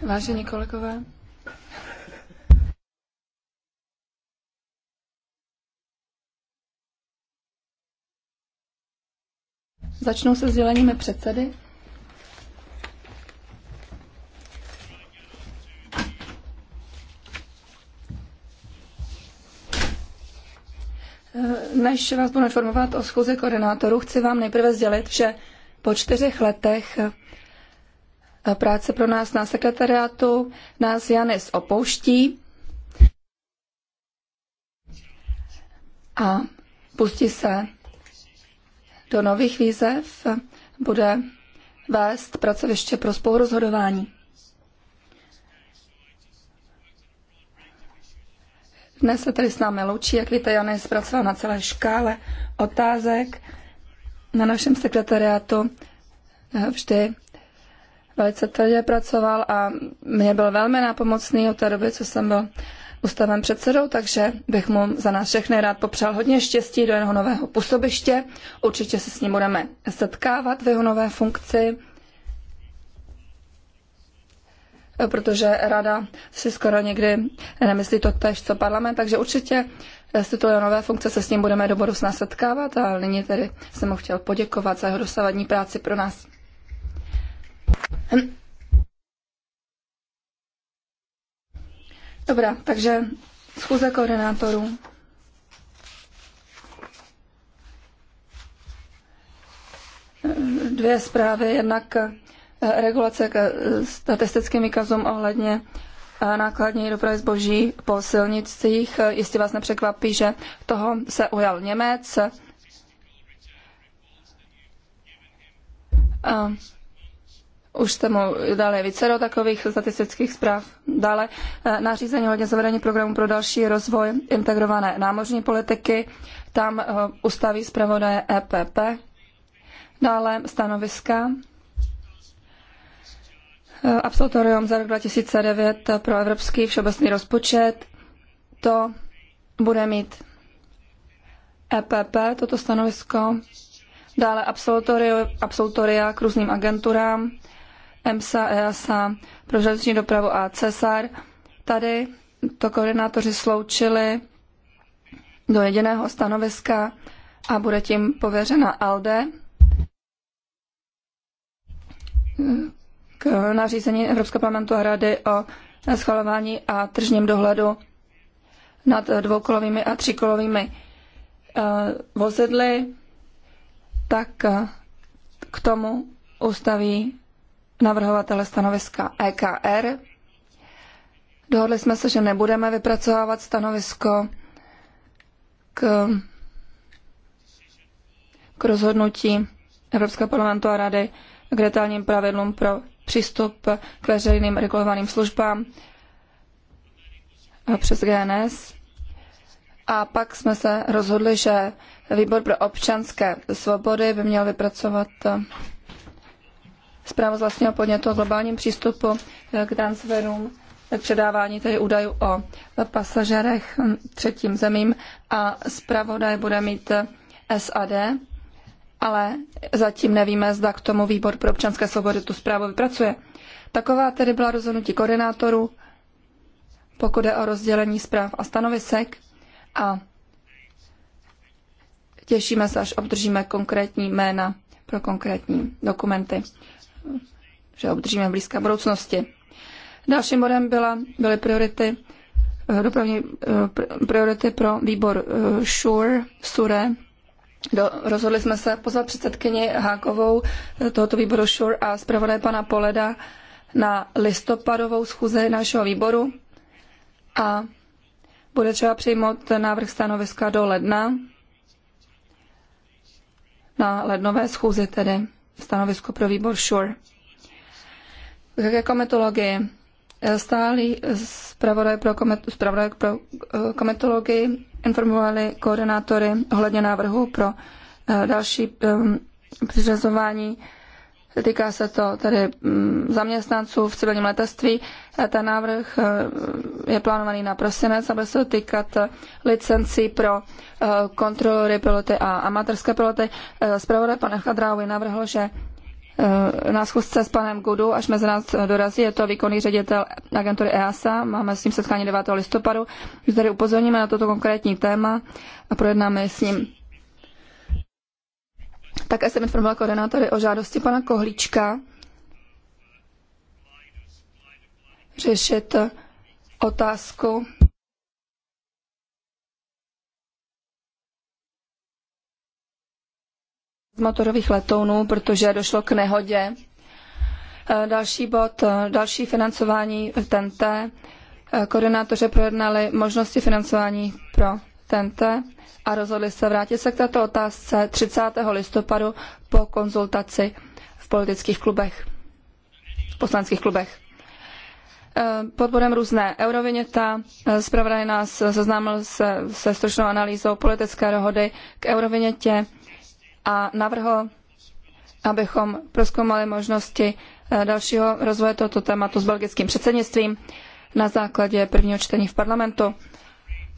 Vážení kolegové, začnou se sděleními předsedy. Než vás budu informovat o schůzi koordinátorů, chci vám nejprve sdělit, že po čtyřech letech práce pro nás na sekretariátu. Nás Janis opouští a pustí se do nových výzev, bude vést pracoviště pro spolurozhodování. Dnes se tady s námi loučí, jak víte, Jana je zpracovala na celé škále otázek. Na našem sekretariátu eh, vždy velice tvrdě pracoval a mě byl velmi nápomocný od té doby, co jsem byl ústavem předsedou, takže bych mu za nás všechny rád popřál hodně štěstí do jeho nového působiště. Určitě se s ním budeme setkávat v jeho nové funkci, protože rada si skoro někdy nemyslí to tež, co parlament, takže určitě z tyto nové funkce se s ním budeme do budoucna setkávat a nyní tedy jsem mu chtěl poděkovat za jeho dosavadní práci pro nás. Dobrá, takže schůze koordinátorů. Dvě zprávy, jednak eh, regulace k eh, statistickým výkazům ohledně eh, nákladní dopravy zboží po silnicích. Jestli vás nepřekvapí, že toho se ujal Němec. Už jste mu dali vícero takových statistických zpráv. Dále eh, nařízení hodně zavedení programu pro další rozvoj integrované námořní politiky. Tam eh, ustaví zpravodaje EPP. Dále stanoviska eh, absolutorium za rok 2009 pro evropský všeobecný rozpočet. To bude mít EPP, toto stanovisko. Dále absolutoria k různým agenturám. EMSA, EASA, pro železniční dopravu a CESAR. Tady to koordinátoři sloučili do jediného stanoviska a bude tím pověřena ALDE k nařízení Evropského parlamentu a Rady o schvalování a tržním dohledu nad dvoukolovými a tříkolovými eh, vozidly, tak eh, k tomu ustaví navrhovatele stanoviska EKR. Dohodli jsme se, že nebudeme vypracovávat stanovisko k, k rozhodnutí Evropského parlamentu a Rady k detailním pravidlům pro přístup k veřejným regulovaným službám přes GNS. A pak jsme se rozhodli, že výbor pro občanské svobody by měl vypracovat zprávu z vlastního podnětu o globálním přístupu eh, k transferům, k eh, předávání tedy údajů o pasažerech hm, třetím zemím a zpravodaj bude mít eh, SAD, ale zatím nevíme, zda k tomu výbor pro občanské svobody tu zprávu vypracuje. Taková tedy byla rozhodnutí koordinátorů, pokud je o rozdělení zpráv a stanovisek a těšíme se, až obdržíme konkrétní jména pro konkrétní dokumenty že obdržíme v blízké budoucnosti. Dalším bodem byla, byly priority eh, dopravní eh, priority pro výbor SURE, eh, SURE. Do, rozhodli jsme se pozvat předsedkyni Hákovou tohoto výboru SURE a zpravodaj pana Poleda na listopadovou schůzi našeho výboru a bude třeba přijmout návrh stanoviska do ledna, na lednové schůzi tedy stanovisko pro výbor Shore. Jaké komitologii. Stálý zpravodaj pro, komet, zpravodaj pro eh, kometologii informovali koordinátory ohledně návrhu pro eh, další eh, přiřazování Týká se to tedy mm, zaměstnanců v civilním letectví. E, ten návrh e, je plánovaný na prosinec a bude se týkat e, licencí pro kontrolory piloty a amatérské piloty. Zpravodaj pana Chadrávy navrhl, že na schůzce s panem Gudu, až mezi nás dorazí, je to výkonný ředitel agentury EASA, máme s ním setkání 9. listopadu, už tady upozorníme na toto konkrétní téma a projednáme s ním také jsem informovala koordinátory o žádosti pana Kohlíčka řešit otázku z motorových letounů, protože došlo k nehodě. Eh, další bod, eh, další financování TNT. Eh, Koordinátoře projednali možnosti financování pro TNT a rozhodli se vrátit se k této otázce 30. listopadu po konzultaci v politických klubech, v poslaneckých klubech. Eh, pod bodem různé euroviněta. Eh, zpravodaj nás seznámil se, se stručnou analýzou politické dohody k eurovinětě a navrhl, abychom proskoumali možnosti eh, dalšího rozvoje tohoto tématu s belgickým předsednictvím na základě prvního čtení v parlamentu.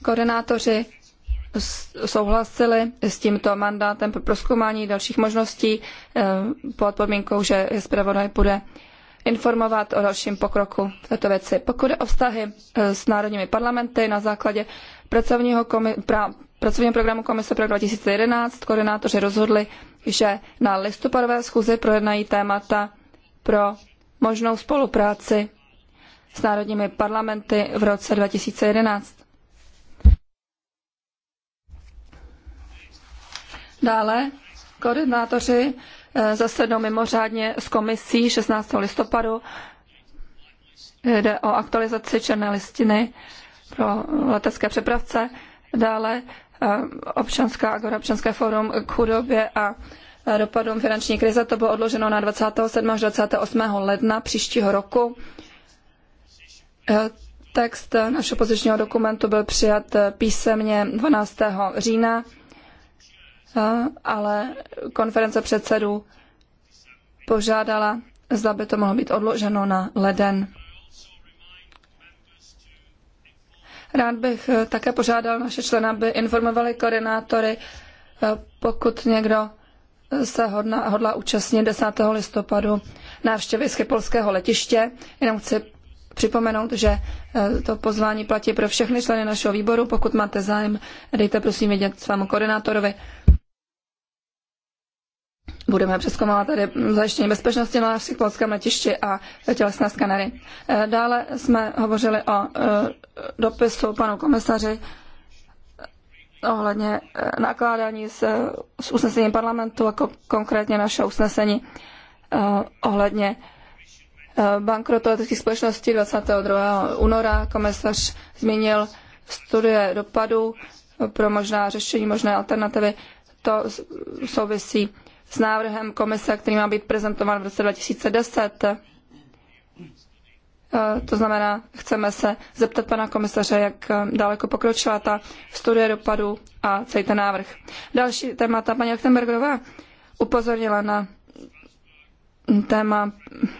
Koordinátoři souhlasili s tímto mandátem pro proskoumání dalších možností eh, pod podmínkou, že zpravodaj bude informovat o dalším pokroku v této věci. Pokud je o vztahy eh, s národními parlamenty na základě pracovního, komi- pra- pracovního programu Komise pro 2011, koordinátoři rozhodli, že na listopadové schůzi projednají témata pro možnou spolupráci s národními parlamenty v roce 2011. Dále koordinátoři eh, zasednou mimořádně s komisí 16. listopadu. Jde o aktualizaci černé listiny pro letecké přepravce. Dále eh, občanská agora, občanské fórum k chudobě a eh, dopadům finanční krize. To bylo odloženo na 27. až 28. ledna příštího roku. Text našeho pozičního dokumentu byl přijat písemně 12. října ale konference předsedů požádala, zda by to mohlo být odloženo na leden. Rád bych eh, také požádal naše členy, aby informovali koordinátory, eh, pokud někdo eh, se hodna, hodla účastnit 10. listopadu návštěvy z polského letiště. Jenom chci připomenout, že to pozvání platí pro všechny členy našeho výboru. Pokud máte zájem, dejte prosím vědět svému koordinátorovi. Budeme přeskomovat tady zajištění bezpečnosti na polském letišti a tělesné skanery. Eh, dále jsme hovořili o eh, dopisu panu komisaři eh, ohledně nakládání s, s usnesením parlamentu, jako konkrétně naše usnesení ohledně bankrotu leteckých společností 22. února. Komisař zmínil studie dopadů pro možná řešení, možné alternativy. To souvisí s návrhem komise, který má být prezentován v roce 2010. Eh, to znamená, chceme se zeptat pana komisaře, jak eh, daleko pokročila ta studie dopadu a celý ten návrh. Další témata. Paní Lichtenbergová upozornila na téma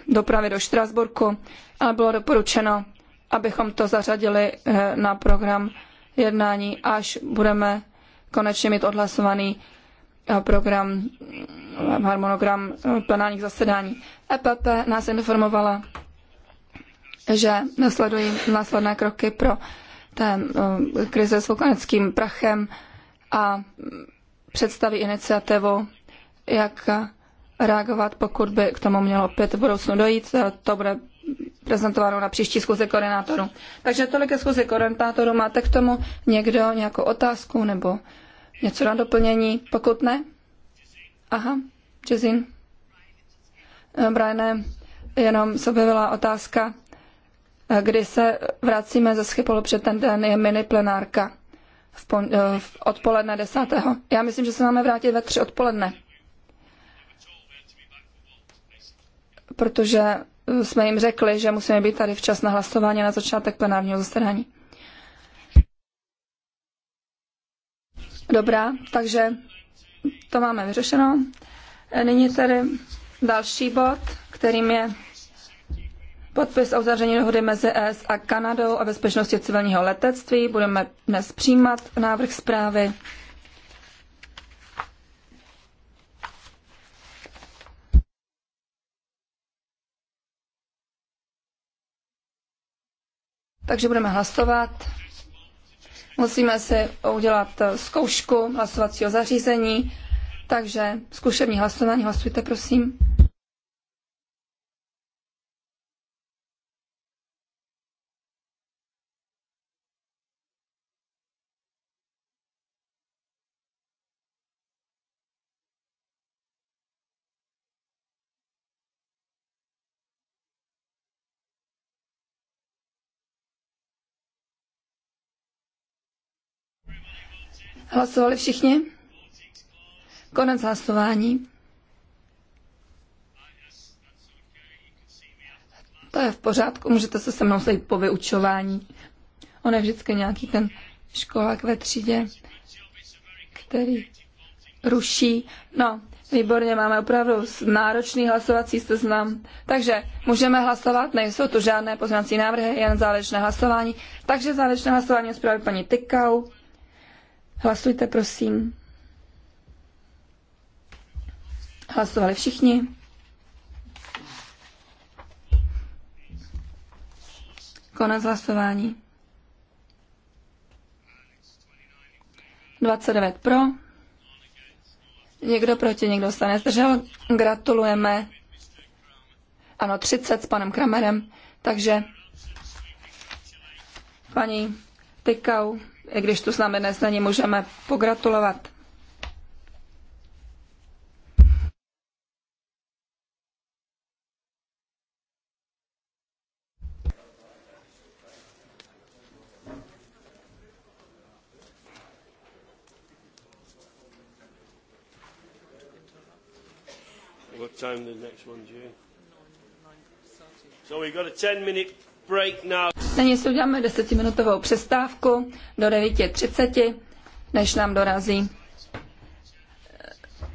dopravy do Štrasburku, ale bylo doporučeno, abychom to zařadili eh, na program jednání, až budeme konečně mít odhlasovaný program, harmonogram eh, plenárních zasedání. EPP nás informovala, že nasledují následné kroky pro té eh, krize s vulkanickým prachem a představí iniciativu, jak reagovat, pokud by k tomu mělo opět v budoucnu dojít. Eh, to bude prezentováno na příští schůzi koordinátoru. Takže tolik je schůzi koordinátoru. Máte k tomu někdo nějakou otázku nebo něco na doplnění? Pokud ne? Aha, Jezin. Eh, Brian, jenom se objevila otázka, eh, kdy se vracíme ze Schipholu, před ten den je mini plenárka v, pon, eh, v odpoledne 10. Já myslím, že se máme vrátit ve tři odpoledne. Protože jsme jim řekli, že musíme být tady včas na hlasování na začátek plenárního zasedání. Dobrá, takže to máme vyřešeno. E, nyní tedy další bod, kterým je podpis o uzavření dohody mezi ES a Kanadou a bezpečnosti civilního letectví. Budeme dnes přijímat návrh zprávy. Takže budeme hlasovat. Musíme si udělat zkoušku hlasovacího zařízení, takže zkušební hlasování hlasujte, prosím. Hlasovali všichni? Konec hlasování. To je v pořádku, můžete se se mnou sejít po vyučování. On je vždycky nějaký ten školák ve třídě, který ruší. No, výborně, máme opravdu náročný hlasovací seznam. Takže můžeme hlasovat, nejsou tu žádné poznací návrhy, jen závěrečné hlasování. Takže závěrečné hlasování o zprávě paní Tykau. Hlasujte, prosím. Hlasovali všichni. Konec hlasování. 29 pro. Někdo proti, někdo se nezdržel. Gratulujeme. Ano, 30 s panem Kramerem. Takže paní Tykau i když tu známe dnes není můžeme pogratulovat. What time the next one's due? So we've got a 10 minute break now. Nyní si uděláme desetiminutovou přestávku do 9.30, než nám dorazí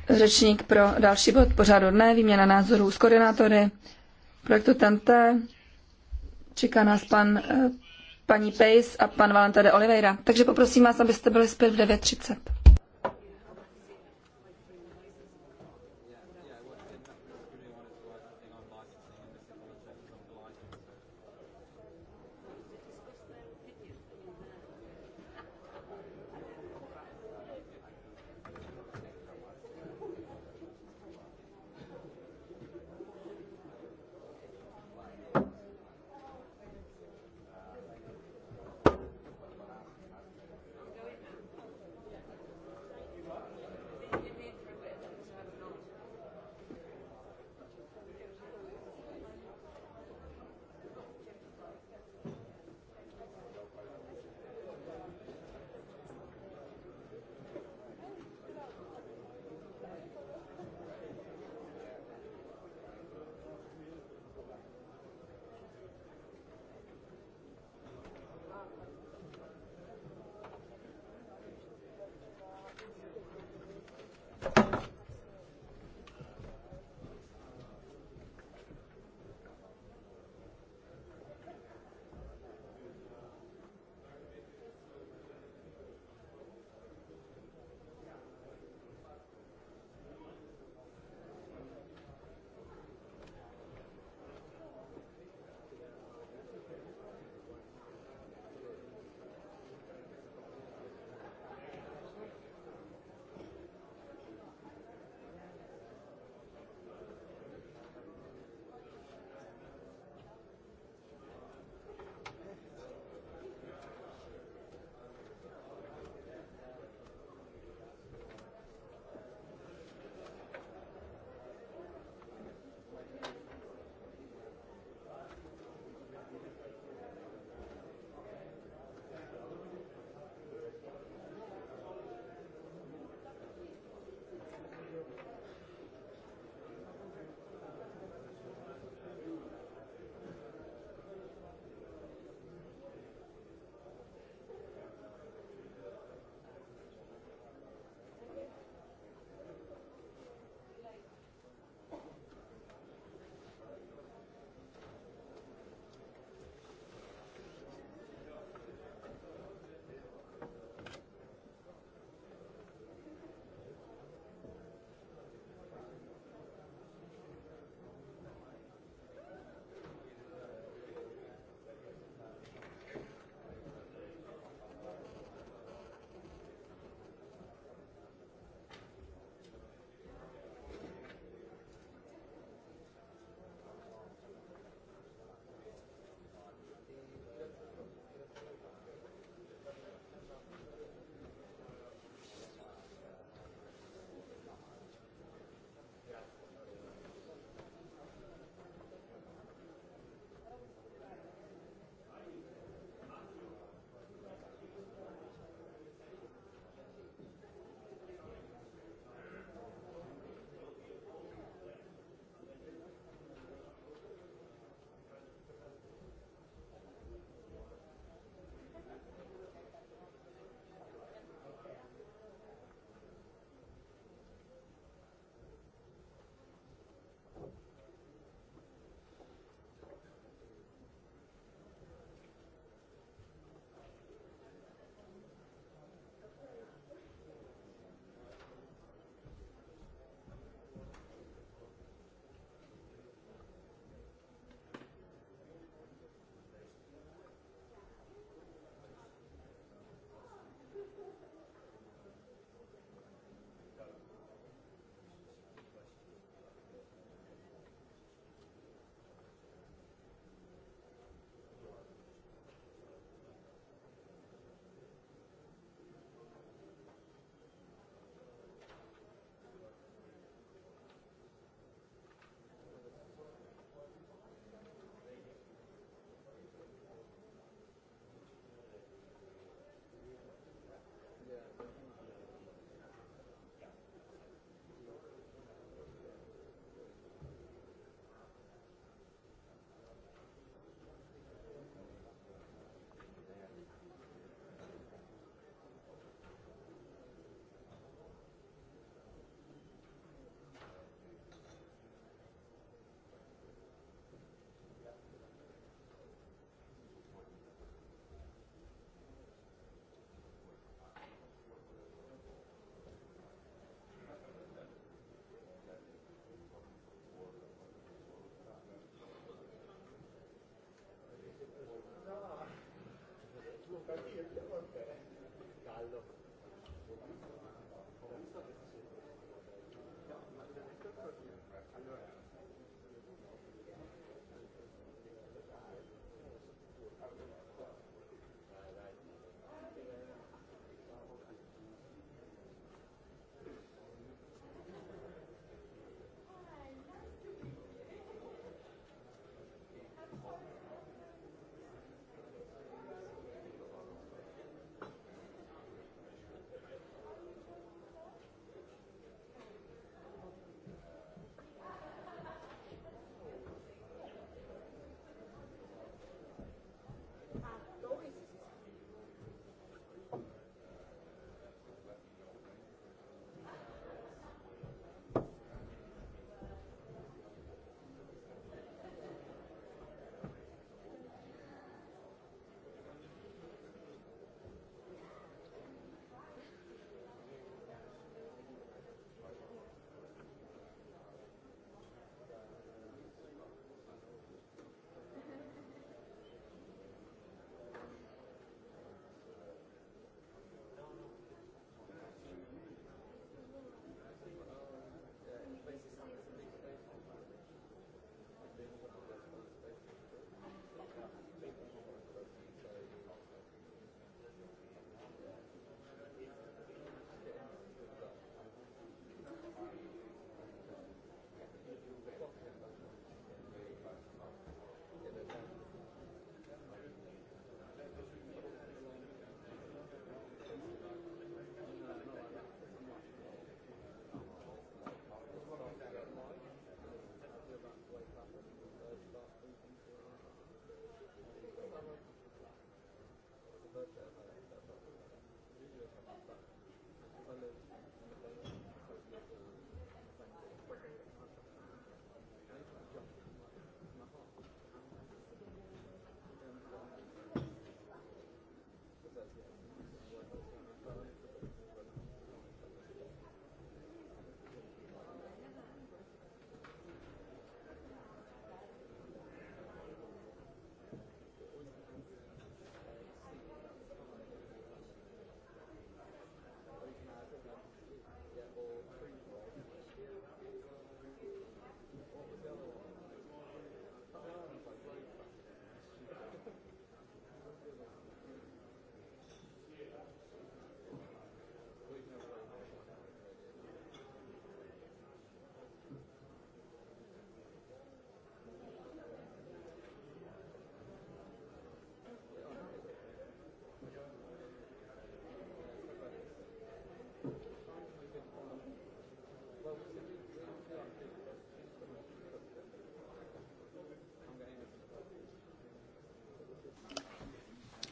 eh, řečník pro další bod pořadu dne, výměna názorů s koordinátory projektu TNT. Čeká nás pan, eh, paní Pace a pan Valenta de Oliveira. Takže poprosím vás, abyste byli zpět v 9.30.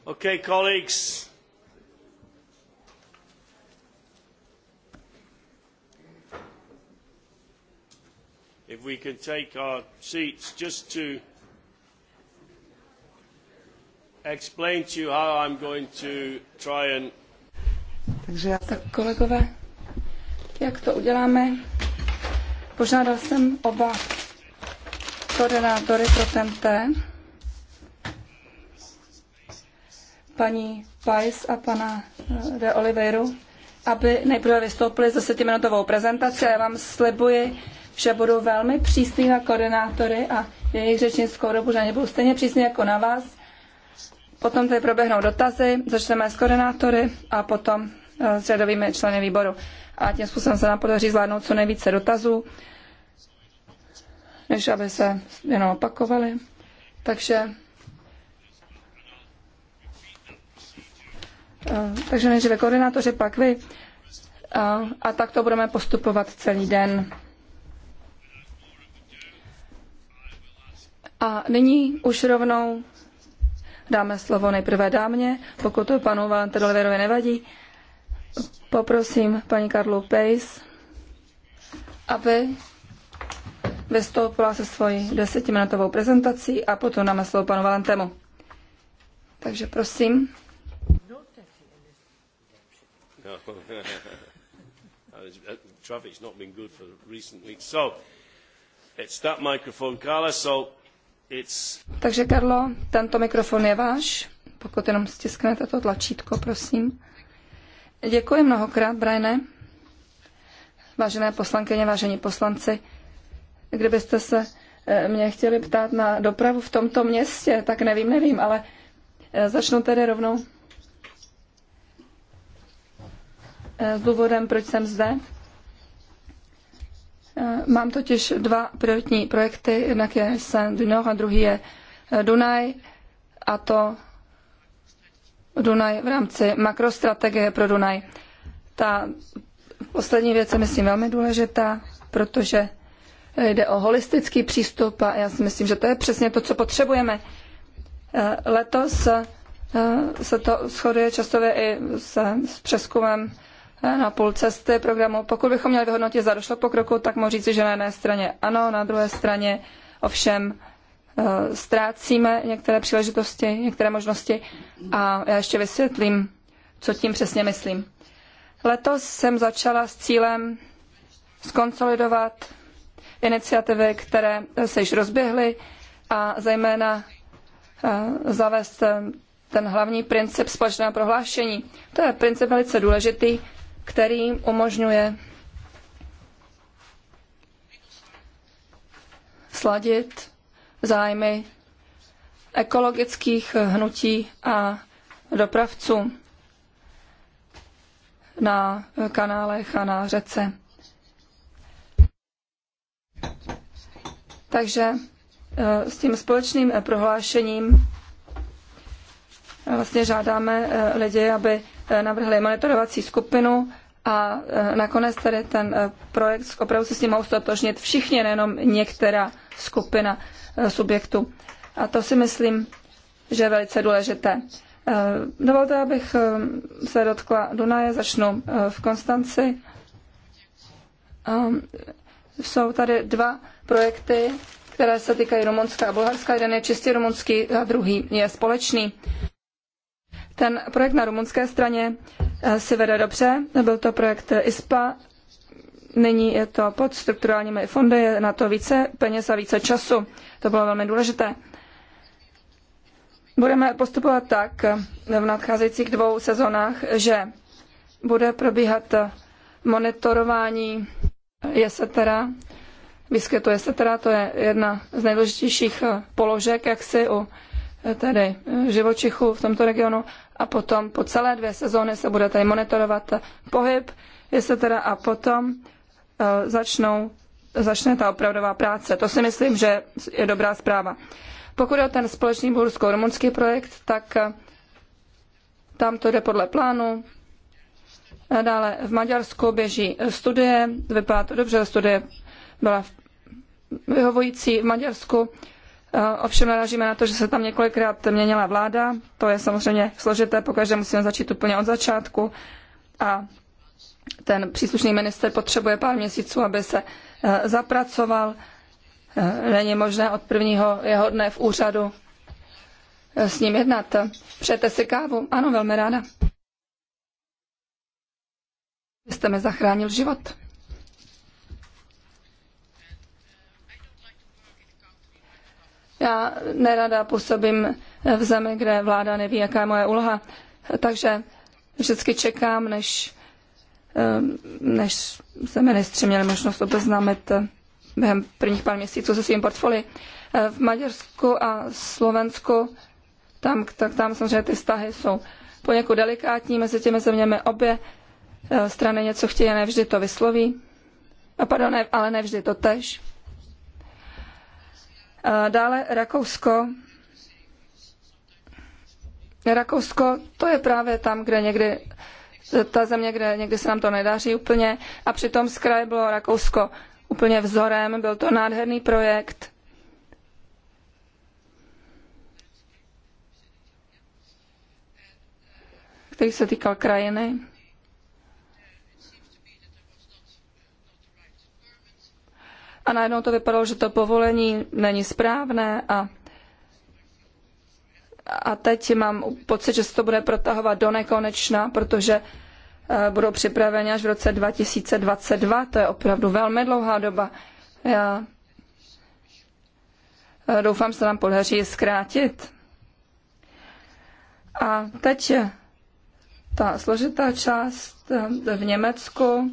Okay, colleagues. If we can take our seats just to explain to you how I'm going to try and Takže já tak kolegové, jak to uděláme? Požádal jsem oba koordinátory pro TNT, paní Pais a pana eh, de Oliveiru, aby nejprve vystoupili s desetiminutovou prezentaci. Já vám slibuji, že budu velmi přísný na koordinátory a jejich řečnickou dobu, že nebudu stejně přísný jako na vás. Potom tady proběhnou dotazy, začneme s koordinátory a potom eh, s řadovými členy výboru. A tím způsobem se nám podaří zvládnout co nejvíce dotazů, než aby se jenom opakovali. Takže Takže nejdříve koordinátoři, pak vy. A, a tak to budeme postupovat celý den. A nyní už rovnou dáme slovo nejprve dámě, pokud to panu Valentinovi nevadí. Poprosím paní Karlu Pace, aby vystoupila se svojí desetiminutovou prezentací a potom dáme slovo panu Valentemu. Takže prosím. Uh, uh, traffic's not been good for recent weeks. So, it's that microphone, Carla, so it's... Takže, Karlo, tento mikrofon je váš. Pokud jenom stisknete to tlačítko, prosím. Děkuji mnohokrát, Brajne. Vážené poslankyně, vážení poslanci, kdybyste se eh, mě chtěli ptát na dopravu v tomto městě, tak nevím, nevím, ale eh, začnu tedy rovnou s eh, důvodem, proč jsem zde. Eh, mám totiž dva prioritní projekty, jednak je Saint Dunor a druhý je eh, Dunaj, a to Dunaj v rámci makrostrategie pro Dunaj. Ta poslední věc je, myslím, velmi důležitá, protože jde o holistický přístup a já si myslím, že to je přesně to, co potřebujeme. Letos se to shoduje časově i s, s přeskumem Eh, na půl cesty programu. Pokud bychom měli vyhodnotit, zda došlo pokroku, tak mohu říci, že na jedné straně ano, na druhé straně ovšem eh, ztrácíme některé příležitosti, některé možnosti a já ještě vysvětlím, co tím přesně myslím. Letos jsem začala s cílem skonsolidovat iniciativy, které se již rozběhly a zejména eh, zavést ten hlavní princip společného prohlášení. To je princip velice důležitý, který umožňuje sladit zájmy ekologických hnutí a dopravců na kanálech a na řece. Takže eh, s tím společným prohlášením eh, vlastně žádáme eh, lidi, aby navrhli monitorovací skupinu a e, nakonec tedy ten e, projekt opravdu se s ním mohou stotožnit všichni, nejenom některá skupina e, subjektů. A to si myslím, že je velice důležité. Dovolte, abych se dotkla Dunaje, začnu v Konstanci. Jsou tady dva projekty, které se týkají Rumunska a Bulharska. Jeden je čistě rumunský a druhý je společný. Ten projekt na rumunské straně eh, si vede dobře. Byl to projekt ISPA. Nyní je to pod strukturálními fondy, je na to více peněz a více času. To bylo velmi důležité. Budeme postupovat tak eh, v nadcházejících dvou sezónách, že bude probíhat eh, monitorování jesetera, výskytu jesetera, to je jedna z nejdůležitějších položek, jak si u Eh, tedy eh, živočichů v tomto regionu a potom po celé dvě sezóny se bude tady monitorovat pohyb, jestli teda a potom eh, začnou, začne ta opravdová práce. To si myslím, že je dobrá zpráva. Pokud je o ten společný bulharsko-rumunský projekt, tak tam to jde podle plánu. dále v Maďarsku běží studie, vypadá to dobře, studie byla vyhovující v Maďarsku Eh, ovšem narážíme na to, že se tam několikrát měnila vláda. To je samozřejmě složité, pokaždé musíme začít úplně od začátku. A ten příslušný minister potřebuje pár měsíců, aby se eh, zapracoval. Eh, není možné od prvního jeho dne v úřadu s ním jednat. Přejete si kávu? Ano, velmi ráda. Vy jste mi zachránil život. Já nerada působím v zemi, kde vláda neví, jaká je moje úloha, takže vždycky čekám, než, eh, než se ministři měli možnost obeznámit eh, během prvních pár měsíců se svým portfoli. Eh, v Maďarsku a Slovensku, tam, tak tam samozřejmě ty vztahy jsou poněkud delikátní mezi těmi zeměmi. Obě strany něco chtějí nevždy to vysloví. A pardon, ne, ale nevždy to tež. Dále Rakousko. Rakousko, to je právě tam, kde někdy ta země, kde někdy se nám to nedaří úplně. A přitom z kraje bylo Rakousko úplně vzorem, byl to nádherný projekt. který se týkal krajiny. a najednou to vypadalo, že to povolení není správné a a teď mám pocit, že se to bude protahovat do nekonečna, protože eh, budou připraveni až v roce 2022. To je opravdu velmi dlouhá doba. Já eh, doufám, že se nám podaří je zkrátit. A teď ta složitá část eh, v Německu,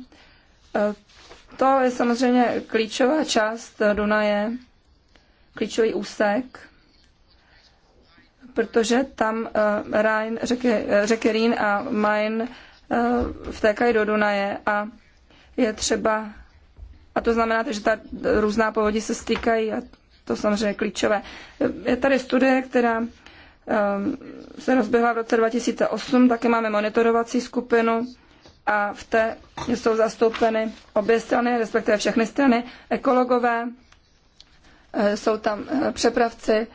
to je samozřejmě klíčová část Dunaje, klíčový úsek, protože tam uh, Rhein, řeky, eh, řeky Rhein a Main uh, vtékají do Dunaje a je třeba, a to znamená, že ta různá povodí se stýkají a to samozřejmě je klíčové. Je tady studie, která um, se rozběhla v roce 2008, taky máme monitorovací skupinu, a v té jsou zastoupeny obě strany, respektive všechny strany, ekologové, eh, jsou tam eh, přepravci,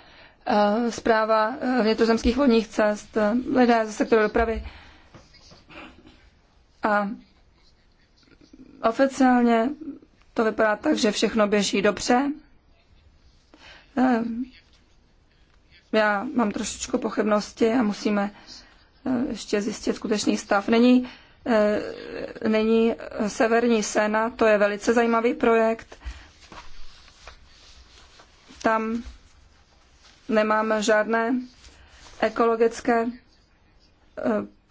eh, zpráva vnitrozemských vodních cest, lidé ze sektoru dopravy. A oficiálně to vypadá tak, že všechno běží dobře. Já mám trošičku pochybnosti a musíme ještě zjistit skutečný stav. Není Eh, Nyní Severní Sena, to je velice zajímavý projekt. Tam nemáme žádné ekologické eh,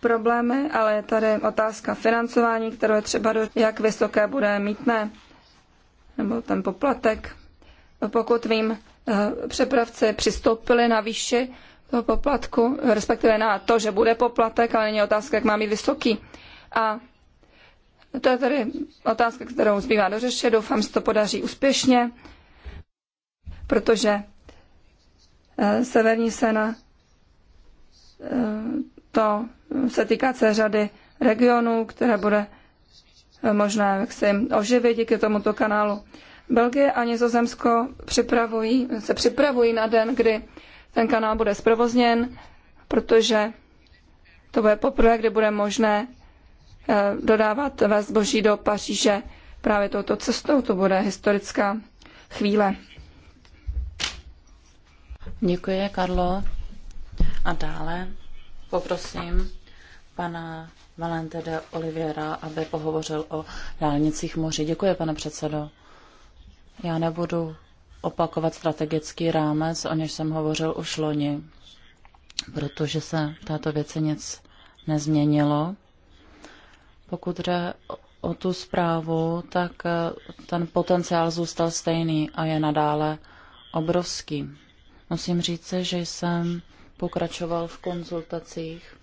problémy, ale je tady otázka financování, kterou je třeba, do, jak vysoké bude mítné, nebo ten poplatek. Pokud vím, eh, přepravci přistoupili na výši toho poplatku, respektive na to, že bude poplatek, ale není otázka, jak má být vysoký. A to je tedy otázka, kterou zbývá dořešit. Doufám, že to podaří úspěšně, protože eh, Severní Sena eh, to se týká celé řady regionů, které bude eh, možné jaksi oživit díky tomuto kanálu. Belgie a Nizozemsko připravují, se připravují na den, kdy ten kanál bude zprovozněn, protože to bude poprvé, kdy bude možné Eh, dodávat ve zboží do Paříže právě touto cestou. To bude historická chvíle. Děkuji, Karlo. A dále poprosím pana Valente de Oliveira, aby pohovořil o dálnicích moři. Děkuji, pane předsedo. Já nebudu opakovat strategický rámec, o něž jsem hovořil už loni, protože se v této věci nic nezměnilo. Pokud jde o tu zprávu, tak eh, ten potenciál zůstal stejný a je nadále obrovský. Musím říct, že jsem pokračoval v konzultacích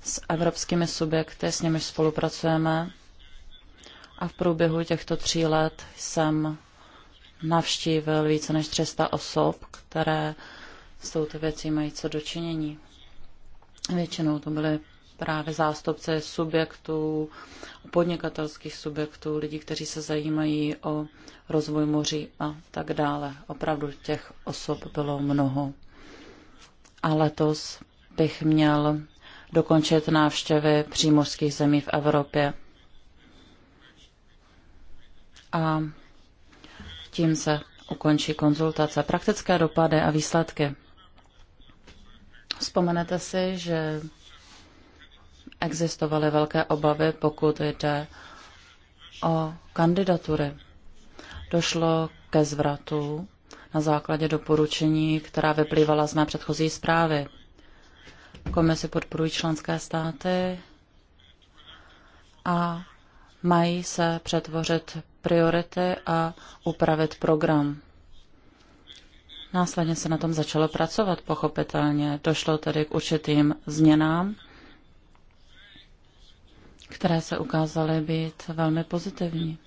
s evropskými subjekty, s nimiž spolupracujeme. A v průběhu těchto tří let jsem navštívil více než 300 osob, které s touto věcí mají co dočinění. Většinou to byly právě zástupce subjektů, podnikatelských subjektů, lidí, kteří se zajímají o rozvoj moří a tak dále. Opravdu těch osob bylo mnoho. A letos bych měl dokončit návštěvy přímořských zemí v Evropě. A tím se ukončí konzultace. Praktické dopady a výsledky. Vzpomenete si, že existovaly velké obavy, pokud jde o kandidatury. Došlo ke zvratu na základě doporučení, která vyplývala z mé předchozí zprávy. Komisi podporují členské státy a mají se přetvořit priority a upravit program. Následně se na tom začalo pracovat, pochopitelně. Došlo tedy k určitým změnám které se ukázaly být velmi pozitivní.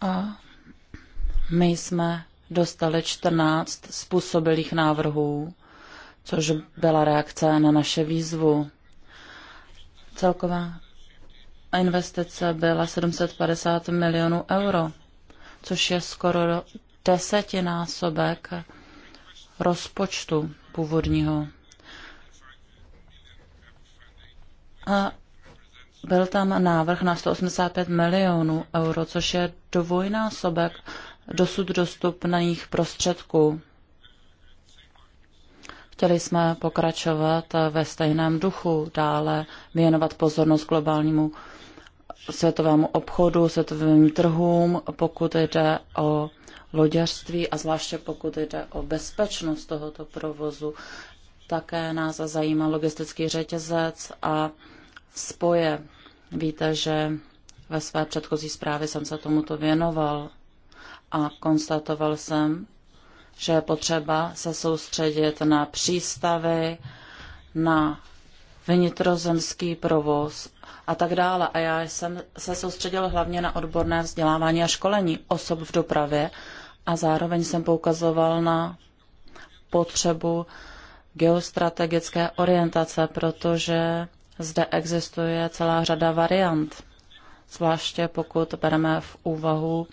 A my jsme dostali 14 způsobilých návrhů, což byla reakce na naše výzvu. Celková investice byla 750 milionů euro, což je skoro desetinásobek rozpočtu původního. A byl tam návrh na 185 milionů euro, což je dvojnásobek dosud dostupných prostředků. Chtěli jsme pokračovat ve stejném duchu, dále věnovat pozornost globálnímu světovému obchodu, světovým trhům, pokud jde o loděřství a zvláště pokud jde o bezpečnost tohoto provozu. Také nás zajímá logistický řetězec a spoje. Víte, že ve své předchozí zprávě jsem se tomuto věnoval a konstatoval jsem, že je potřeba se soustředit na přístavy, na vnitrozemský provoz a tak dále. A já jsem se soustředil hlavně na odborné vzdělávání a školení osob v dopravě a zároveň jsem poukazoval na potřebu geostrategické orientace, protože zde existuje celá řada variant, zvláště pokud bereme v úvahu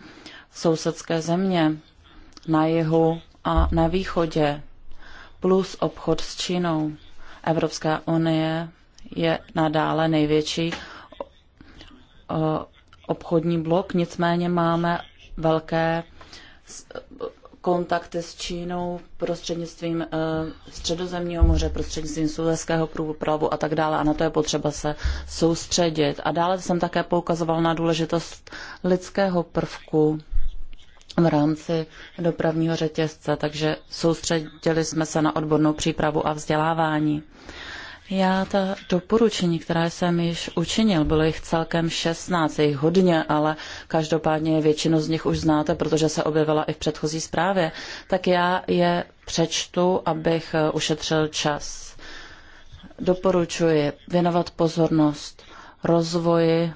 sousedské země na jihu a na východě, plus obchod s Čínou. Evropská unie je nadále největší eh, obchodní blok, nicméně máme velké kontakty s Čínou prostřednictvím eh, Středozemního moře, prostřednictvím Suezského průplavu a tak dále. A na to je potřeba se soustředit. A dále jsem také poukazoval na důležitost lidského prvku v rámci dopravního řetězce, takže soustředili jsme se na odbornou přípravu a vzdělávání. Já ta doporučení, která jsem již učinil, bylo jich celkem 16, jich hodně, ale každopádně většinu z nich už znáte, protože se objevila i v předchozí zprávě, tak já je přečtu, abych eh, ušetřil čas. Doporučuji věnovat pozornost rozvoji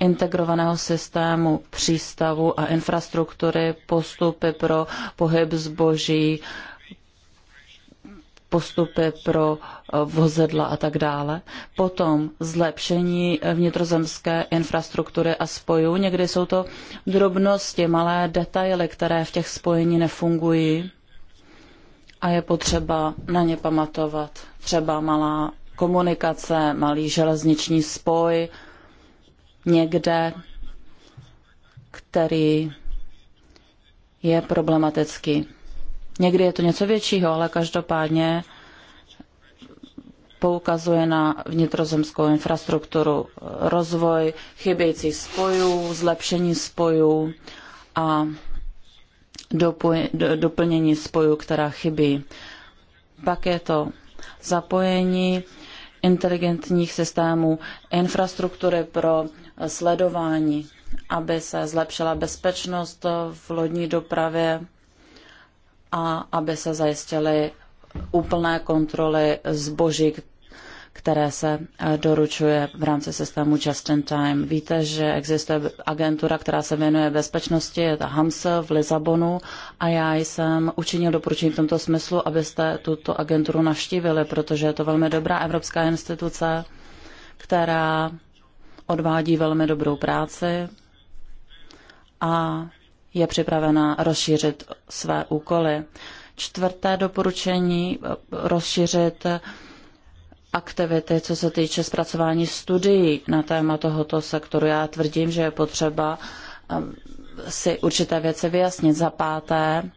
integrovaného systému přístavu a infrastruktury, postupy pro pohyb zboží, postupy pro eh, vozidla a tak dále. Potom zlepšení vnitrozemské infrastruktury a spojů. Někdy jsou to drobnosti, malé detaily, které v těch spojení nefungují a je potřeba na ně pamatovat. Třeba malá komunikace, malý železniční spoj někde, který je problematický. Někdy je to něco většího, ale každopádně poukazuje na vnitrozemskou infrastrukturu, rozvoj chybějících spojů, zlepšení spojů a doplnění spojů, která chybí. Pak je to zapojení inteligentních systémů infrastruktury pro sledování, aby se zlepšila bezpečnost v lodní dopravě a aby se zajistily úplné kontroly zboží, které se eh, doručuje v rámci systému Just in Time. Víte, že existuje agentura, která se věnuje bezpečnosti, je ta Hamsa v Lisabonu a já jsem učinil doporučení v tomto smyslu, abyste tuto agenturu navštívili, protože je to velmi dobrá evropská instituce, která odvádí velmi dobrou práci a je připravena rozšířit své úkoly. Čtvrté doporučení rozšířit aktivity, co se týče zpracování studií na téma tohoto sektoru. Já tvrdím, že je potřeba um, si určité věci vyjasnit. Za páté,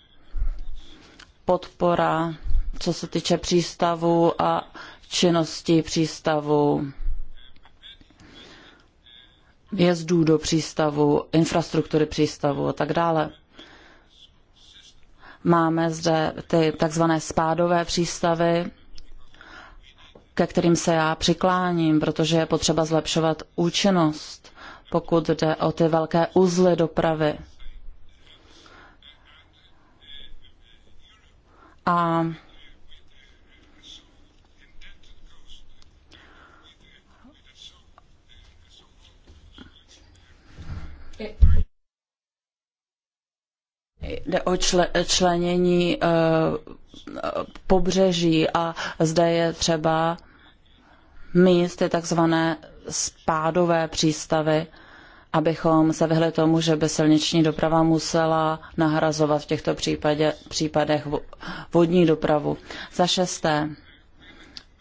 podpora, co se týče přístavu a činnosti přístavu vjezdů do přístavu, infrastruktury přístavu a tak dále. Máme zde ty takzvané spádové přístavy, ke kterým se já přikláním, protože je potřeba zlepšovat účinnost, pokud jde o ty velké uzly dopravy. A jde o členění eh, pobřeží a zde je třeba míst ty takzvané spádové přístavy, abychom se vyhli tomu, že by silniční doprava musela nahrazovat v těchto případě, případech vodní dopravu. Za šesté,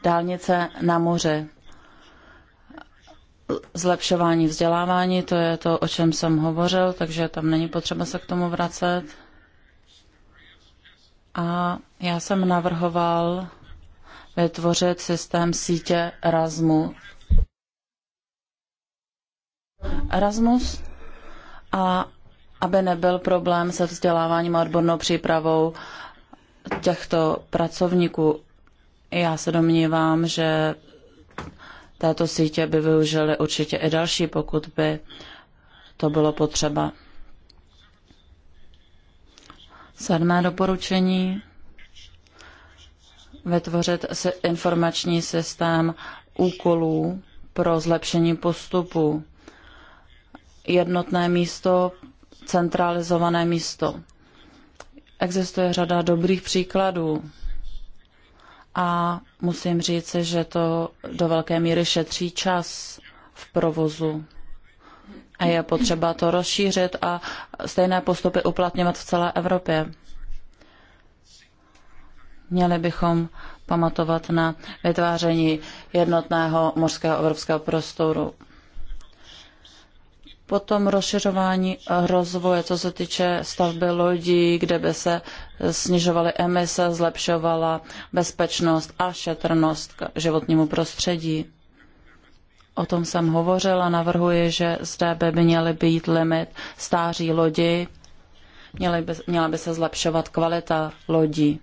dálnice na moři. Zlepšování vzdělávání, to je to, o čem jsem hovořil, takže tam není potřeba se k tomu vracet. A já jsem navrhoval vytvořit systém sítě Erasmu. Erasmus a aby nebyl problém se vzděláváním a odbornou přípravou těchto pracovníků. Já se domnívám, že této sítě by využili určitě i další, pokud by to bylo potřeba. Sedmé doporučení vytvořit se informační systém úkolů pro zlepšení postupu. Jednotné místo, centralizované místo. Existuje řada dobrých příkladů a musím říct, že to do velké míry šetří čas v provozu a je potřeba to rozšířit a stejné postupy uplatňovat v celé Evropě. Měli bychom pamatovat na vytváření jednotného mořského evropského prostoru. Potom rozšiřování rozvoje, co se týče stavby lodí, kde by se snižovaly emise, zlepšovala bezpečnost a šetrnost k životnímu prostředí. O tom jsem hovořila, navrhuji, že zde by měly být limit stáří lodi, měly by, měla by se zlepšovat kvalita lodí.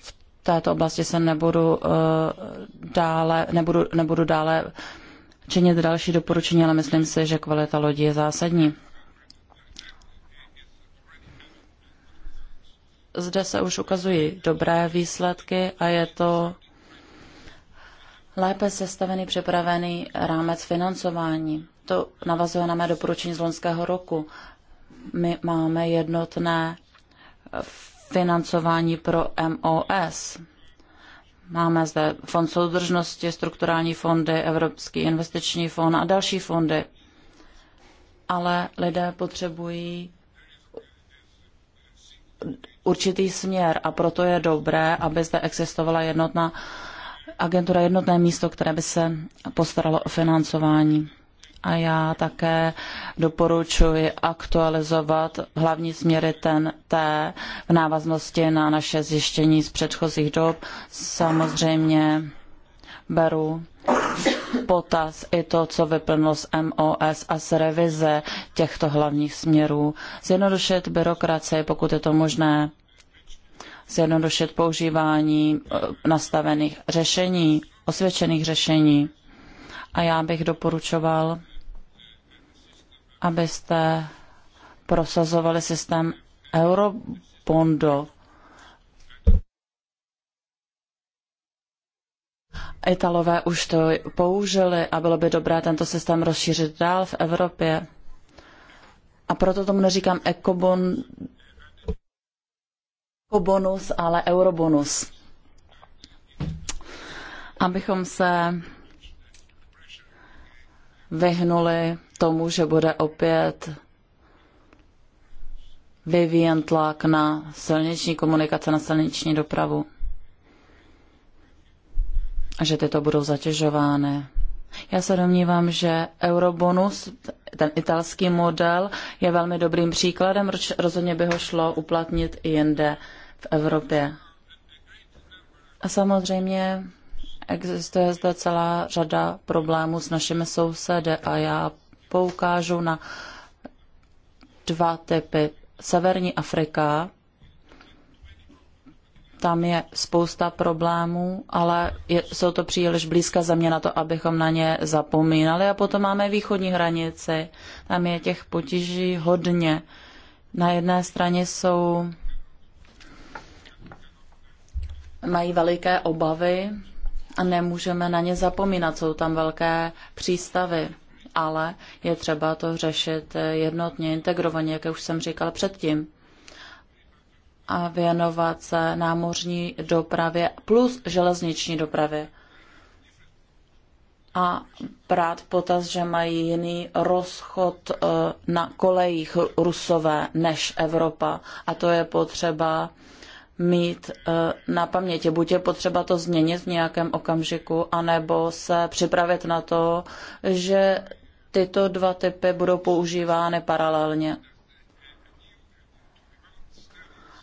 V této oblasti se nebudu, uh, dále, nebudu, nebudu dále činit další doporučení, ale myslím si, že kvalita lodí je zásadní. Zde se už ukazují dobré výsledky a je to lépe sestavený, připravený rámec financování. To navazuje na mé doporučení z loňského roku. My máme jednotné eh, financování pro MOS. Máme zde fond soudržnosti, strukturální fondy, Evropský investiční fond a další fondy. Ale lidé potřebují určitý směr a proto je dobré, aby zde existovala jednotná agentura jednotné místo, které by se postaralo o financování. A já také doporučuji aktualizovat hlavní směry TNT v návaznosti na naše zjištění z předchozích dob. Samozřejmě beru potaz i to, co vyplnilo z MOS a z revize těchto hlavních směrů. Zjednodušit byrokracii, pokud je to možné, zjednodušit používání eh, nastavených řešení, osvědčených řešení. A já bych doporučoval, abyste prosazovali systém Eurobondo. Italové už to použili a bylo by dobré tento systém rozšířit dál v Evropě. A proto tomu neříkám ekobond, bonus, ale eurobonus. Abychom se vyhnuli tomu, že bude opět vyvíjen tlak na silniční komunikace, na silniční dopravu. A že tyto budou zatěžovány. Já se domnívám, že eurobonus, ten italský model, je velmi dobrým příkladem, rozhodně by ho šlo uplatnit i jinde. Evropě. A samozřejmě existuje zde celá řada problémů s našimi sousedy a já poukážu na dva typy. Severní Afrika, tam je spousta problémů, ale je, jsou to příliš blízká země na to, abychom na ně zapomínali. A potom máme východní hranici, tam je těch potíží hodně. Na jedné straně jsou mají veliké obavy a nemůžeme na ně zapomínat. Jsou tam velké přístavy, ale je třeba to řešit jednotně, integrovaně, jak už jsem říkal předtím a věnovat se námořní dopravě plus železniční dopravě. A brát potaz, že mají jiný rozchod eh, na kolejích rusové než Evropa. A to je potřeba mít e, na paměti. Buď je potřeba to změnit v nějakém okamžiku, anebo se připravit na to, že tyto dva typy budou používány paralelně.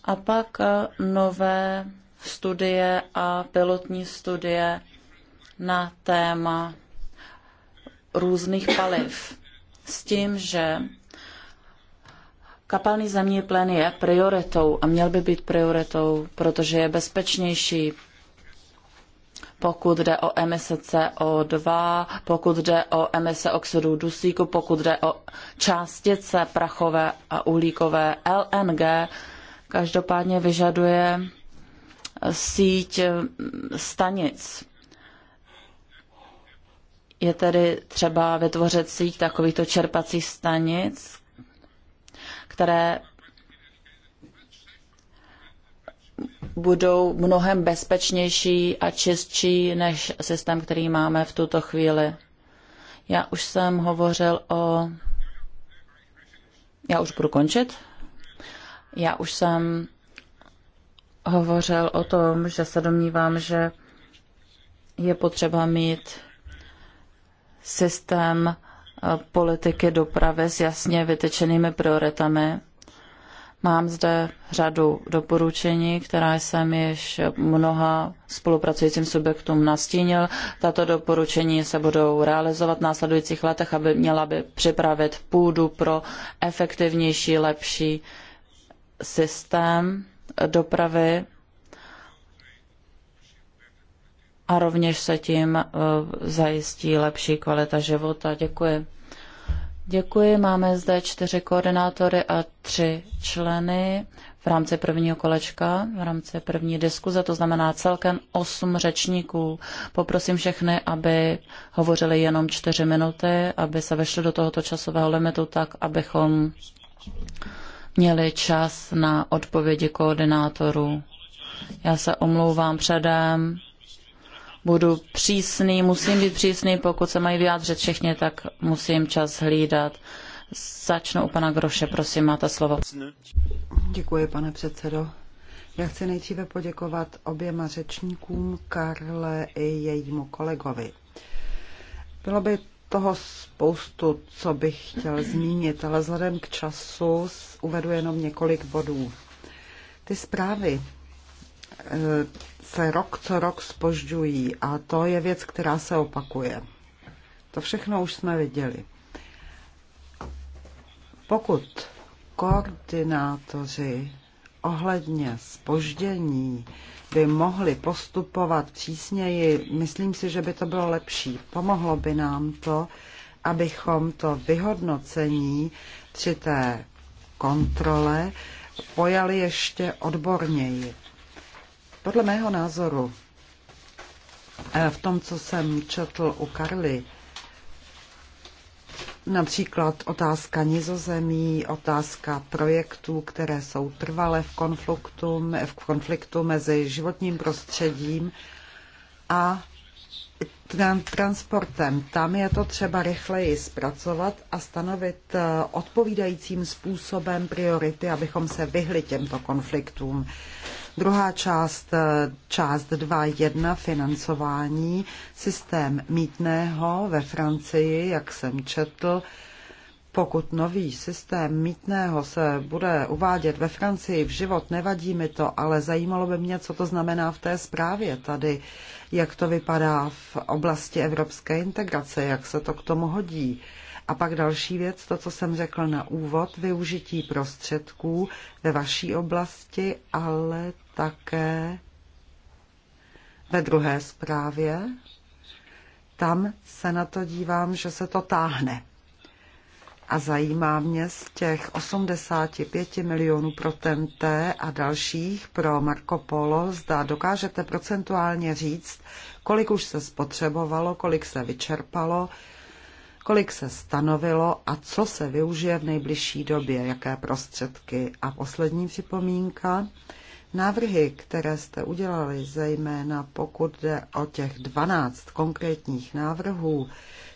A pak e, nové studie a pilotní studie na téma různých paliv. S tím, že Kapalný zemní plyn je prioritou a měl by být prioritou, protože je bezpečnější, pokud jde o emise CO2, pokud jde o emise oxidu dusíku, pokud jde o částice prachové a uhlíkové LNG, každopádně vyžaduje síť eh, stanic. Je tedy třeba vytvořit síť takovýchto čerpacích stanic, které budou mnohem bezpečnější a čistší než systém, který máme v tuto chvíli. Já už jsem hovořil o. Já už budu končit. Já už jsem hovořil o tom, že se domnívám, že je potřeba mít systém politiky dopravy s jasně vytečenými prioritami. Mám zde řadu doporučení, která jsem již mnoha spolupracujícím subjektům nastínil. Tato doporučení se budou realizovat v následujících letech, aby měla by připravit půdu pro efektivnější, lepší systém dopravy a rovněž se tím eh, zajistí lepší kvalita života. Děkuji. Děkuji. Máme zde čtyři koordinátory a tři členy v rámci prvního kolečka, v rámci první diskuze, to znamená celkem osm řečníků. Poprosím všechny, aby hovořili jenom čtyři minuty, aby se vešli do tohoto časového limitu tak, abychom měli čas na odpovědi koordinátorů. Já se omlouvám předem budu přísný, musím být přísný, pokud se mají vyjádřit všichni, tak musím čas hlídat. Začnu u pana Groše, prosím, máte slovo. Děkuji, pane předsedo. Já chci nejdříve poděkovat oběma řečníkům, Karle i jejímu kolegovi. Bylo by toho spoustu, co bych chtěl zmínit, ale vzhledem k času uvedu jenom několik bodů. Ty zprávy eh, se rok co rok spožďují a to je věc, která se opakuje. To všechno už jsme viděli. Pokud koordinátoři ohledně spoždění by mohli postupovat přísněji, myslím si, že by to bylo lepší. Pomohlo by nám to, abychom to vyhodnocení při té kontrole pojali ještě odborněji. Podle mého názoru eh, v tom, co jsem četl u Karly, například otázka nizozemí, otázka projektů, které jsou trvale v konfliktu, v konfliktu mezi životním prostředím a transportem. Tam je to třeba rychleji zpracovat a stanovit eh, odpovídajícím způsobem priority, abychom se vyhli těmto konfliktům. Druhá část, eh, část 2.1, financování, systém mítného ve Francii, jak jsem četl, pokud nový systém mítného se bude uvádět ve Francii v život, nevadí mi to, ale zajímalo by mě, co to znamená v té zprávě tady, jak to vypadá v oblasti evropské integrace, jak se to k tomu hodí. A pak další věc, to, co jsem řekl na úvod, využití prostředků ve vaší oblasti, ale také ve druhé zprávě. Tam se na to dívám, že se to táhne. A zajímá mě z těch 85 milionů pro TNT a dalších pro Marco Polo, zda dokážete procentuálně říct, kolik už se spotřebovalo, kolik se vyčerpalo, kolik se stanovilo a co se využije v nejbližší době, jaké prostředky. A poslední připomínka, Návrhy, které jste udělali, zejména pokud jde o těch 12 konkrétních návrhů,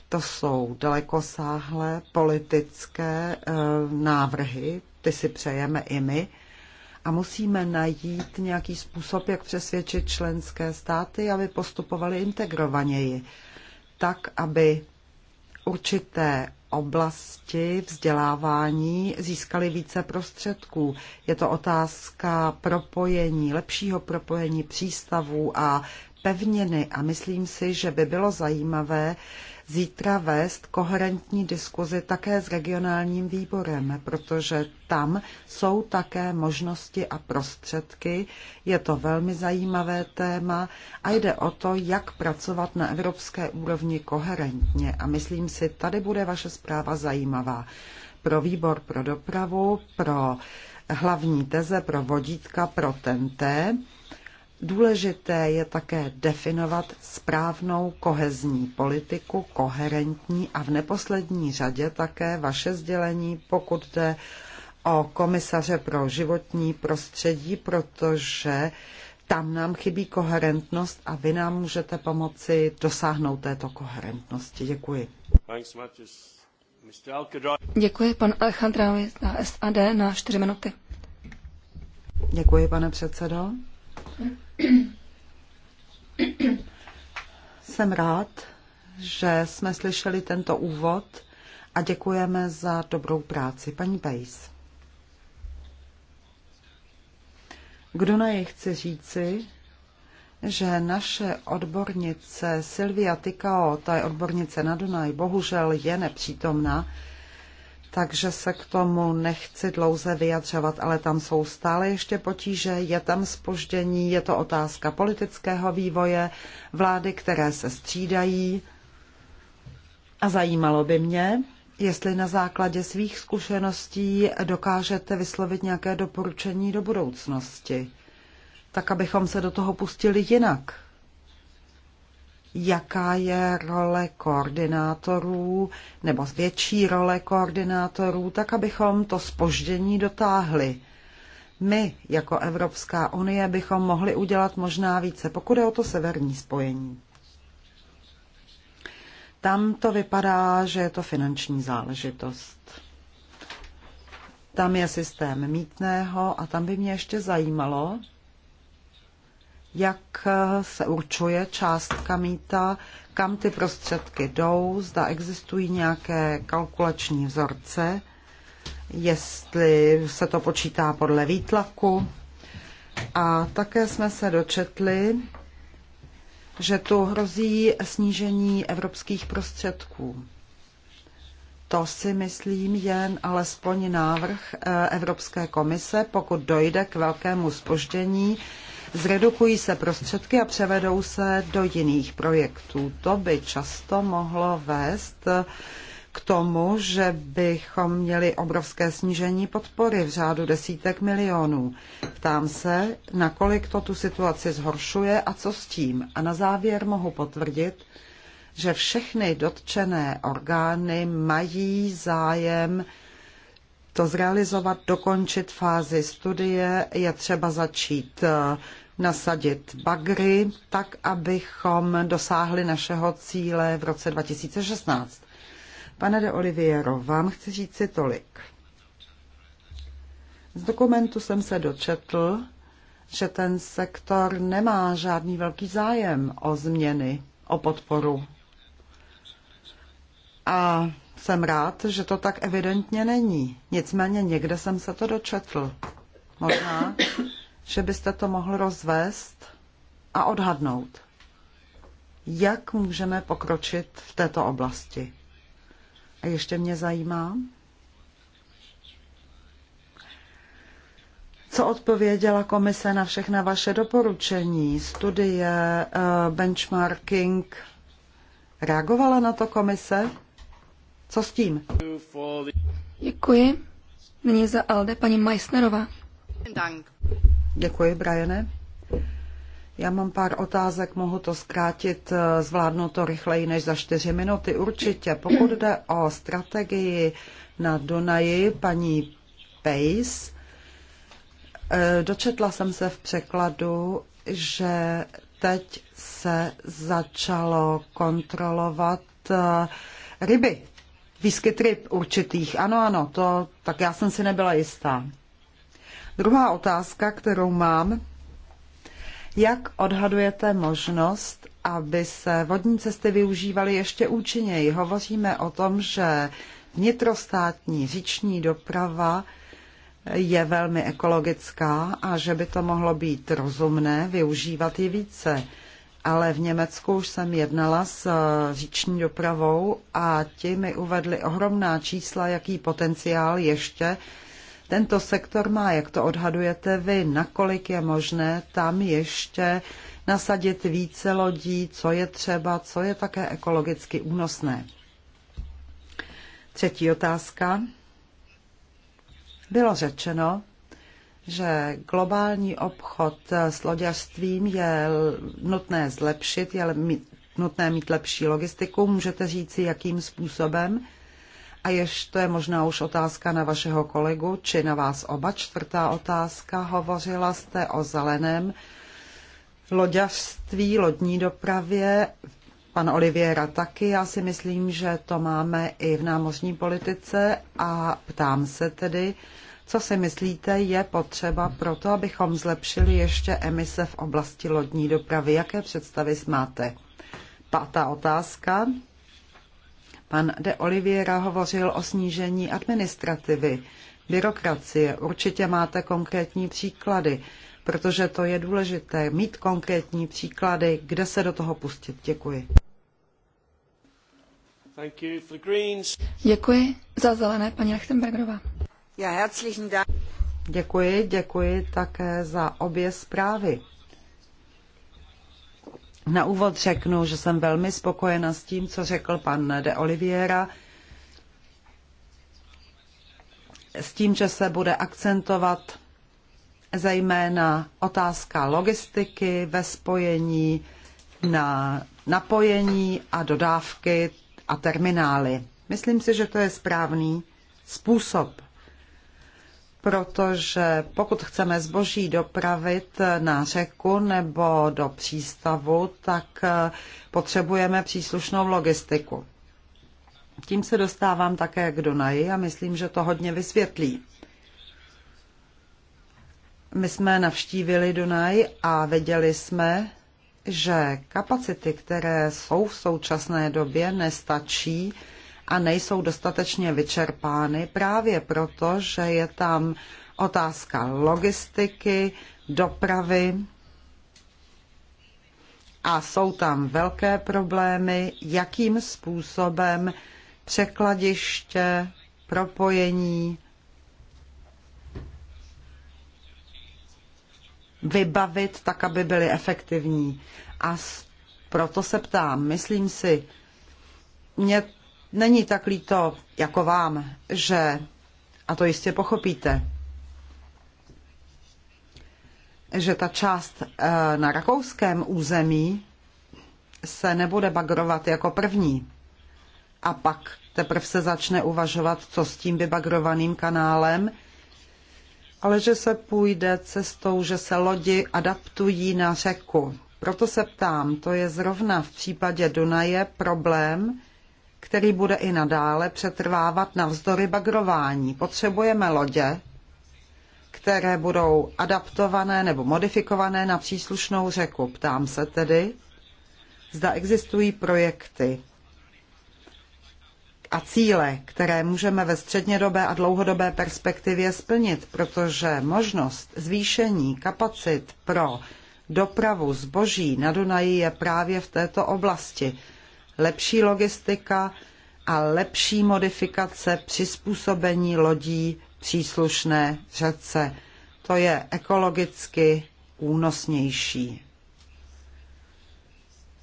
to jsou dalekosáhlé politické e, návrhy, ty si přejeme i my, a musíme najít nějaký způsob, jak přesvědčit členské státy, aby postupovali integrovaněji, tak, aby určité oblasti vzdělávání získali více prostředků. Je to otázka propojení, lepšího propojení přístavů a pevniny a myslím si, že by bylo zajímavé, zítra vést koherentní diskuzi také s regionálním výborem, protože tam jsou také možnosti a prostředky. Je to velmi zajímavé téma a jde o to, jak pracovat na evropské úrovni koherentně. A myslím si, tady bude vaše zpráva zajímavá pro výbor pro dopravu, pro hlavní teze, pro vodítka, pro TNT Důležité je také definovat správnou kohezní politiku, koherentní a v neposlední řadě také vaše sdělení, pokud jde o komisaře pro životní prostředí, protože tam nám chybí koherentnost a vy nám můžete pomoci dosáhnout této koherentnosti. Děkuji. Děkuji, pan Alejandro za SAD na 4 minuty. Děkuji, pane předsedo. Jsem rád, že jsme slyšeli tento úvod a děkujeme za dobrou práci. Paní Bejs. Kdo na je chce říci, že naše odbornice Silvia Tikao, ta je odbornice na Dunaj, bohužel je nepřítomná, takže se k tomu nechci dlouze vyjadřovat, ale tam jsou stále ještě potíže, je tam spoždění, je to otázka politického vývoje, vlády, které se střídají. A zajímalo by mě, jestli na základě svých zkušeností dokážete vyslovit nějaké doporučení do budoucnosti, tak abychom se do toho pustili jinak jaká je role koordinátorů nebo větší role koordinátorů, tak abychom to spoždění dotáhli. My jako Evropská unie bychom mohli udělat možná více, pokud je o to severní spojení. Tam to vypadá, že je to finanční záležitost. Tam je systém mítného a tam by mě ještě zajímalo, jak eh, se určuje částka mýta, kam ty prostředky jdou, zda existují nějaké kalkulační vzorce, jestli se to počítá podle výtlaku. A také jsme se dočetli, že tu hrozí snížení evropských prostředků. To si myslím jen alespoň návrh eh, Evropské komise, pokud dojde k velkému spoždění, zredukují se prostředky a převedou se do jiných projektů. To by často mohlo vést k tomu, že bychom měli obrovské snížení podpory v řádu desítek milionů. Ptám se, nakolik to tu situaci zhoršuje a co s tím. A na závěr mohu potvrdit, že všechny dotčené orgány mají zájem to zrealizovat, dokončit fázi studie, je třeba začít eh, nasadit bagry, tak abychom dosáhli našeho cíle v roce 2016. Pane de Oliviero, vám chci říct si tolik. Z dokumentu jsem se dočetl, že ten sektor nemá žádný velký zájem o změny, o podporu. A jsem rád, že to tak evidentně není. Nicméně někde jsem se to dočetl. Možná, že byste to mohl rozvést a odhadnout. Jak můžeme pokročit v této oblasti? A ještě mě zajímá, Co odpověděla komise na všechna vaše doporučení, studie, eh, benchmarking? Reagovala na to komise? Co s tím? Děkuji. Nyní za Alde paní Meissnerová. Děkuji, Briane. Já mám pár otázek, mohu to zkrátit, eh, zvládnu to rychleji než za čtyři minuty. Určitě, pokud jde o strategii na Dunaji, paní Pace, eh, dočetla jsem se v překladu, že teď se začalo kontrolovat eh, ryby výskyt ryb určitých. Ano, ano, to tak já jsem si nebyla jistá. Druhá otázka, kterou mám, jak odhadujete možnost, aby se vodní cesty využívaly ještě účinněji? Hovoříme o tom, že vnitrostátní říční doprava je velmi ekologická a že by to mohlo být rozumné využívat ji více ale v Německu už jsem jednala s eh, říční dopravou a ti mi uvedli ohromná čísla, jaký potenciál ještě tento sektor má, jak to odhadujete vy, nakolik je možné tam ještě nasadit více lodí, co je třeba, co je také ekologicky únosné. Třetí otázka. Bylo řečeno, že globální obchod s loďařstvím je nutné zlepšit, je nutné mít lepší logistiku. Můžete říci, jakým způsobem? A ještě to je možná už otázka na vašeho kolegu, či na vás oba. Čtvrtá otázka. Hovořila jste o zeleném loďařství, lodní dopravě. Pan Oliviera taky. Já si myslím, že to máme i v námořní politice a ptám se tedy, co si myslíte, je potřeba pro to, abychom zlepšili ještě emise v oblasti lodní dopravy? Jaké představy máte? Pátá otázka. Pan de Oliviera hovořil o snížení administrativy, byrokracie. Určitě máte konkrétní příklady, protože to je důležité mít konkrétní příklady, kde se do toho pustit. Děkuji. Děkuji za zelené, paní Lechtenbergerová. Děkuji, děkuji také za obě zprávy. Na úvod řeknu, že jsem velmi spokojena s tím, co řekl pan de Oliviera, s tím, že se bude akcentovat zejména otázka logistiky ve spojení na napojení a dodávky a terminály. Myslím si, že to je správný způsob protože pokud chceme zboží dopravit na řeku nebo do přístavu, tak eh, potřebujeme příslušnou logistiku. Tím se dostávám také k Dunaji a myslím, že to hodně vysvětlí. My jsme navštívili Dunaj a věděli jsme, že kapacity, které jsou v současné době, nestačí a nejsou dostatečně vyčerpány právě proto, že je tam otázka logistiky, dopravy a jsou tam velké problémy, jakým způsobem překladiště, propojení, vybavit tak, aby byly efektivní. A proto se ptám, myslím si, mě Není tak líto jako vám, že, a to jistě pochopíte, že ta část eh, na rakouském území se nebude bagrovat jako první. A pak teprve se začne uvažovat, co s tím vybagrovaným kanálem, ale že se půjde cestou, že se lodi adaptují na řeku. Proto se ptám, to je zrovna v případě Dunaje problém, který bude i nadále přetrvávat navzdory bagrování. Potřebujeme lodě, které budou adaptované nebo modifikované na příslušnou řeku. Ptám se tedy, zda existují projekty a cíle, které můžeme ve střednědobé a dlouhodobé perspektivě splnit, protože možnost zvýšení kapacit pro dopravu zboží na Dunaji je právě v této oblasti lepší logistika a lepší modifikace přizpůsobení lodí příslušné řece. To je ekologicky únosnější.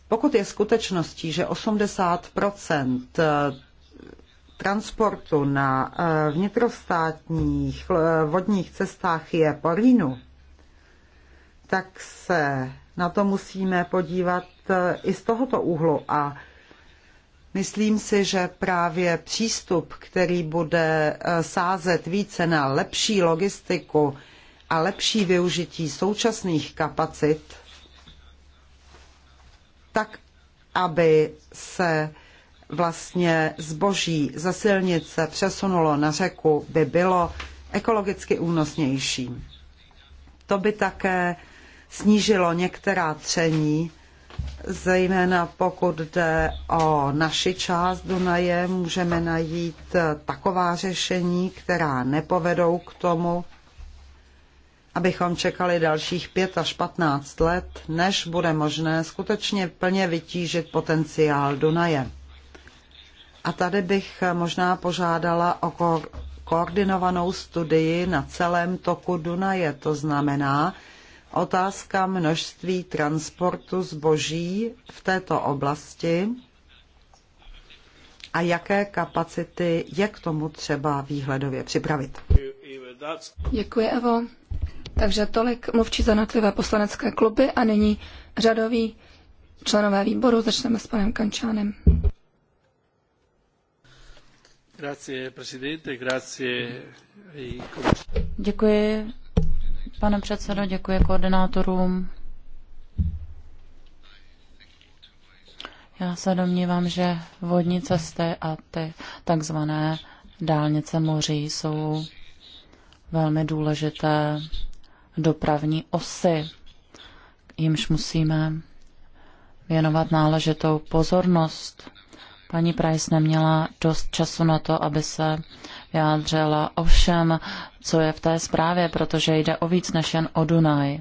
Pokud je skutečností, že 80 eh, transportu na eh, vnitrostátních eh, vodních cestách je po Rýnu, tak se na to musíme podívat i z tohoto úhlu a Myslím si, že právě přístup, který bude eh, sázet více na lepší logistiku a lepší využití současných kapacit, tak aby se vlastně zboží ze silnice přesunulo na řeku, by bylo ekologicky únosnější. To by také snížilo některá tření Zejména pokud jde o naši část Dunaje, můžeme najít taková řešení, která nepovedou k tomu, abychom čekali dalších 5 až 15 let, než bude možné skutečně plně vytížit potenciál Dunaje. A tady bych možná požádala o ko- koordinovanou studii na celém toku Dunaje, to znamená, Otázka množství transportu zboží v této oblasti a jaké kapacity je k tomu třeba výhledově připravit. Děkuji, Evo. Takže tolik mluvčí za jednotlivé poslanecké kluby a nyní řadový členové výboru. Začneme s panem Kančánem. Děkuji, pane předsedo, děkuji koordinátorům. Já se domnívám, že vodní cesty a ty takzvané dálnice moří jsou velmi důležité dopravní osy, jimž musíme věnovat náležitou pozornost. Paní Price neměla dost času na to, aby se vyjádřila o všem, co je v té zprávě, protože jde o víc než jen o Dunaj.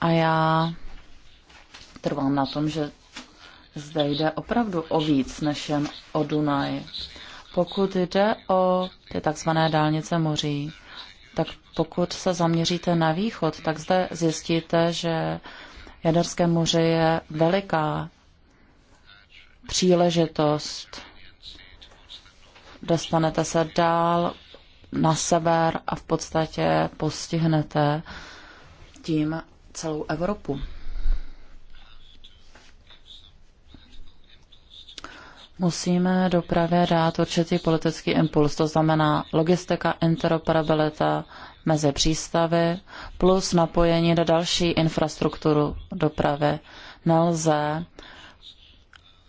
A já trvám na tom, že zde jde opravdu o víc než jen o Dunaj. Pokud jde o ty takzvané dálnice moří, tak pokud se zaměříte na východ, tak zde zjistíte, že Jaderské moře je veliká příležitost dostanete se dál na sever a v podstatě postihnete tím celou Evropu. Musíme dopravě dát určitý politický impuls, to znamená logistika, interoperabilita mezi přístavy plus napojení na další infrastrukturu dopravy. Nelze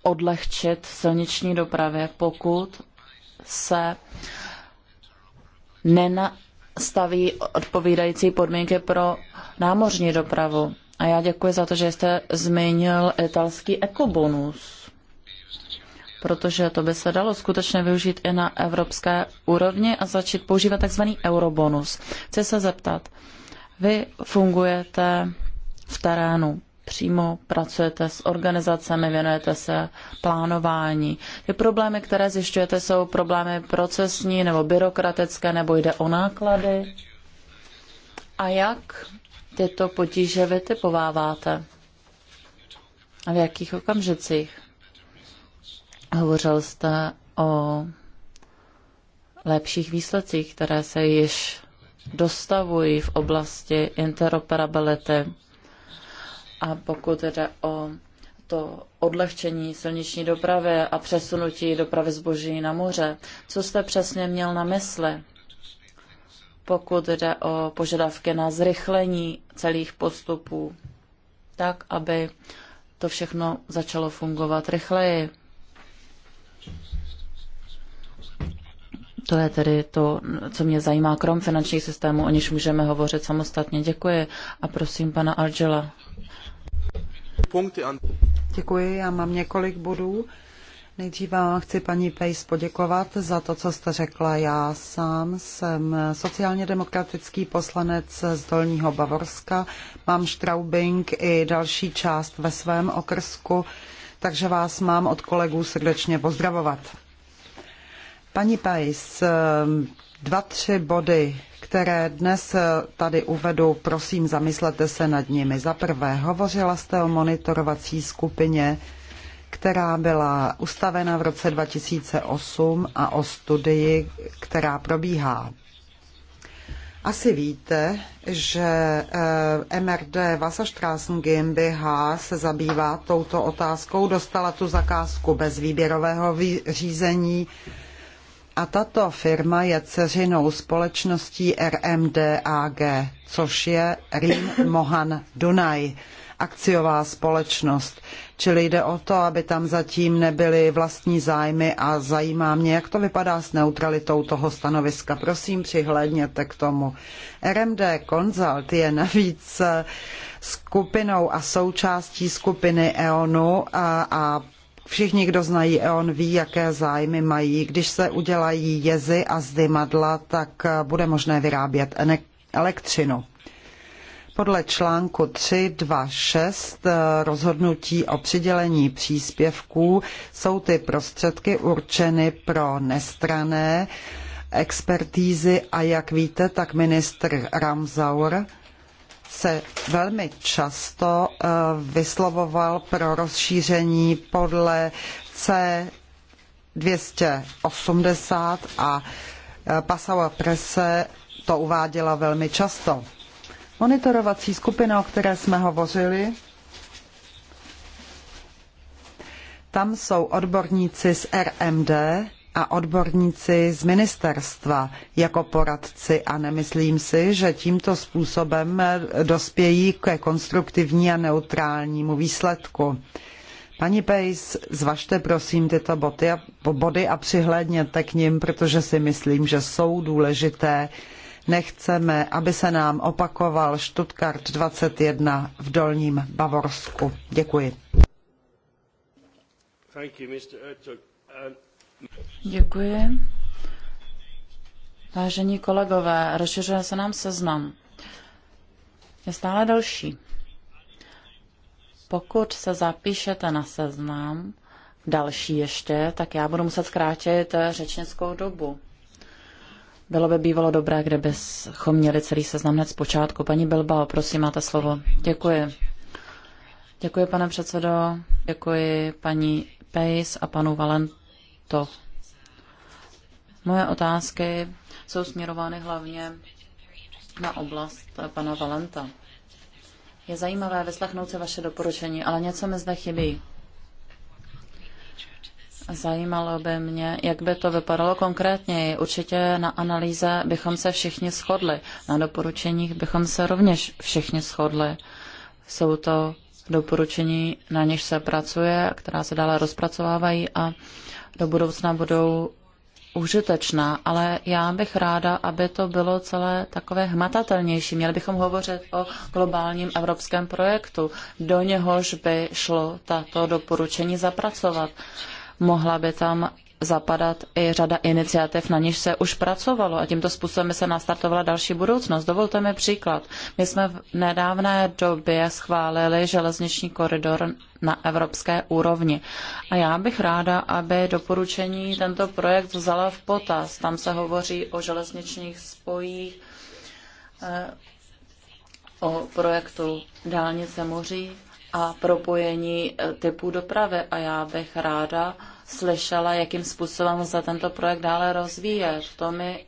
odlehčit silniční dopravě, pokud se nenastaví odpovídající podmínky pro námořní dopravu. A já děkuji za to, že jste zmínil italský ekobonus, protože to by se dalo skutečně využít i na evropské úrovni a začít používat takzvaný eurobonus. Chci se zeptat, vy fungujete v terénu přímo pracujete s organizacemi, věnujete se plánování. Ty problémy, které zjišťujete, jsou problémy procesní nebo byrokratické, nebo jde o náklady. A jak tyto potíže vytipováváte? A v jakých okamžicích? Hovořil jste o lepších výsledcích, které se již dostavují v oblasti interoperability a pokud jde o to odlehčení silniční dopravy a přesunutí dopravy zboží na moře, co jste přesně měl na mysli? pokud jde o požadavky na zrychlení celých postupů, tak, aby to všechno začalo fungovat rychleji. To je tedy to, co mě zajímá, krom finančních systémů, o nichž můžeme hovořit samostatně. Děkuji a prosím pana Argela. Děkuji, já mám několik bodů. Nejdřív vám chci paní Pejs poděkovat za to, co jste řekla. Já sám jsem sociálně demokratický poslanec z Dolního Bavorska. Mám Straubing i další část ve svém okrsku, takže vás mám od kolegů srdečně pozdravovat. Paní Pejs, ehm, dva, tři body které dnes eh, tady uvedu, prosím, zamyslete se nad nimi. Za prvé, hovořila jste o monitorovací skupině, která byla ustavena v roce 2008 a o studii, která probíhá. Asi víte, že eh, MRD Wasserstraßen GmbH se zabývá touto otázkou, dostala tu zakázku bez výběrového řízení a tato firma je ceřinou společností RMD AG, což je Rim Mohan Dunaj, akciová společnost. Čili jde o to, aby tam zatím nebyly vlastní zájmy a zajímá mě, jak to vypadá s neutralitou toho stanoviska. Prosím, přihlédněte k tomu. RMD Consult je navíc skupinou a součástí skupiny EONu a, a Všichni, kdo znají EON, ví, jaké zájmy mají. Když se udělají jezy a zdymadla, tak eh, bude možné vyrábět elektřinu. Podle článku 326 eh, rozhodnutí o přidělení příspěvků jsou ty prostředky určeny pro nestrané expertízy a jak víte, tak ministr Ramzaur se velmi často eh, vyslovoval pro rozšíření podle C280 a eh, Passaua Presse to uváděla velmi často. Monitorovací skupina, o které jsme hovořili, tam jsou odborníci z RMD, a odborníci z ministerstva jako poradci a nemyslím si, že tímto způsobem dospějí ke konstruktivní a neutrálnímu výsledku. Paní Pejs, zvažte prosím tyto a, body a přihlédněte k nim, protože si myslím, že jsou důležité. Nechceme, aby se nám opakoval Stuttgart 21 v Dolním Bavorsku. Děkuji. Děkuji. Vážení kolegové, rozšiřuje se nám seznam. Je stále další. Pokud se zapíšete na seznam, další ještě, tak já budu muset zkrátit eh, řečnickou dobu. Bylo by bývalo dobré, kdybychom měli celý seznam hned zpočátku. Paní Bilbao, prosím, máte slovo. Děkuji. Děkuji, pane předsedo. Děkuji paní Pejs a panu Valent to. Moje otázky jsou směrovány hlavně na oblast pana Valenta. Je zajímavé vyslechnout se vaše doporučení, ale něco mi zde chybí. Zajímalo by mě, jak by to vypadalo konkrétně. Určitě na analýze bychom se všichni shodli. Na doporučeních bychom se rovněž všichni shodli. Jsou to doporučení, na něž se pracuje, která se dále rozpracovávají a do budoucna budou užitečná, ale já bych ráda, aby to bylo celé takové hmatatelnější. Měli bychom hovořit o globálním evropském projektu, do něhož by šlo tato doporučení zapracovat. Mohla by tam zapadat i řada iniciativ, na něž se už pracovalo a tímto způsobem se nastartovala další budoucnost. Dovolte mi příklad. My jsme v nedávné době schválili železniční koridor na evropské úrovni. A já bych ráda, aby doporučení tento projekt vzala v potaz. Tam se hovoří o železničních spojích, eh, o projektu dálnice moří a propojení eh, typů dopravy. A já bych ráda, slyšela, jakým způsobem se tento projekt dále rozvíjet. To mi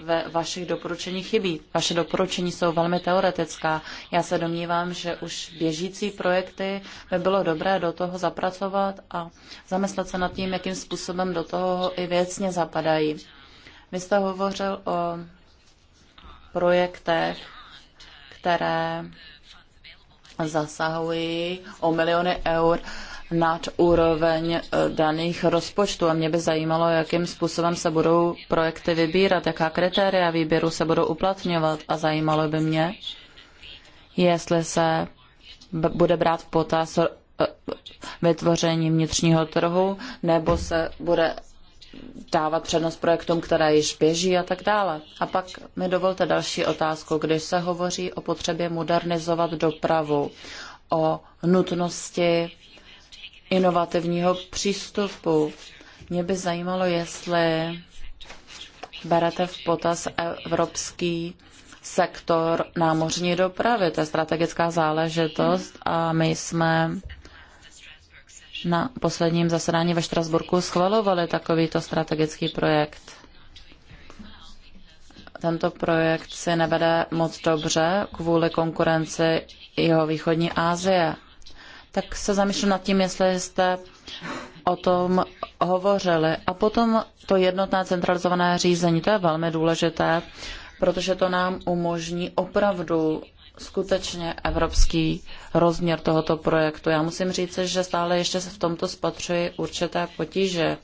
ve vašich doporučeních chybí. Vaše doporučení jsou velmi teoretická. Já se domnívám, že už běžící projekty by bylo dobré do toho zapracovat a zamyslet se nad tím, jakým způsobem do toho i věcně zapadají. Vy jste hovořil o projektech, které zasahují o miliony eur nad úroveň eh, daných rozpočtů. A mě by zajímalo, jakým způsobem se budou projekty vybírat, jaká kritéria výběru se budou uplatňovat. A zajímalo by mě, jestli se bude brát v potaz eh, vytvoření vnitřního trhu, nebo se bude dávat přednost projektům, které již běží a tak dále. A pak mi dovolte další otázku. Když se hovoří o potřebě modernizovat dopravu, o nutnosti inovativního přístupu. Mě by zajímalo, jestli berete v potaz evropský sektor námořní dopravy. To je strategická záležitost a my jsme na posledním zasedání ve Štrasburku schvalovali takovýto strategický projekt. Tento projekt si nevede moc dobře kvůli konkurenci jeho východní Asie tak se zamýšlím nad tím, jestli jste o tom hovořili. A potom to jednotné centralizované řízení, to je velmi důležité, protože to nám umožní opravdu skutečně evropský rozměr tohoto projektu. Já musím říct, že stále ještě se v tomto spatřuji určité potíže,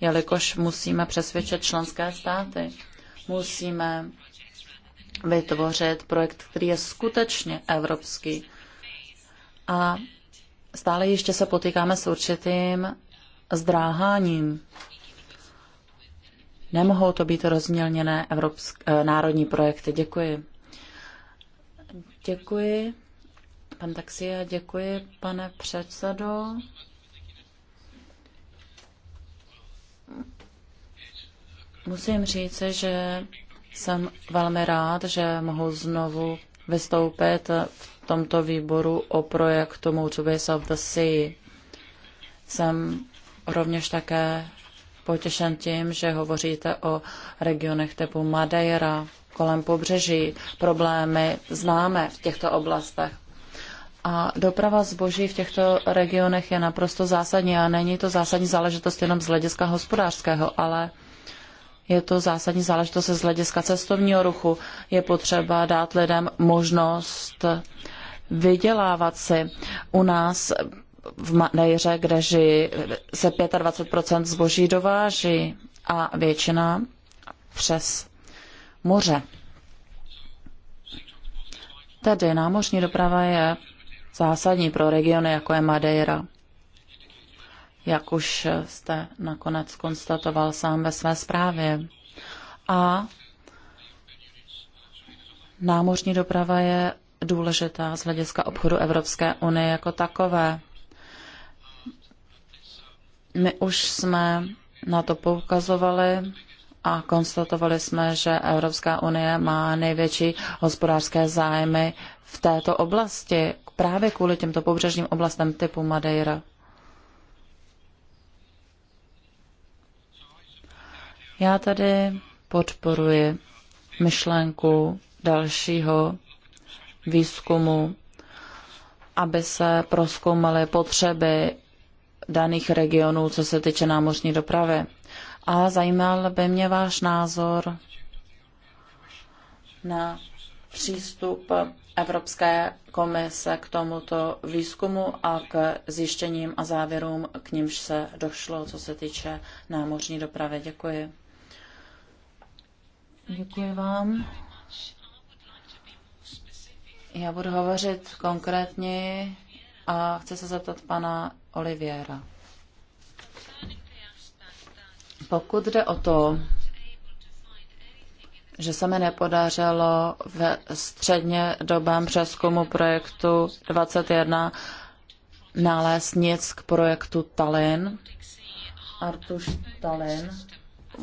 jelikož musíme přesvědčit členské státy. Musíme vytvořit projekt, který je skutečně evropský. A stále ještě se potýkáme s určitým zdráháním. Nemohou to být rozmělněné evropsk- eh, národní projekty. Děkuji. Děkuji. Pan Taxia, děkuji, pane předsedo. Musím říct, že jsem velmi rád, že mohu znovu vystoupit v tomto výboru o projektu Motorways of the Sea. Jsem rovněž také potěšen tím, že hovoříte o regionech typu Madeira, kolem pobřeží. Problémy známe v těchto oblastech. A doprava zboží v těchto regionech je naprosto zásadní a není to zásadní záležitost jenom z hlediska hospodářského, ale je to zásadní záležitost z hlediska cestovního ruchu. Je potřeba dát lidem možnost vydělávat si. U nás v Madejře, kde žijí, se 25% zboží dováží a většina přes moře. Tedy námořní doprava je zásadní pro regiony, jako je Madeira. Jak už jste nakonec konstatoval sám ve své zprávě. A námořní doprava je důležitá z hlediska obchodu Evropské unie jako takové. My už jsme na to poukazovali a konstatovali jsme, že Evropská unie má největší hospodářské zájmy v této oblasti, právě kvůli těmto pobřežním oblastem typu Madeira. Já tady podporuji myšlenku dalšího výzkumu, aby se proskoumaly potřeby daných regionů, co se týče námořní dopravy. A zajímal by mě váš názor na přístup Evropské komise k tomuto výzkumu a k zjištěním a závěrům, k nímž se došlo, co se týče námořní dopravy. Děkuji. Děkuji vám. Já budu hovořit konkrétně a chci se zeptat pana Oliviera. Pokud jde o to, že se mi nepodařilo ve středně dobém přeskumu projektu 21 nalézt nic k projektu Tallinn, Artuš Tallinn,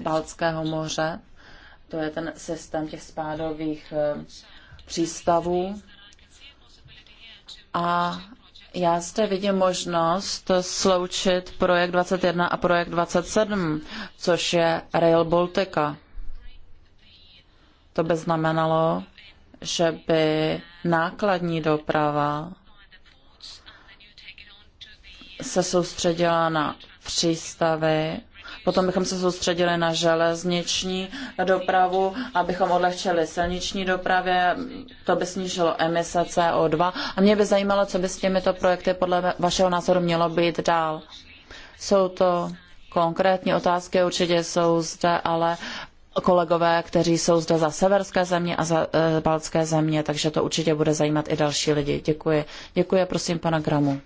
Balckého moře. To je ten systém těch spádových eh, přístavů a já zde vidím možnost sloučit projekt 21 a projekt 27, což je Rail Baltica. To by znamenalo, že by nákladní doprava se soustředila na přístavy Potom bychom se soustředili na železniční dopravu, abychom odlehčili silniční dopravě, to by snížilo emise CO2. A mě by zajímalo, co by s těmito projekty podle vašeho názoru mělo být dál. Jsou to konkrétní otázky, určitě jsou zde, ale kolegové, kteří jsou zde za severské země a za e, baltské země, takže to určitě bude zajímat i další lidi. Děkuji. Děkuji, prosím, pana Gramu.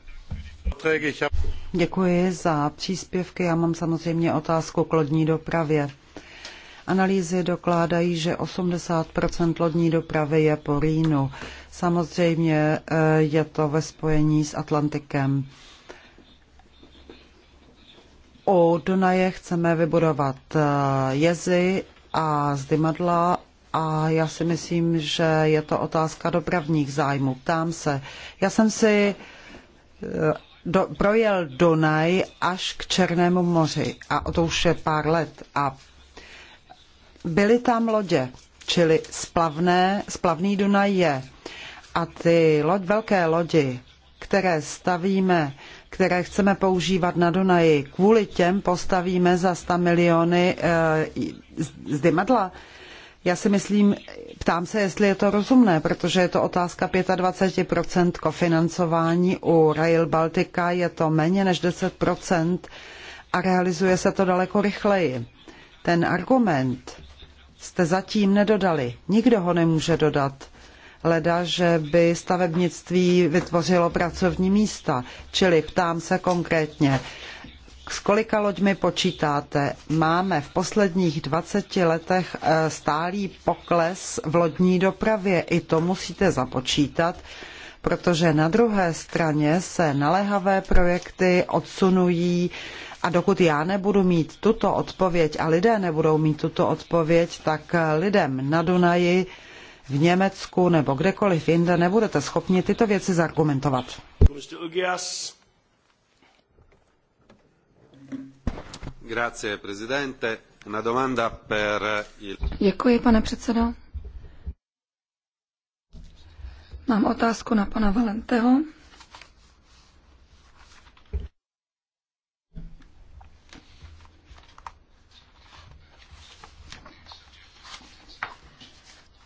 Děkuji za příspěvky. Já mám samozřejmě otázku k lodní dopravě. Analýzy dokládají, že 80 lodní dopravy je po Rýnu. Samozřejmě eh, je to ve spojení s Atlantikem. U Dunaje chceme vybudovat eh, jezy a zdymadla a já si myslím, že je to otázka dopravních zájmů. Ptám se. Já jsem si eh, do, projel Dunaj až k Černému moři a o to už je pár let a byly tam lodě, čili splavné, splavný Dunaj je. A ty loď, velké lodi, které stavíme, které chceme používat na Dunaji, kvůli těm postavíme za 100 miliony e, z, z dymadla. Já si myslím, ptám se, jestli je to rozumné, protože je to otázka 25% kofinancování u Rail Baltica, je to méně než 10% a realizuje se to daleko rychleji. Ten argument jste zatím nedodali. Nikdo ho nemůže dodat leda, že by stavebnictví vytvořilo pracovní místa. Čili ptám se konkrétně, s kolika loďmi počítáte? Máme v posledních 20 letech eh, stálý pokles v lodní dopravě. I to musíte započítat, protože na druhé straně se naléhavé projekty odsunují a dokud já nebudu mít tuto odpověď a lidé nebudou mít tuto odpověď, tak eh, lidem na Dunaji, v Německu nebo kdekoliv jinde nebudete schopni tyto věci zargumentovat. Děkuji, pane předsedo. Mám otázku na pana Valenteho.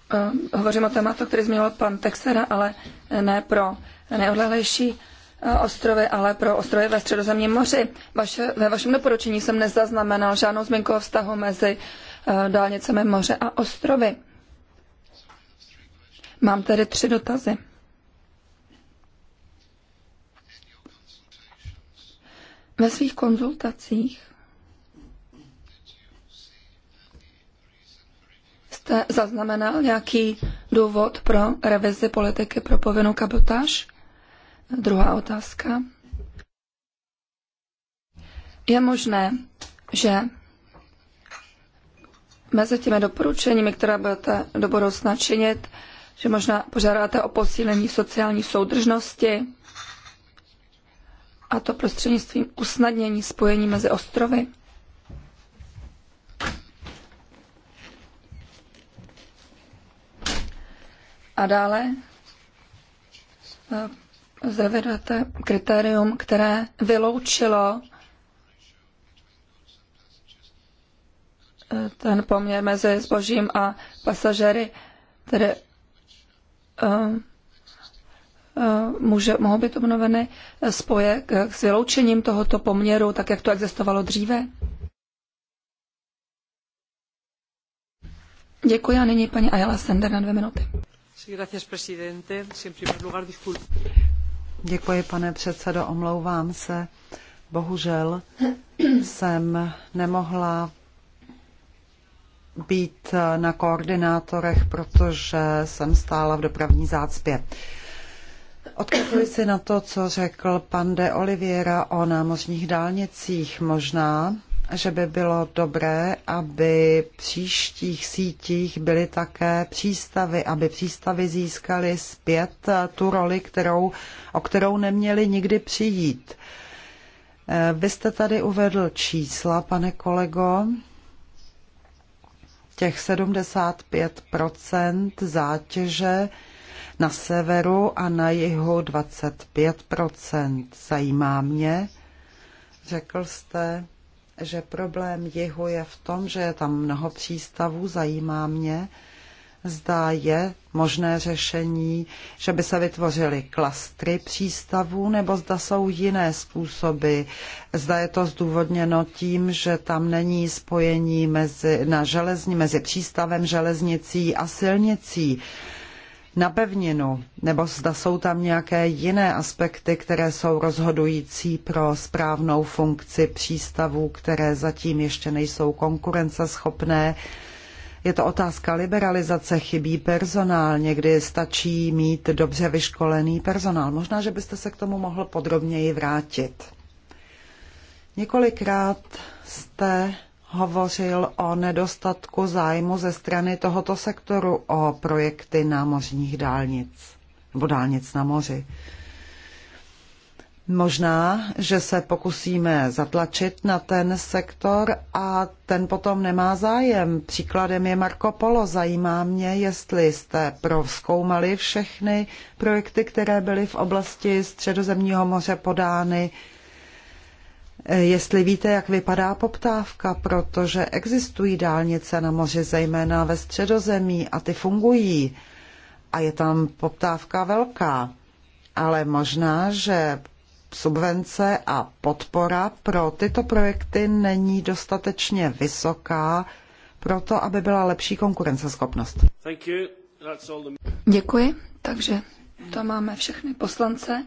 Ehm, hovořím o tématu, který zmínil pan Texera, ale ne pro neodlehlejší Eh, ostrovy, ale pro ostrovy ve Středozemním moři. Vaše, ve vašem doporučení jsem nezaznamenal žádnou zmínku o vztahu mezi eh, dálnicemi moře a ostrovy. Mám tedy tři dotazy. Ve svých konzultacích jste zaznamenal nějaký důvod pro revizi politiky pro povinnou kabotáž? Druhá otázka. Je možné, že mezi těmi doporučeními, která budete do budoucna činit, že možná požádáte o posílení sociální soudržnosti a to prostřednictvím usnadnění spojení mezi ostrovy. A dále eh, zavedete kritérium, které vyloučilo eh, ten poměr mezi zbožím a pasažery, tedy eh, eh, může, mohou být obnoveny spoje k, s vyloučením tohoto poměru, tak jak to existovalo dříve? Děkuji a nyní paní Ayala Sender na dvě minuty. Sí, gracias, presidente. en primer lugar, disculpe. Děkuji, pane předsedo, omlouvám se. Bohužel jsem nemohla být na koordinátorech, protože jsem stála v dopravní zácpě. Odkazuji si na to, co řekl pan de Oliviera o námořních dálnicích. Možná že by bylo dobré, aby v příštích sítích byly také přístavy, aby přístavy získaly zpět tu roli, kterou, o kterou neměly nikdy přijít. Eh, vy jste tady uvedl čísla, pane kolego, těch 75 zátěže na severu a na jihu 25 Zajímá mě, řekl jste, že problém jihu je v tom, že je tam mnoho přístavů, zajímá mě, zda je možné řešení, že by se vytvořily klastry přístavů, nebo zda jsou jiné způsoby. Zda je to zdůvodněno tím, že tam není spojení mezi, na železni, mezi přístavem, železnicí a silnicí. Uh, na pevninu, nebo zda jsou tam nějaké jiné aspekty, které jsou rozhodující pro správnou funkci přístavů, které zatím ještě nejsou konkurenceschopné. Je to otázka liberalizace, chybí personál, někdy stačí mít dobře vyškolený personál. Možná, že byste se k tomu mohl podrobněji vrátit. Několikrát jste hovořil o nedostatku zájmu ze strany tohoto sektoru o projekty námořních dálnic nebo dálnic na moři. Možná, že se pokusíme zatlačit na ten sektor a ten potom nemá zájem. Příkladem je Marco Polo. Zajímá mě, jestli jste prozkoumali všechny projekty, které byly v oblasti Středozemního moře podány, jestli víte, jak vypadá poptávka, protože existují dálnice na moři, zejména ve středozemí, a ty fungují. A je tam poptávka velká. Ale možná, že subvence a podpora pro tyto projekty není dostatečně vysoká, proto aby byla lepší konkurenceschopnost. Děkuji. Takže to máme všechny poslance.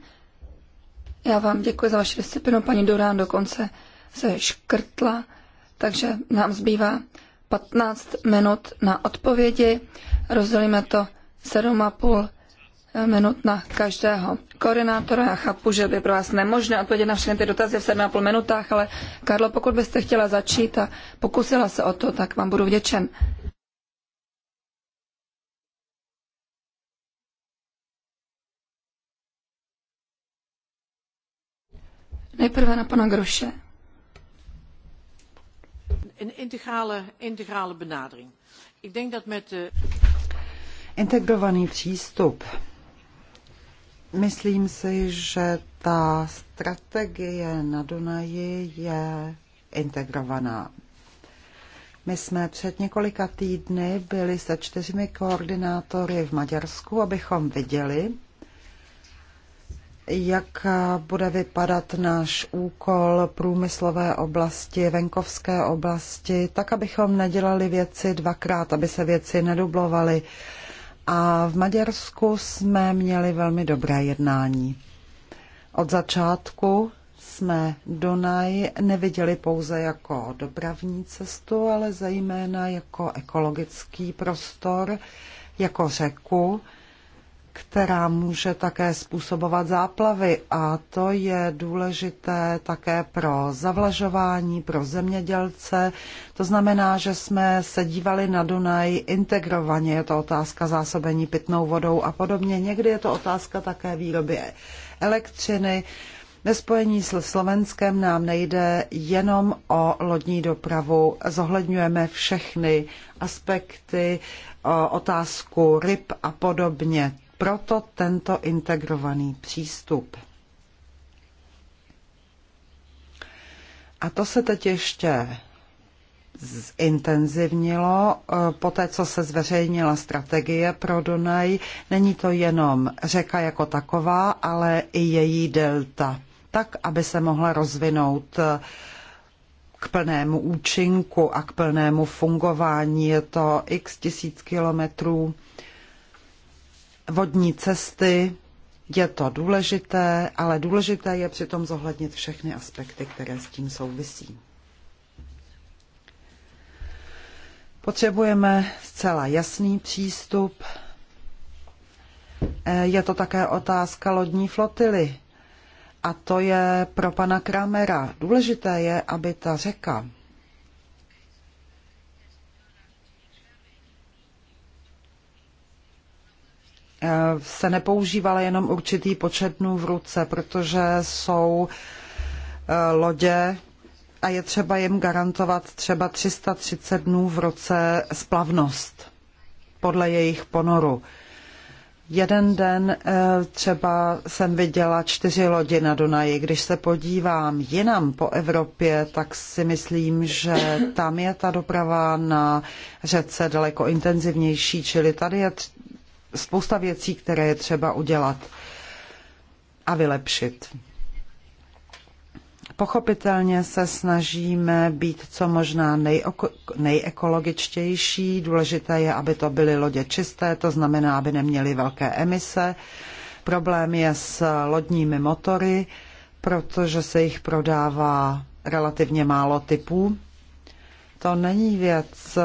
Já vám děkuji za vaši disciplinu. Paní Durán dokonce se škrtla, takže nám zbývá 15 minut na odpovědi. Rozdělíme to 7,5 eh, minut na každého koordinátora. Já chápu, že by pro vás nemožné odpovědět na všechny ty dotazy v 7,5 minutách, ale Karlo, pokud byste chtěla začít a pokusila se o to, tak vám budu vděčen. Nejprve na pana Groše. integrale, integrale benadering. Ik denk dat met de... Integrovaný přístup. Myslím si, že ta strategie na Dunaji je integrovaná. My jsme před několika týdny byli se čtyřmi koordinátory v Maďarsku, abychom viděli, jak bude vypadat náš úkol průmyslové oblasti, venkovské oblasti, tak abychom nedělali věci dvakrát, aby se věci nedublovaly. A v Maďarsku jsme měli velmi dobré jednání. Od začátku jsme Dunaj neviděli pouze jako dopravní cestu, ale zejména jako ekologický prostor, jako řeku, která může také způsobovat záplavy a to je důležité také pro zavlažování, pro zemědělce. To znamená, že jsme se dívali na Dunaj integrovaně, je to otázka zásobení pitnou vodou a podobně. Někdy je to otázka také výroby elektřiny. Ve spojení s Slovenskem nám nejde jenom o lodní dopravu, zohledňujeme všechny aspekty, otázku ryb a podobně. Proto tento integrovaný přístup. A to se teď ještě zintenzivnilo eh, po té, co se zveřejnila strategie pro Dunaj. Není to jenom řeka jako taková, ale i její delta, tak, aby se mohla rozvinout eh, k plnému účinku a k plnému fungování. Je to x tisíc kilometrů vodní cesty. Je to důležité, ale důležité je přitom zohlednit všechny aspekty, které s tím souvisí. Potřebujeme zcela jasný přístup. E, je to také otázka lodní flotily. A to je pro pana Kramera. Důležité je, aby ta řeka Eh, se nepoužíval jenom určitý počet dnů v ruce, protože jsou eh, lodě a je třeba jim garantovat třeba 330 dnů v roce splavnost podle jejich ponoru. Jeden den eh, třeba jsem viděla čtyři lodi na Dunaji. Když se podívám jinam po Evropě, tak si myslím, že tam je ta doprava na řece daleko intenzivnější, čili tady je spousta věcí, které je třeba udělat a vylepšit. Pochopitelně se snažíme být co možná nejoko- nejekologičtější. Důležité je, aby to byly lodě čisté, to znamená, aby neměly velké emise. Problém je s lodními motory, protože se jich prodává relativně málo typů to není věc,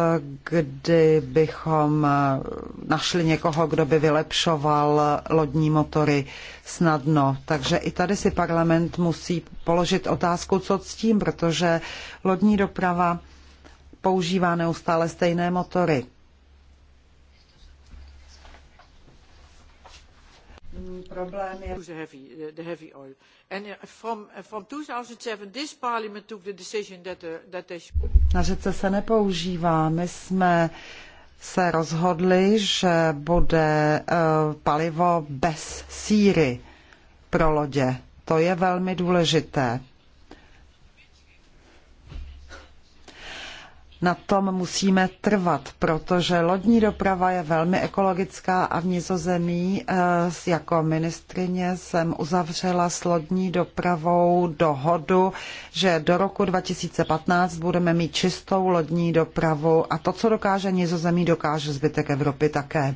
kdy bychom eh, našli někoho, kdo by vylepšoval lodní motory snadno. Takže i tady si parlament musí položit otázku, co s tím, protože lodní doprava používá neustále stejné motory. Mm, problém je... The heavy, uh, the heavy oil. And uh, from, uh, from 2007, this parliament took the decision that, that they... Na řece se nepoužívá. My jsme se rozhodli, že bude palivo bez síry pro lodě. To je velmi důležité. Na tom musíme trvat, protože lodní doprava je velmi ekologická a v Nizozemí eh, jako ministrině jsem uzavřela s lodní dopravou dohodu, že do roku 2015 budeme mít čistou lodní dopravu a to, co dokáže Nizozemí, dokáže zbytek Evropy také.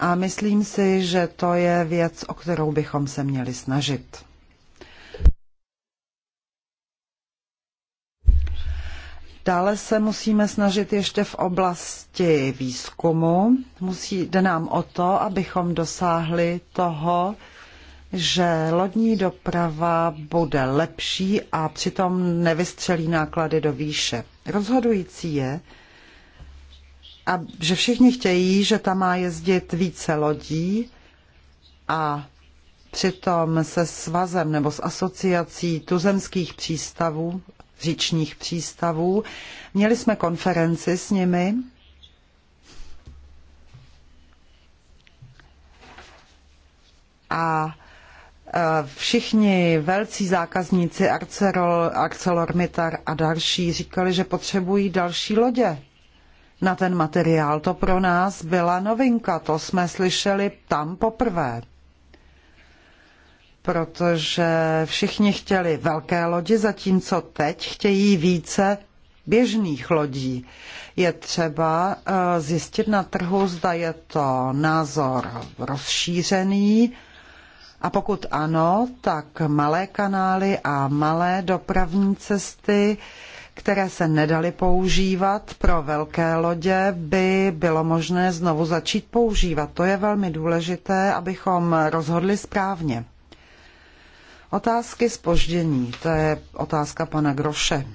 A myslím si, že to je věc, o kterou bychom se měli snažit. Dále se musíme snažit ještě v oblasti výzkumu. Musí, jde nám o to, abychom dosáhli toho, že lodní doprava bude lepší a přitom nevystřelí náklady do výše. Rozhodující je, a že všichni chtějí, že tam má jezdit více lodí a přitom se svazem nebo s asociací tuzemských přístavů říčních přístavů. Měli jsme konferenci s nimi. A e, všichni velcí zákazníci Arcelor, ArcelorMittal a další říkali, že potřebují další lodě na ten materiál. To pro nás byla novinka, to jsme slyšeli tam poprvé protože všichni chtěli velké lodi, zatímco teď chtějí více běžných lodí. Je třeba eh, zjistit na trhu, zda je to názor rozšířený, a pokud ano, tak malé kanály a malé dopravní cesty, které se nedaly používat pro velké lodě, by bylo možné znovu začít používat. To je velmi důležité, abychom rozhodli správně. Otázky spoždění, to je otázka pana Groše.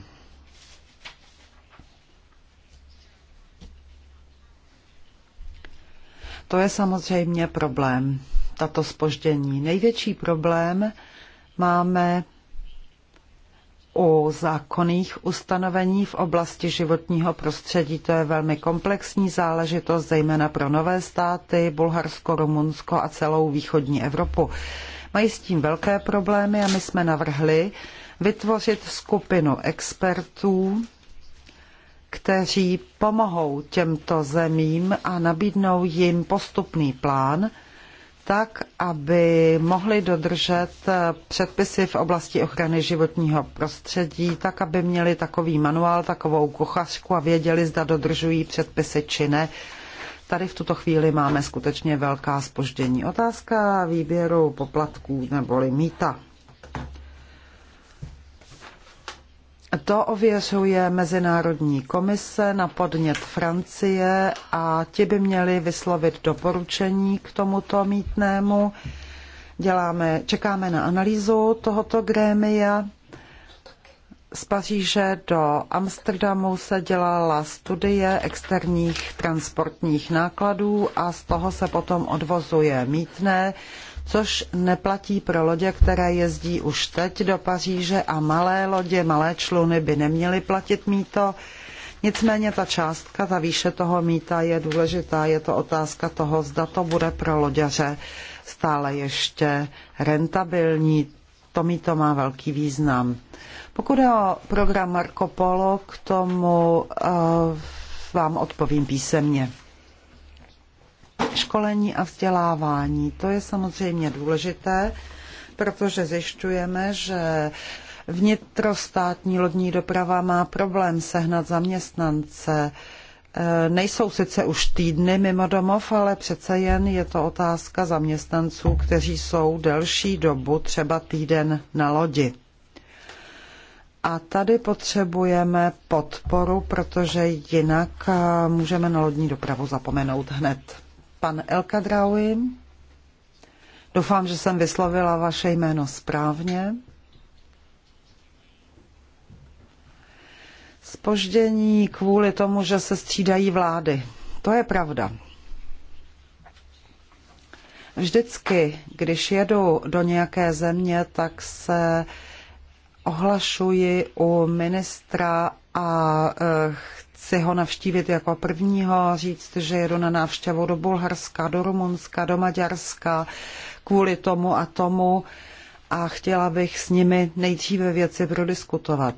To je samozřejmě problém, tato spoždění. Největší problém máme u zákonných ustanovení v oblasti životního prostředí. To je velmi komplexní záležitost, zejména pro nové státy, Bulharsko, Rumunsko a celou východní Evropu. Mají s tím velké problémy a my jsme navrhli vytvořit skupinu expertů, kteří pomohou těmto zemím a nabídnou jim postupný plán, tak, aby mohli dodržet předpisy v oblasti ochrany životního prostředí, tak, aby měli takový manuál, takovou kuchařku a věděli, zda dodržují předpisy či ne, tady v tuto chvíli máme skutečně velká spoždění. Otázka výběru poplatků neboli mýta. To ověřuje Mezinárodní komise na podnět Francie a ti by měli vyslovit doporučení k tomuto mítnému. Děláme, čekáme na analýzu tohoto grémia z Paříže do Amsterdamu se dělala studie externích transportních nákladů a z toho se potom odvozuje mítné, což neplatí pro lodě, které jezdí už teď do Paříže a malé lodě, malé čluny by neměly platit mýto. Nicméně ta částka, ta výše toho mýta je důležitá. Je to otázka toho, zda to bude pro loďaře stále ještě rentabilní. To mýto má velký význam. Pokud je o program Marco Polo, k tomu eh, vám odpovím písemně. Školení a vzdělávání, to je samozřejmě důležité, protože zjišťujeme, že vnitrostátní lodní doprava má problém sehnat zaměstnance. Eh, nejsou sice už týdny mimo domov, ale přece jen je to otázka zaměstnanců, kteří jsou delší dobu, třeba týden na lodi. A tady potřebujeme podporu, protože jinak eh, můžeme na lodní dopravu zapomenout hned. Pan Elka Draui, doufám, že jsem vyslovila vaše jméno správně. Spoždění kvůli tomu, že se střídají vlády. To je pravda. Vždycky, když jedu do nějaké země, tak se uh, ohlašuji u ministra a e, chci ho navštívit jako prvního, říct, že jedu na návštěvu do Bulharska, do Rumunska, do Maďarska, kvůli tomu a tomu a chtěla bych s nimi nejdříve věci prodiskutovat.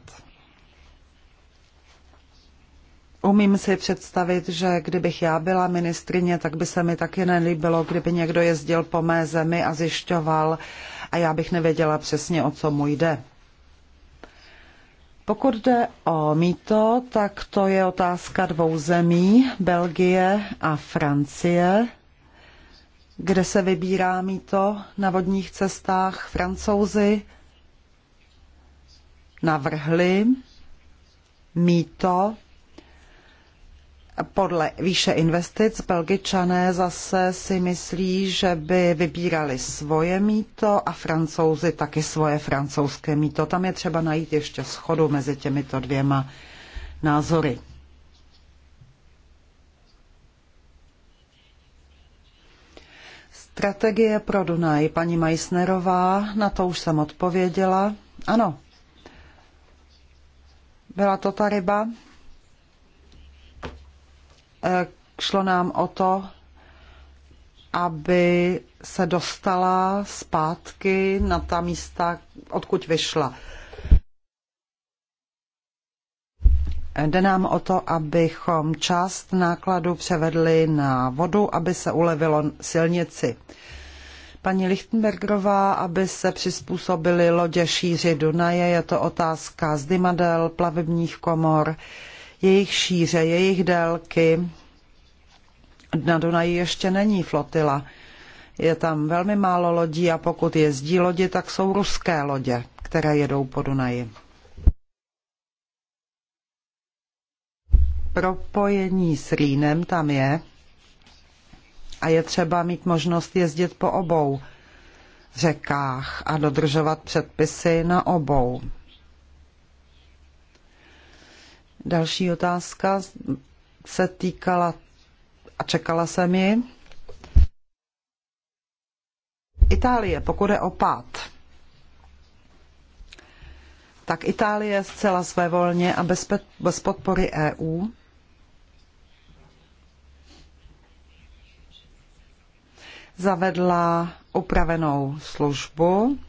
Umím si představit, že kdybych já byla ministrině, tak by se mi taky nelíbilo, kdyby někdo jezdil po mé zemi a zjišťoval a já bych nevěděla přesně, o co mu jde. Pokud jde o mýto, tak to je otázka dvou zemí, Belgie a Francie, kde se vybírá mýto na vodních cestách. Francouzi navrhli mýto podle výše investic Belgičané zase si myslí, že by vybírali svoje mýto a Francouzi taky svoje francouzské mýto. Tam je třeba najít ještě schodu mezi těmito dvěma názory. Strategie pro Dunaj, paní Majsnerová, na to už jsem odpověděla. Ano. Byla to ta ryba? Eh, šlo nám o to, aby se dostala zpátky na ta místa, odkud vyšla. Jde nám o to, abychom část nákladu převedli na vodu, aby se ulevilo silnici. Paní Lichtenbergerová, aby se přizpůsobili lodě šíři Dunaje, je to otázka z Dymadel plavebních komor. eh, jejich šíře, jejich délky. Na Dunaji ještě není flotila. Je tam velmi málo lodí a pokud jezdí lodi, tak jsou ruské lodě, které jedou po Dunaji. Propojení s Rýnem tam je a je třeba mít možnost jezdit po obou řekách a dodržovat předpisy na obou. Další otázka se týkala a čekala jsem ji. Itálie, pokud je opát, tak Itálie zcela svévolně a bez, bez podpory EU zavedla upravenou službu,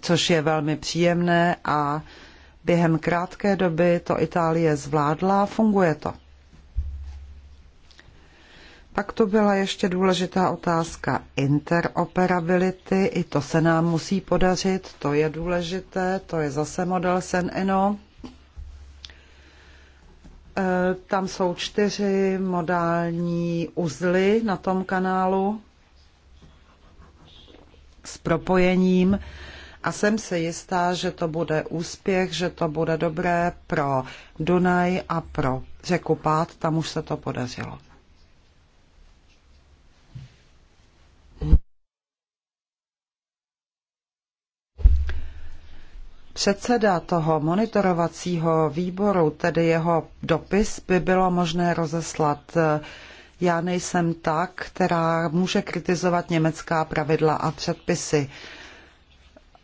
což je velmi příjemné a Během krátké doby to Itálie zvládla, funguje to. Pak to byla ještě důležitá otázka interoperability, i to se nám musí podařit, to je důležité, to je zase model SEN-ENO. E, tam jsou čtyři modální uzly na tom kanálu s propojením a jsem si jistá, že to bude úspěch, že to bude dobré pro Dunaj a pro řeku Pát, tam už se to podařilo. Předseda toho monitorovacího výboru, tedy jeho dopis, by bylo možné rozeslat. Já nejsem ta, která může kritizovat německá pravidla a předpisy.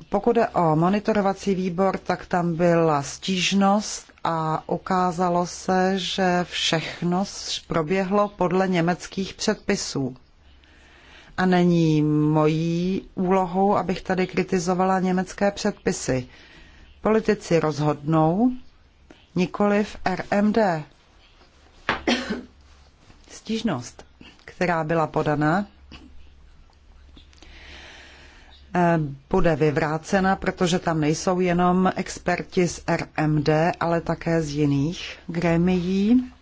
Pokud je o monitorovací výbor, tak tam byla stížnost a ukázalo se, že všechno proběhlo podle německých předpisů. A není mojí úlohou, abych tady kritizovala německé předpisy. Politici rozhodnou, nikoli v RMD. Stížnost, která byla podaná, bude vyvrácena, protože tam nejsou jenom experti z RMD, ale také z jiných gremií.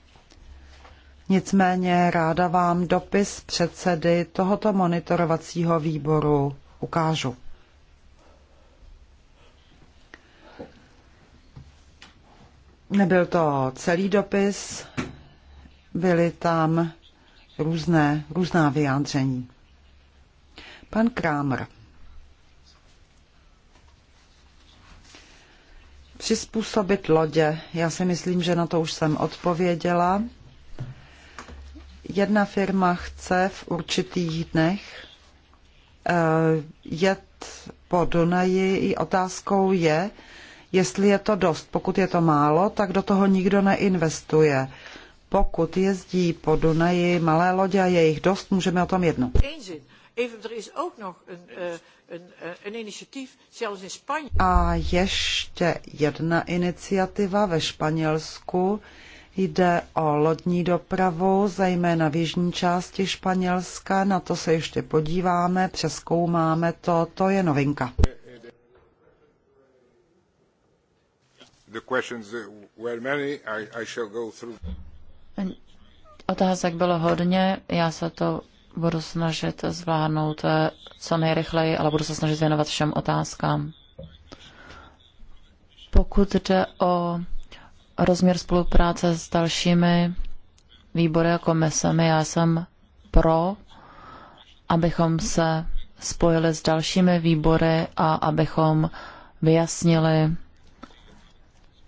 Nicméně ráda vám dopis předsedy tohoto monitorovacího výboru ukážu. Nebyl to celý dopis, byly tam různé, různá vyjádření. Pan Krámer. Přizpůsobit lodě. Já si myslím, že na to už jsem odpověděla. Jedna firma chce v určitých dnech eh, jet po Dunaji. I otázkou je, jestli je to dost. Pokud je to málo, tak do toho nikdo neinvestuje. Pokud jezdí po Dunaji malé lodě a je jich dost, můžeme o tom jednat. Eh, A ještě jedna iniciativa ve Španělsku. Jde o lodní dopravu, zejména v jižní části Španělska. Na to se ještě podíváme, přeskoumáme to. To je novinka. Otázek bylo hodně, já se to budu snažit zvládnout eh, co nejrychleji, ale budu se snažit věnovat všem otázkám. Pokud jde o rozměr spolupráce s dalšími výbory a komisemi, já jsem pro, abychom se spojili s dalšími výbory a abychom vyjasnili,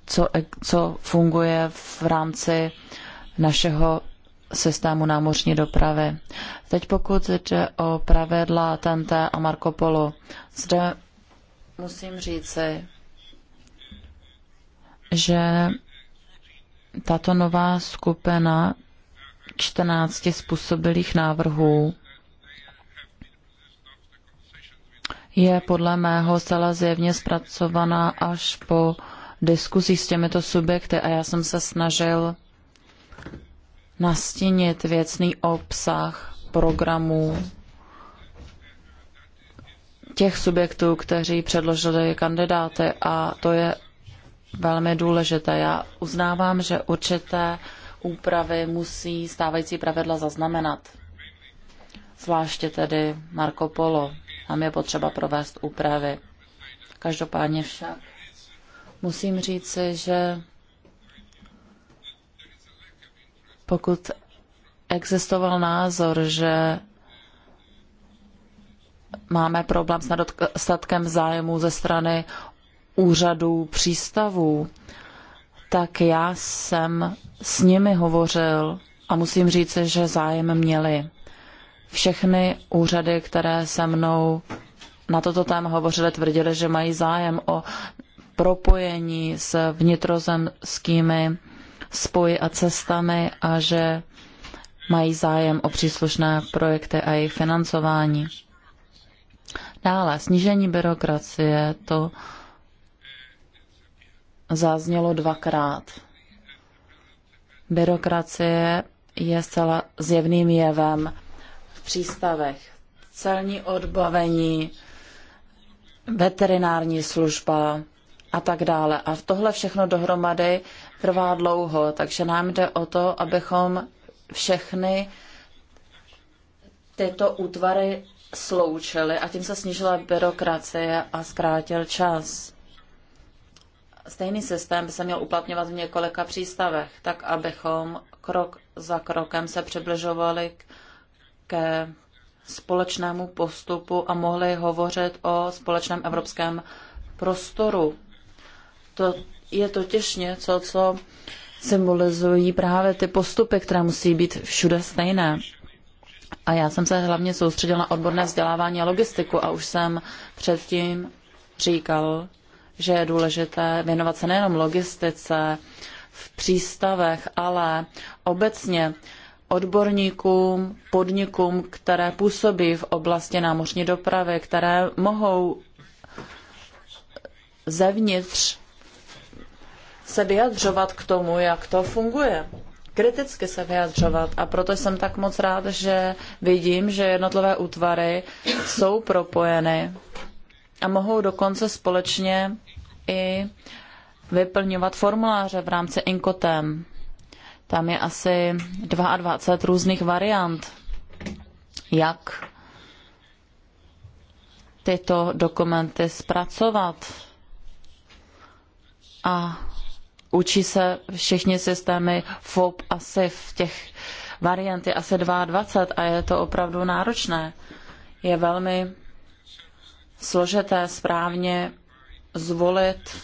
co, co funguje v rámci našeho systému námořní dopravy. Teď pokud jde o pravidla TNT a Marco Polo, zde musím říci, že tato nová skupina 14 způsobilých návrhů je podle mého zcela zjevně zpracovaná až po diskuzích s těmito subjekty a já jsem se snažil nastínit věcný obsah programů těch subjektů, kteří předložili kandidáty a to je velmi důležité. Já uznávám, že určité úpravy musí stávající pravidla zaznamenat. Zvláště tedy Marco Polo. Tam je potřeba provést úpravy. Každopádně však musím říci, že Pokud existoval názor, že máme problém s nedostatkem zájmu ze strany úřadů přístavů, tak já jsem s nimi hovořil a musím říct, že zájem měli. Všechny úřady, které se mnou na toto téma hovořili, tvrdili, že mají zájem o propojení s vnitrozemskými spoji a cestami a že mají zájem o příslušné projekty a jejich financování. Dále, snížení byrokracie, to zaznělo dvakrát. Byrokracie je zcela zjevným jevem v přístavech. Celní odbavení, veterinární služba a tak dále. A tohle všechno dohromady trvá dlouho, takže nám jde o to, abychom všechny tyto útvary sloučili a tím se snížila byrokracie a zkrátil čas. Stejný systém by se měl uplatňovat v několika přístavech, tak abychom krok za krokem se přibližovali ke společnému postupu a mohli hovořit o společném evropském prostoru. To je totiž něco, co symbolizují právě ty postupy, které musí být všude stejné. A já jsem se hlavně soustředila na odborné vzdělávání a logistiku a už jsem předtím říkal, že je důležité věnovat se nejenom logistice v přístavech, ale obecně odborníkům, podnikům, které působí v oblasti námořní dopravy, které mohou zevnitř se vyjadřovat k tomu, jak to funguje. Kriticky se vyjadřovat a proto jsem tak moc rád, že vidím, že jednotlivé útvary jsou propojeny a mohou dokonce společně i vyplňovat formuláře v rámci Inkotem. Tam je asi 22 různých variant, jak tyto dokumenty zpracovat. A Učí se všichni systémy FOB a SIF, těch variant je asi 22 a je to opravdu náročné. Je velmi složité správně zvolit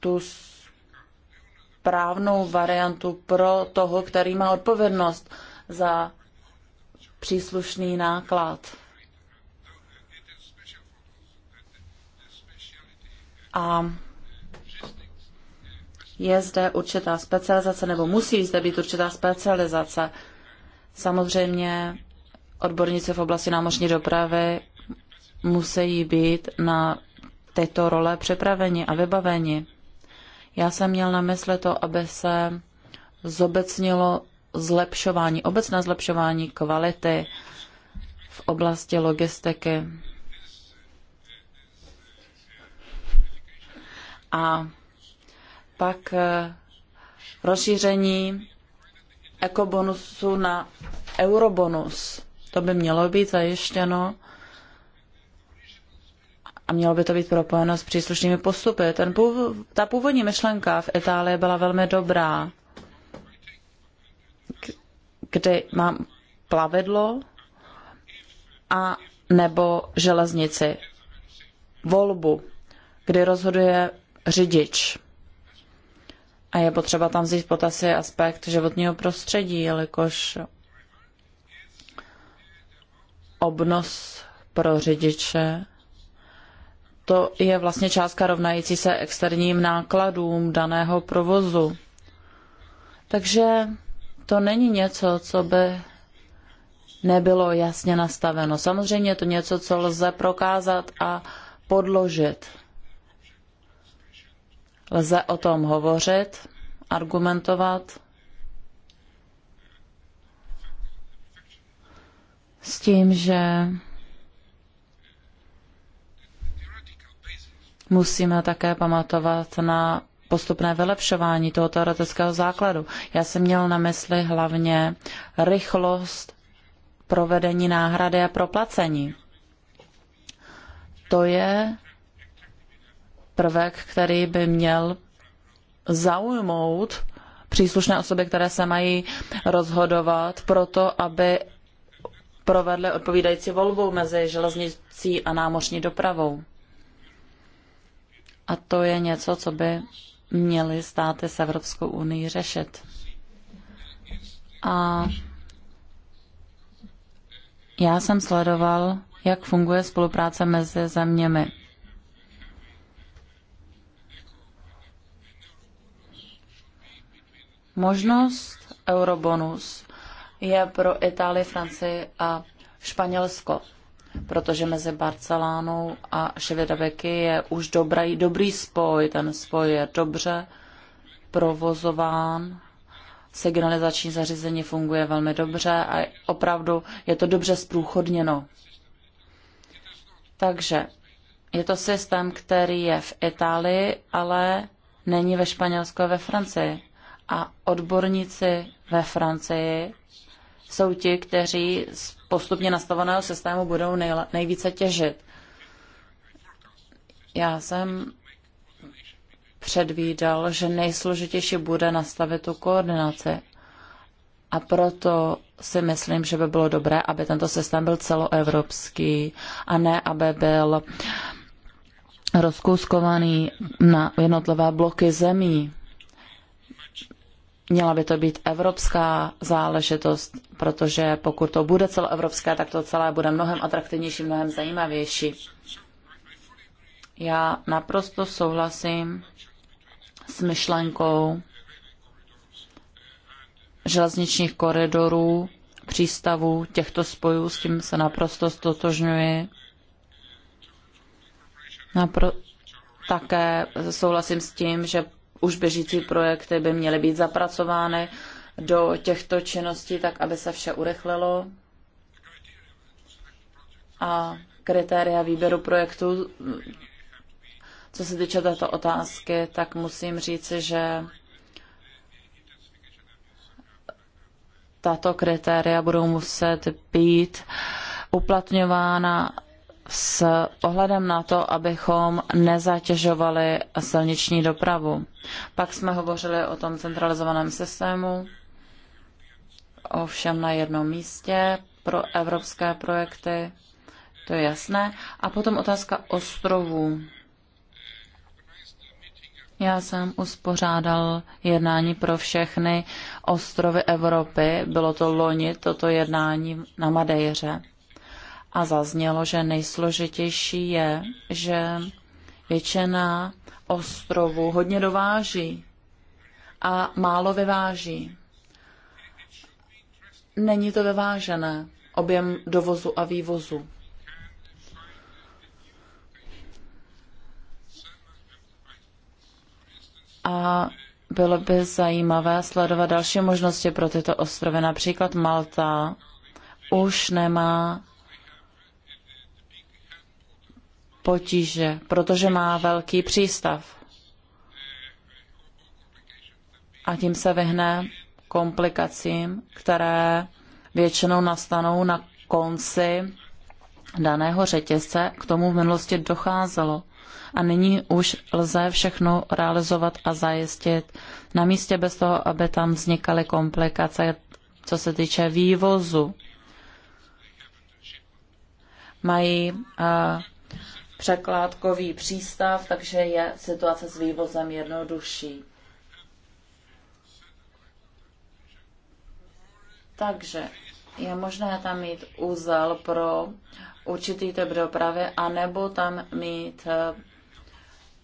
tu správnou variantu pro toho, který má odpovědnost za příslušný náklad. a je zde určitá specializace, nebo musí zde být určitá specializace. Samozřejmě odborníci v oblasti námořní dopravy musí být na tyto role připraveni a vybaveni. Já jsem měl na mysli to, aby se zobecnilo zlepšování, obecné zlepšování kvality v oblasti logistiky. a pak eh, rozšíření ekobonusu na eurobonus. To by mělo být zajištěno a mělo by to být propojeno s příslušnými postupy. Ten pův, ta původní myšlenka v Itálii byla velmi dobrá, kdy mám plavidlo a nebo železnici. Volbu, kdy rozhoduje řidič. A je potřeba tam vzít potasy aspekt životního prostředí, jelikož obnos pro řidiče to je vlastně částka rovnající se externím nákladům daného provozu. Takže to není něco, co by nebylo jasně nastaveno. Samozřejmě je to něco, co lze prokázat a podložit. Lze o tom hovořit, argumentovat s tím, že musíme také pamatovat na postupné vylepšování toho teoretického základu. Já jsem měl na mysli hlavně rychlost provedení náhrady a proplacení. To je prvek, který by měl zaujmout příslušné osoby, které se mají rozhodovat pro to, aby provedly odpovídající volbu mezi železnicí a námořní dopravou. A to je něco, co by měly státy s Evropskou unii řešit. A já jsem sledoval, jak funguje spolupráce mezi zeměmi. Možnost eurobonus je pro Itálii, Francii a Španělsko, protože mezi Barcelonou a Ševedabeky je už dobrý, dobrý spoj. Ten spoj je dobře provozován, signalizační zařízení funguje velmi dobře a opravdu je to dobře zprůchodněno. Takže je to systém, který je v Itálii, ale není ve Španělsku a ve Francii a odborníci ve Francii jsou ti, kteří z postupně nastaveného systému budou nejvíce těžit. Já jsem předvídal, že nejsložitější bude nastavit tu koordinaci. A proto si myslím, že by bylo dobré, aby tento systém byl celoevropský a ne, aby byl rozkouskovaný na jednotlivé bloky zemí. Měla by to být evropská záležitost, protože pokud to bude celoevropské, tak to celé bude mnohem atraktivnější, mnohem zajímavější. Já naprosto souhlasím s myšlenkou železničních koridorů, přístavů, těchto spojů, s tím se naprosto stotožňuji. Napro- také souhlasím s tím, že už běžící projekty by měly být zapracovány do těchto činností, tak aby se vše urychlilo. A kritéria výběru projektů, co se týče této otázky, tak musím říci, že tato kritéria budou muset být uplatňována s ohledem na to, abychom nezatěžovali silniční dopravu. Pak jsme hovořili o tom centralizovaném systému, ovšem na jednom místě pro evropské projekty, to je jasné. A potom otázka ostrovů. Já jsem uspořádal jednání pro všechny ostrovy Evropy. Bylo to loni, toto jednání na Madejře a zaznělo, že nejsložitější je, že většina ostrovů hodně dováží a málo vyváží. Není to vyvážené, objem dovozu a vývozu. A bylo by zajímavé sledovat další možnosti pro tyto ostrovy. Například Malta už nemá potíže, protože má velký přístav. A tím se vyhne komplikacím, které většinou nastanou na konci daného řetězce. K tomu v minulosti docházelo. A nyní už lze všechno realizovat a zajistit na místě bez toho, aby tam vznikaly komplikace, co se týče vývozu. Mají uh, překládkový přístav, takže je situace s vývozem jednodušší. Takže je možné tam mít úzel pro určitý typ dopravy, anebo tam mít eh,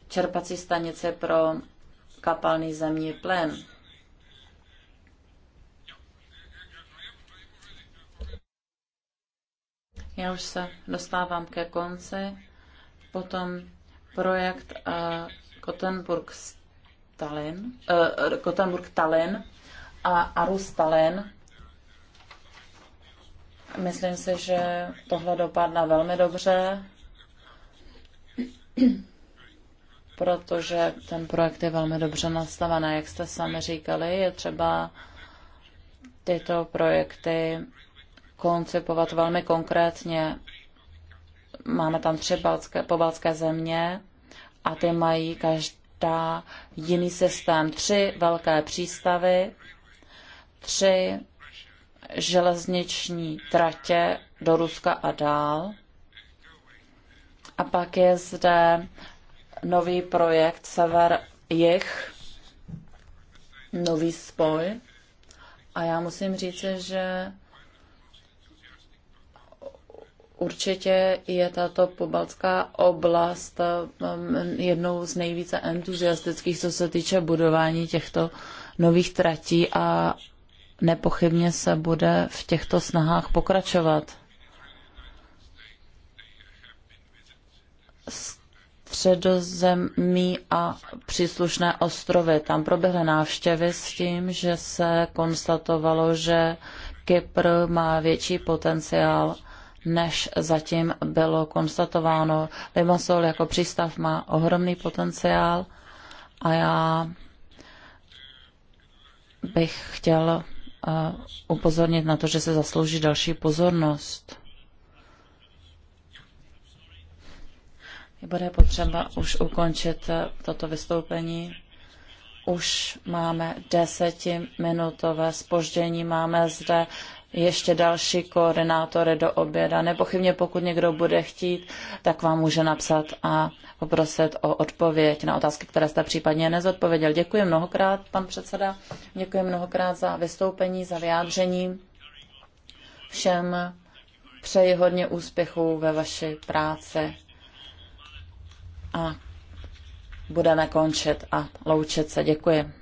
čerpací stanice pro kapalný zemní plyn. Já už se dostávám ke konci. Potom projekt uh, eh, Gothenburg Stalin, uh, eh, Gothenburg Tallinn a Arus Tallinn. Myslím si, že tohle dopadne velmi dobře, protože ten projekt je velmi dobře nastavený, jak jste sami říkali. Je třeba tyto projekty koncipovat velmi konkrétně Máme tam tři balcké, pobaltské země a ty mají každá jiný systém. Tři velké přístavy, tři železniční tratě do Ruska a dál. A pak je zde nový projekt sever jich nový spoj. A já musím říct, že určitě je tato pobaltská oblast um, jednou z nejvíce entuziastických, co se týče budování těchto nových tratí a nepochybně se bude v těchto snahách pokračovat. Středozemí a příslušné ostrovy. Tam proběhly návštěvy s tím, že se konstatovalo, že Kypr má větší potenciál než zatím bylo konstatováno. Limassol jako přístav má ohromný potenciál a já bych chtěl eh, upozornit na to, že se zaslouží další pozornost. Bude potřeba už ukončit eh, toto vystoupení. Už máme desetiminutové spoždění, máme zde ještě další koordinátory do oběda. Nepochybně, pokud někdo bude chtít, tak vám může napsat a poprosit o odpověď na otázky, které jste případně nezodpověděl. Děkuji mnohokrát, pan předseda. Děkuji mnohokrát za vystoupení, za vyjádření. Všem přeji hodně úspěchů ve vaší práci. A budeme končit a loučit se. Děkuji.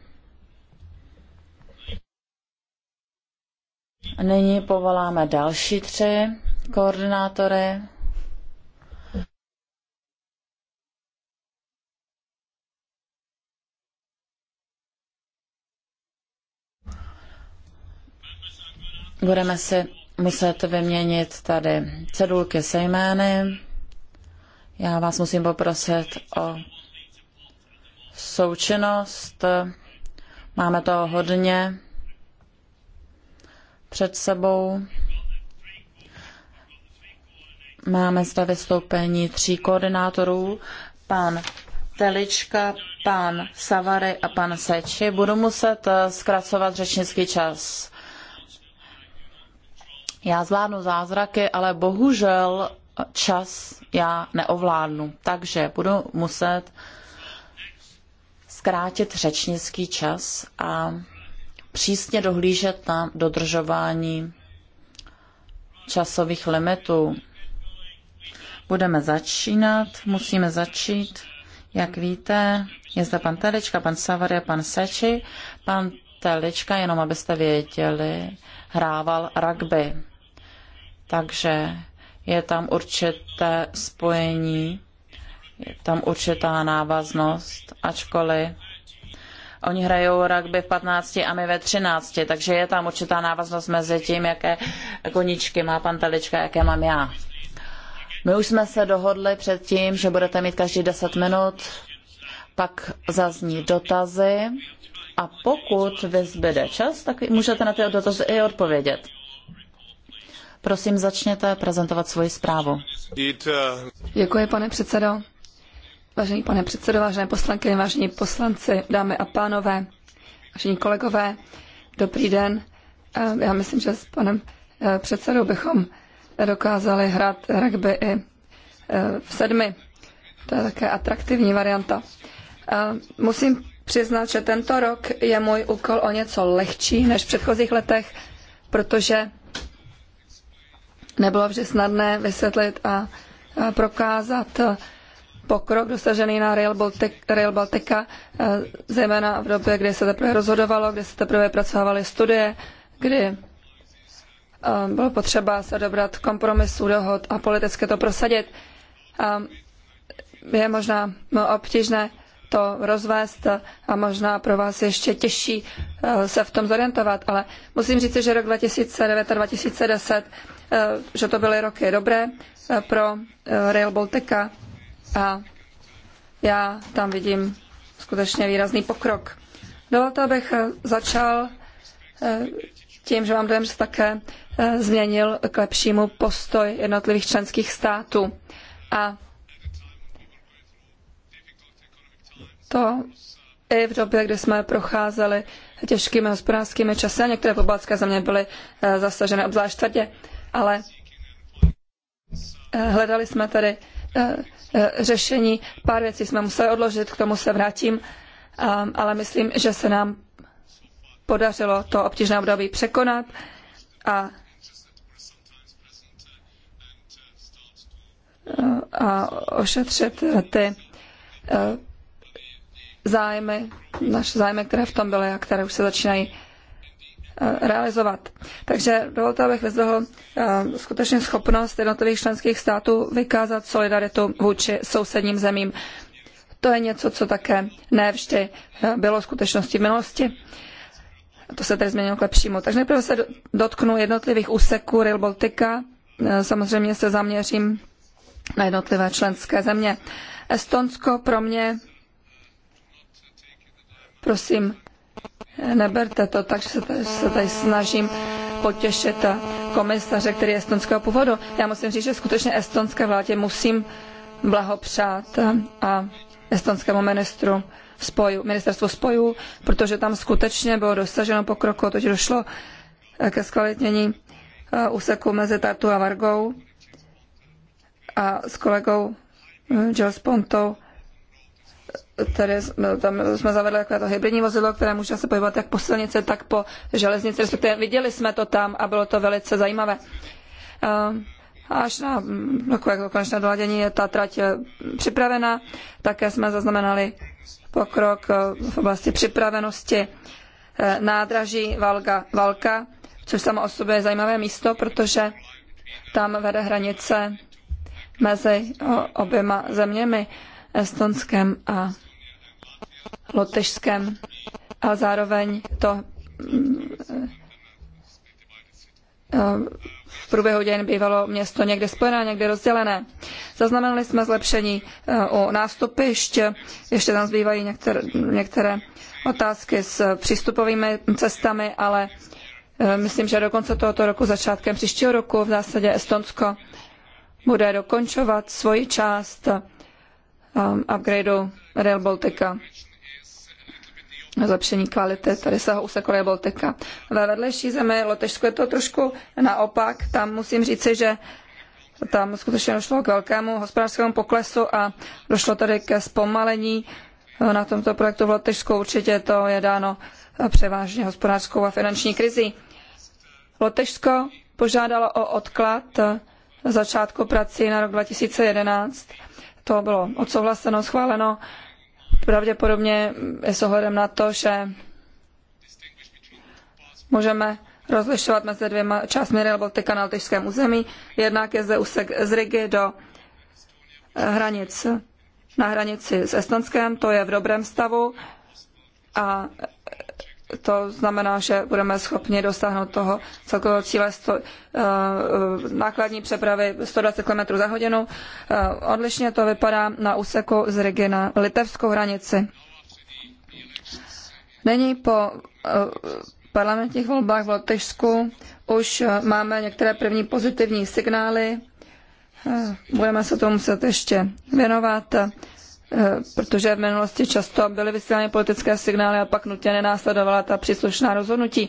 Nyní povoláme další tři koordinátory. Budeme si muset vyměnit tady cedulky se jmény. Já vás musím poprosit o součinnost. Máme toho hodně před sebou. Máme zde vystoupení tří koordinátorů, pan Telička, pan Savary a pan Seči. Budu muset eh, zkracovat řečnický čas. Já zvládnu zázraky, ale bohužel čas já neovládnu. Takže budu muset zkrátit řečnický čas a přísně dohlížet na dodržování časových limitů. Budeme začínat, musíme začít. Jak víte, je zde pan Telička, pan Savary a pan Seči. Pan Telička, jenom abyste věděli, hrával rugby. Takže je tam určité spojení, je tam určitá návaznost, ačkoliv Oni hrajou rugby v 15 a my ve 13, takže je tam určitá návaznost mezi tím, jaké koníčky má pan Telička, jaké mám já. My už jsme se dohodli před tím, že budete mít každý 10 minut, pak zazní dotazy a pokud vy zbyde čas, tak můžete na ty dotazy i odpovědět. Prosím, začněte prezentovat svoji zprávu. Eh, Děkuji, pane předsedo. Vážený pane předsedo, vážené poslankyně, vážení poslanci, dámy a pánové, vážení kolegové, dobrý den. Eh, já myslím, že s panem eh, předsedou bychom dokázali hrát rugby i eh, v sedmi. To je také atraktivní varianta. Musím přiznat, že tento rok je můj úkol o něco lehčí než v předchozích letech, protože nebylo vždy snadné vysvětlit a prokázat pokrok dosažený na Rail, Baltic, Rail Baltica, eh, zejména v době, kdy se teprve rozhodovalo, kdy se teprve pracovaly studie, kdy eh, bylo potřeba se dobrat kompromisů, dohod a politicky to prosadit. Eh, je možná no, obtížné to rozvést a možná pro vás ještě těžší se v tom zorientovat, ale musím říct, že rok 2009 a 2010, že to byly roky dobré pro Rail Baltica a já tam vidím skutečně výrazný pokrok. Dovolte, abych eh, začal eh, tím, že vám dojem, že také eh, změnil k lepšímu postoj jednotlivých členských států. A to i v době, kdy jsme procházeli těžkými hospodářskými časy a některé pobalské země byly zasažené obzvlášť tvrdě, ale hledali jsme tedy E, řešení. Pár věcí jsme museli odložit, k tomu se vrátím, ale myslím, že se nám podařilo to obtížné období překonat a a ošetřit ty e, zájmy, naše zájmy, které v tom byly a které už se začínají Eh, realizovat. Takže dovolte, abych vyzdvihl eh, skutečně schopnost jednotlivých členských států vykázat solidaritu vůči sousedním zemím. To je něco, co také nevždy eh, bylo skutečností v minulosti. To se tedy změnilo k lepšímu. Takže nejprve se dotknu jednotlivých úseků Rail Baltica. Samozřejmě se zaměřím na jednotlivé členské země. Estonsko pro mě, prosím, Neberte to, takže se tady, se tady snažím potěšit komisaře, který je estonského původu. Já musím říct, že skutečně estonské vládě musím blahopřát a estonskému ministru spojů, ministerstvu spojů, protože tam skutečně bylo dosaženo pokroku, totiž došlo eh, ke zkvalitnění eh, úseku mezi Tartu a Vargou a s kolegou Joe eh, Spontou tady jsme, tam jsme zavedli takové to hybridní vozidlo, které může se pohybovat jak po silnici, tak po železnici, respektive viděli jsme to tam a bylo to velice zajímavé. Eh, až na takové no, konečné doladění je ta trať eh, připravena, také jsme zaznamenali pokrok eh, v oblasti připravenosti nádraží Valga, Valka, což samo o sobě je zajímavé místo, protože tam vede hranice mezi oběma zeměmi. Estonském a Lotešském a zároveň to mm, v průběhu dějin bývalo město někde spojené, někde rozdělené. Zaznamenali jsme zlepšení eh, u nástupišť, ještě tam zbývají některé, některé otázky s přístupovými cestami, ale eh, myslím, že do konce tohoto roku, začátkem příštího roku v zásadě Estonsko bude dokončovat svoji část Um, upgradeu Rail Baltica zlepšení kvality, tady se ho úseku Rail Baltica. Ve vedlejší zemi Lotyšsku je to trošku naopak, tam musím říci, že tam skutečně došlo k velkému hospodářskému poklesu a došlo tady ke zpomalení eh, na tomto projektu v Lotyšsku. Určitě to je dáno eh, převážně hospodářskou a finanční krizi. Lotyšsko požádalo o odklad eh, začátku prací na rok 2011 to bylo odsouhlaseno, schváleno, pravděpodobně i s ohledem na to, že můžeme rozlišovat mezi dvěma částmi Rail Baltica na Lotyšském území. Jednak je zde úsek z Rigi do eh, hranic na hranici s Estonskem, to je v dobrém stavu a to znamená, že budeme schopni dosáhnout toho celkového cíle eh, eh, nákladní přepravy 120 km za hodinu. Eh, odlišně to vypadá na úseku z Rigi na litevskou hranici. Nyní po parlamentních volbách v Lotyšsku už máme některé první pozitivní signály. Budeme se tomu muset ještě věnovat. Eh, protože v minulosti často byly vysílány politické signály a pak nutně nenásledovala ta příslušná rozhodnutí.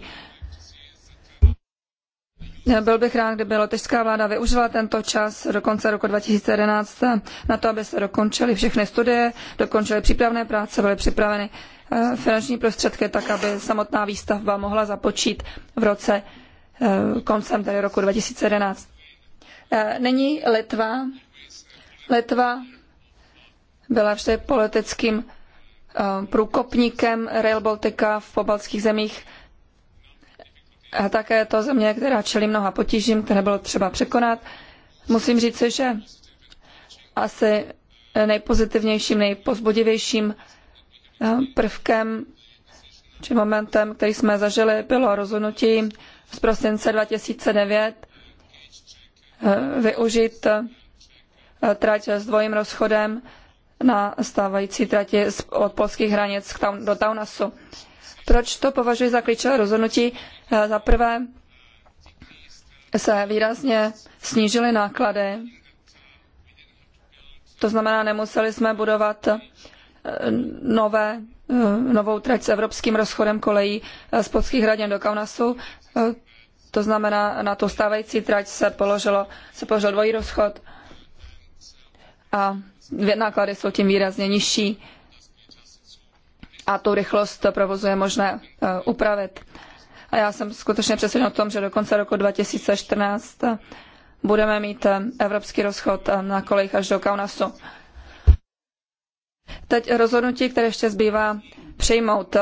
Eh, byl bych rád, kdyby lotyšská vláda využila tento čas do konce roku 2011 na to, aby se dokončily všechny studie, dokončily přípravné práce, byly připraveny eh, finanční prostředky tak, aby samotná výstavba mohla započít v roce koncem tedy roku 2011. Nyní Litva. Litva byla vždy politickým eh, průkopníkem Rail Baltica v pobaltských zemích. A také je to země, která čelí mnoha potížím, které bylo třeba překonat. Musím říci, že asi nejpozitivnějším, nejpozbudivějším eh, prvkem či momentem, který jsme zažili, bylo rozhodnutí z prosince 2009 eh, využít trať s dvojím rozchodem na stávající trati od polských hranic do Taunasu. Proč to považuji za klíčové rozhodnutí? Eh, za prvé se výrazně snížily náklady, to znamená, nemuseli jsme budovat eh, nové, eh, novou trať s evropským rozchodem kolejí z polských hradin do Kaunasu. To znamená, na tu stávající trať se, položilo, se položil dvojí rozchod a náklady jsou tím výrazně nižší a tu rychlost provozu je možné eh, upravit. A já jsem skutečně přesvědčen o tom, že do konce roku 2014 budeme mít eh, evropský rozchod eh, na kolejích až do Kaunasu. Teď rozhodnutí, které ještě zbývá přijmout.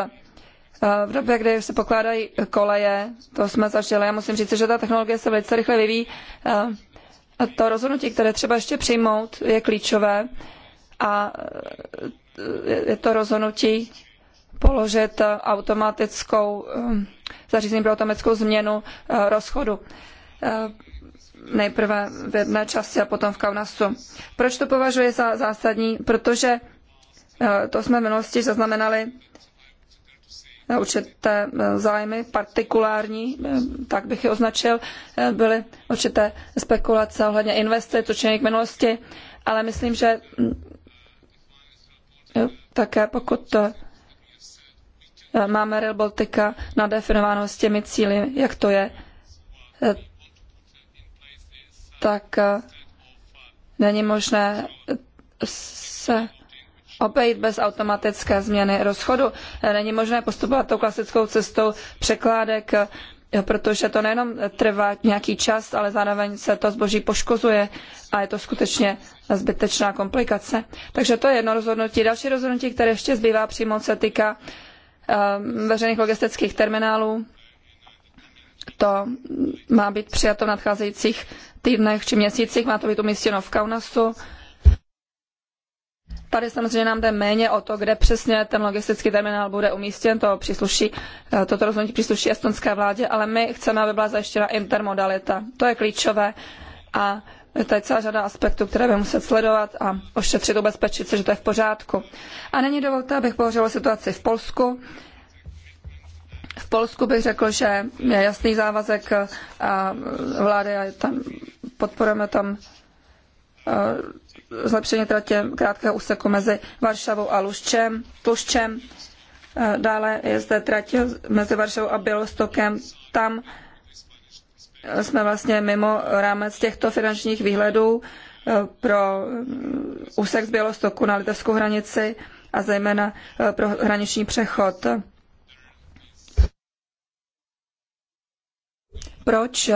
V době, kdy se pokládají koleje, to jsme zažili, já musím říct, že ta technologie se velice rychle vyvíjí, to rozhodnutí, které třeba ještě přijmout, je klíčové a e, je to rozhodnutí položit automatickou hm, zařízení pro automatickou změnu e, rozchodu. E, nejprve v jedné části a potom v Kaunasu. Proč to považuji za zásadní? Protože to jsme v minulosti zaznamenali Eh, určité eh, zájmy partikulární, eh, tak bych je označil, byly určité spekulace ohledně investic učiněných v minulosti, ale myslím, že mm, také pokud máme Rail Baltica nadefinováno s těmi cíly, jak to je, tak není možné se obejít bez automatické změny rozchodu. Není možné postupovat tou klasickou cestou překládek, protože to nejenom trvá nějaký čas, ale zároveň se to zboží poškozuje a je to skutečně zbytečná komplikace. Takže to je jedno rozhodnutí. Další rozhodnutí, které ještě zbývá přijmout, se týká eh, veřejných logistických terminálů. To má být přijato v nadcházejících týdnech či měsících. Má to být umístěno v Kaunasu. Tady samozřejmě nám jde méně o to, kde přesně ten logistický terminál bude umístěn, to přísluší, eh, toto rozhodnutí přísluší estonské vládě, ale my chceme, aby byla zajištěna intermodalita. To je klíčové a je tady celá řada aspektů, které by muset sledovat a ošetřit, ubezpečit se, že to je v pořádku. A není dovolte, abych pohořila situaci v Polsku. V Polsku bych řekl, že je jasný závazek eh, vlády a tam podporujeme tam eh, zlepšení tratě krátkého úseku mezi Varšavou a Luščem, Tluščem. E, dále je zde trať mezi Varšavou a Bělostokem. Tam e, jsme vlastně mimo rámec těchto finančních výhledů e, pro úsek z Bělostoku na litevskou hranici a zejména pro hraniční přechod. Proč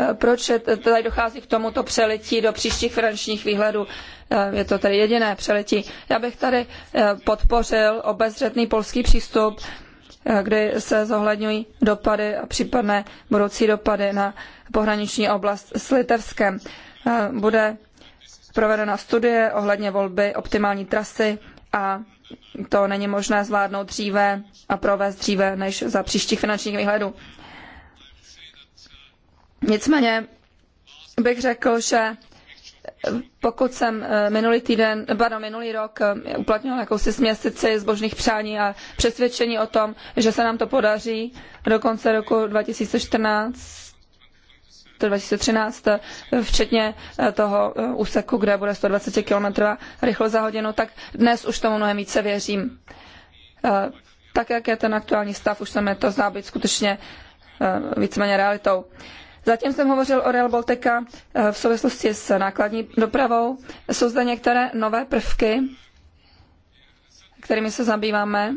Eh, proč tady dochází k tomuto přeletí do příštích finančních výhledů. Eh, je to tedy jediné přeletí. Já bych tady eh, podpořil obezřetný polský přístup, kdy se zohledňují dopady a případné budoucí dopady na pohraniční oblast s Litevskem. Bude provedena studie ohledně volby optimální trasy a to není možné zvládnout dříve a provést dříve než za příštích finančních výhledů. Nicméně bych řekl, že pokud jsem eh, minulý týden, no minulý rok eh, uplatnil jakousi směsici zbožných přání a přesvědčení o tom, že se nám to podaří do konce roku 2014, 2013, eh, včetně toho úseku, kde bude 120 km rychlo za hodinu, tak dnes už tomu mnohem více věřím. Tak, jak je ten aktuální stav, už se mi to zdá být skutečně víceméně realitou. Zatím jsem hovořil o Real Baltica eh, v souvislosti s nákladní dopravou. Jsou zde některé nové prvky, kterými se zabýváme.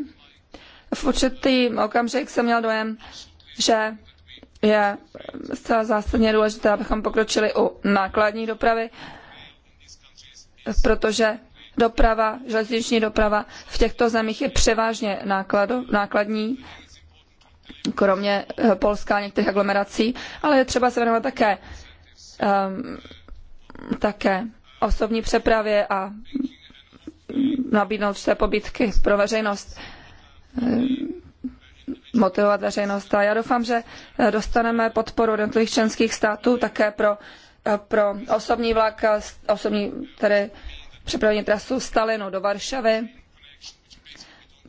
V určitý okamžik jsem měl dojem, že je zcela zásadně důležité, abychom pokročili u nákladní dopravy, protože doprava, železniční doprava v těchto zemích je převážně nákladu, nákladní kromě eh, Polska a některých aglomerací, ale je třeba se věnovat také, um, také osobní přepravě a nabídnout určité pobytky pro veřejnost, ehm, motivovat veřejnost. A já doufám, že eh, dostaneme podporu jednotlivých členských států také pro, eh, pro osobní vlak, osobní tedy přepravní trasu Stalinu do Varšavy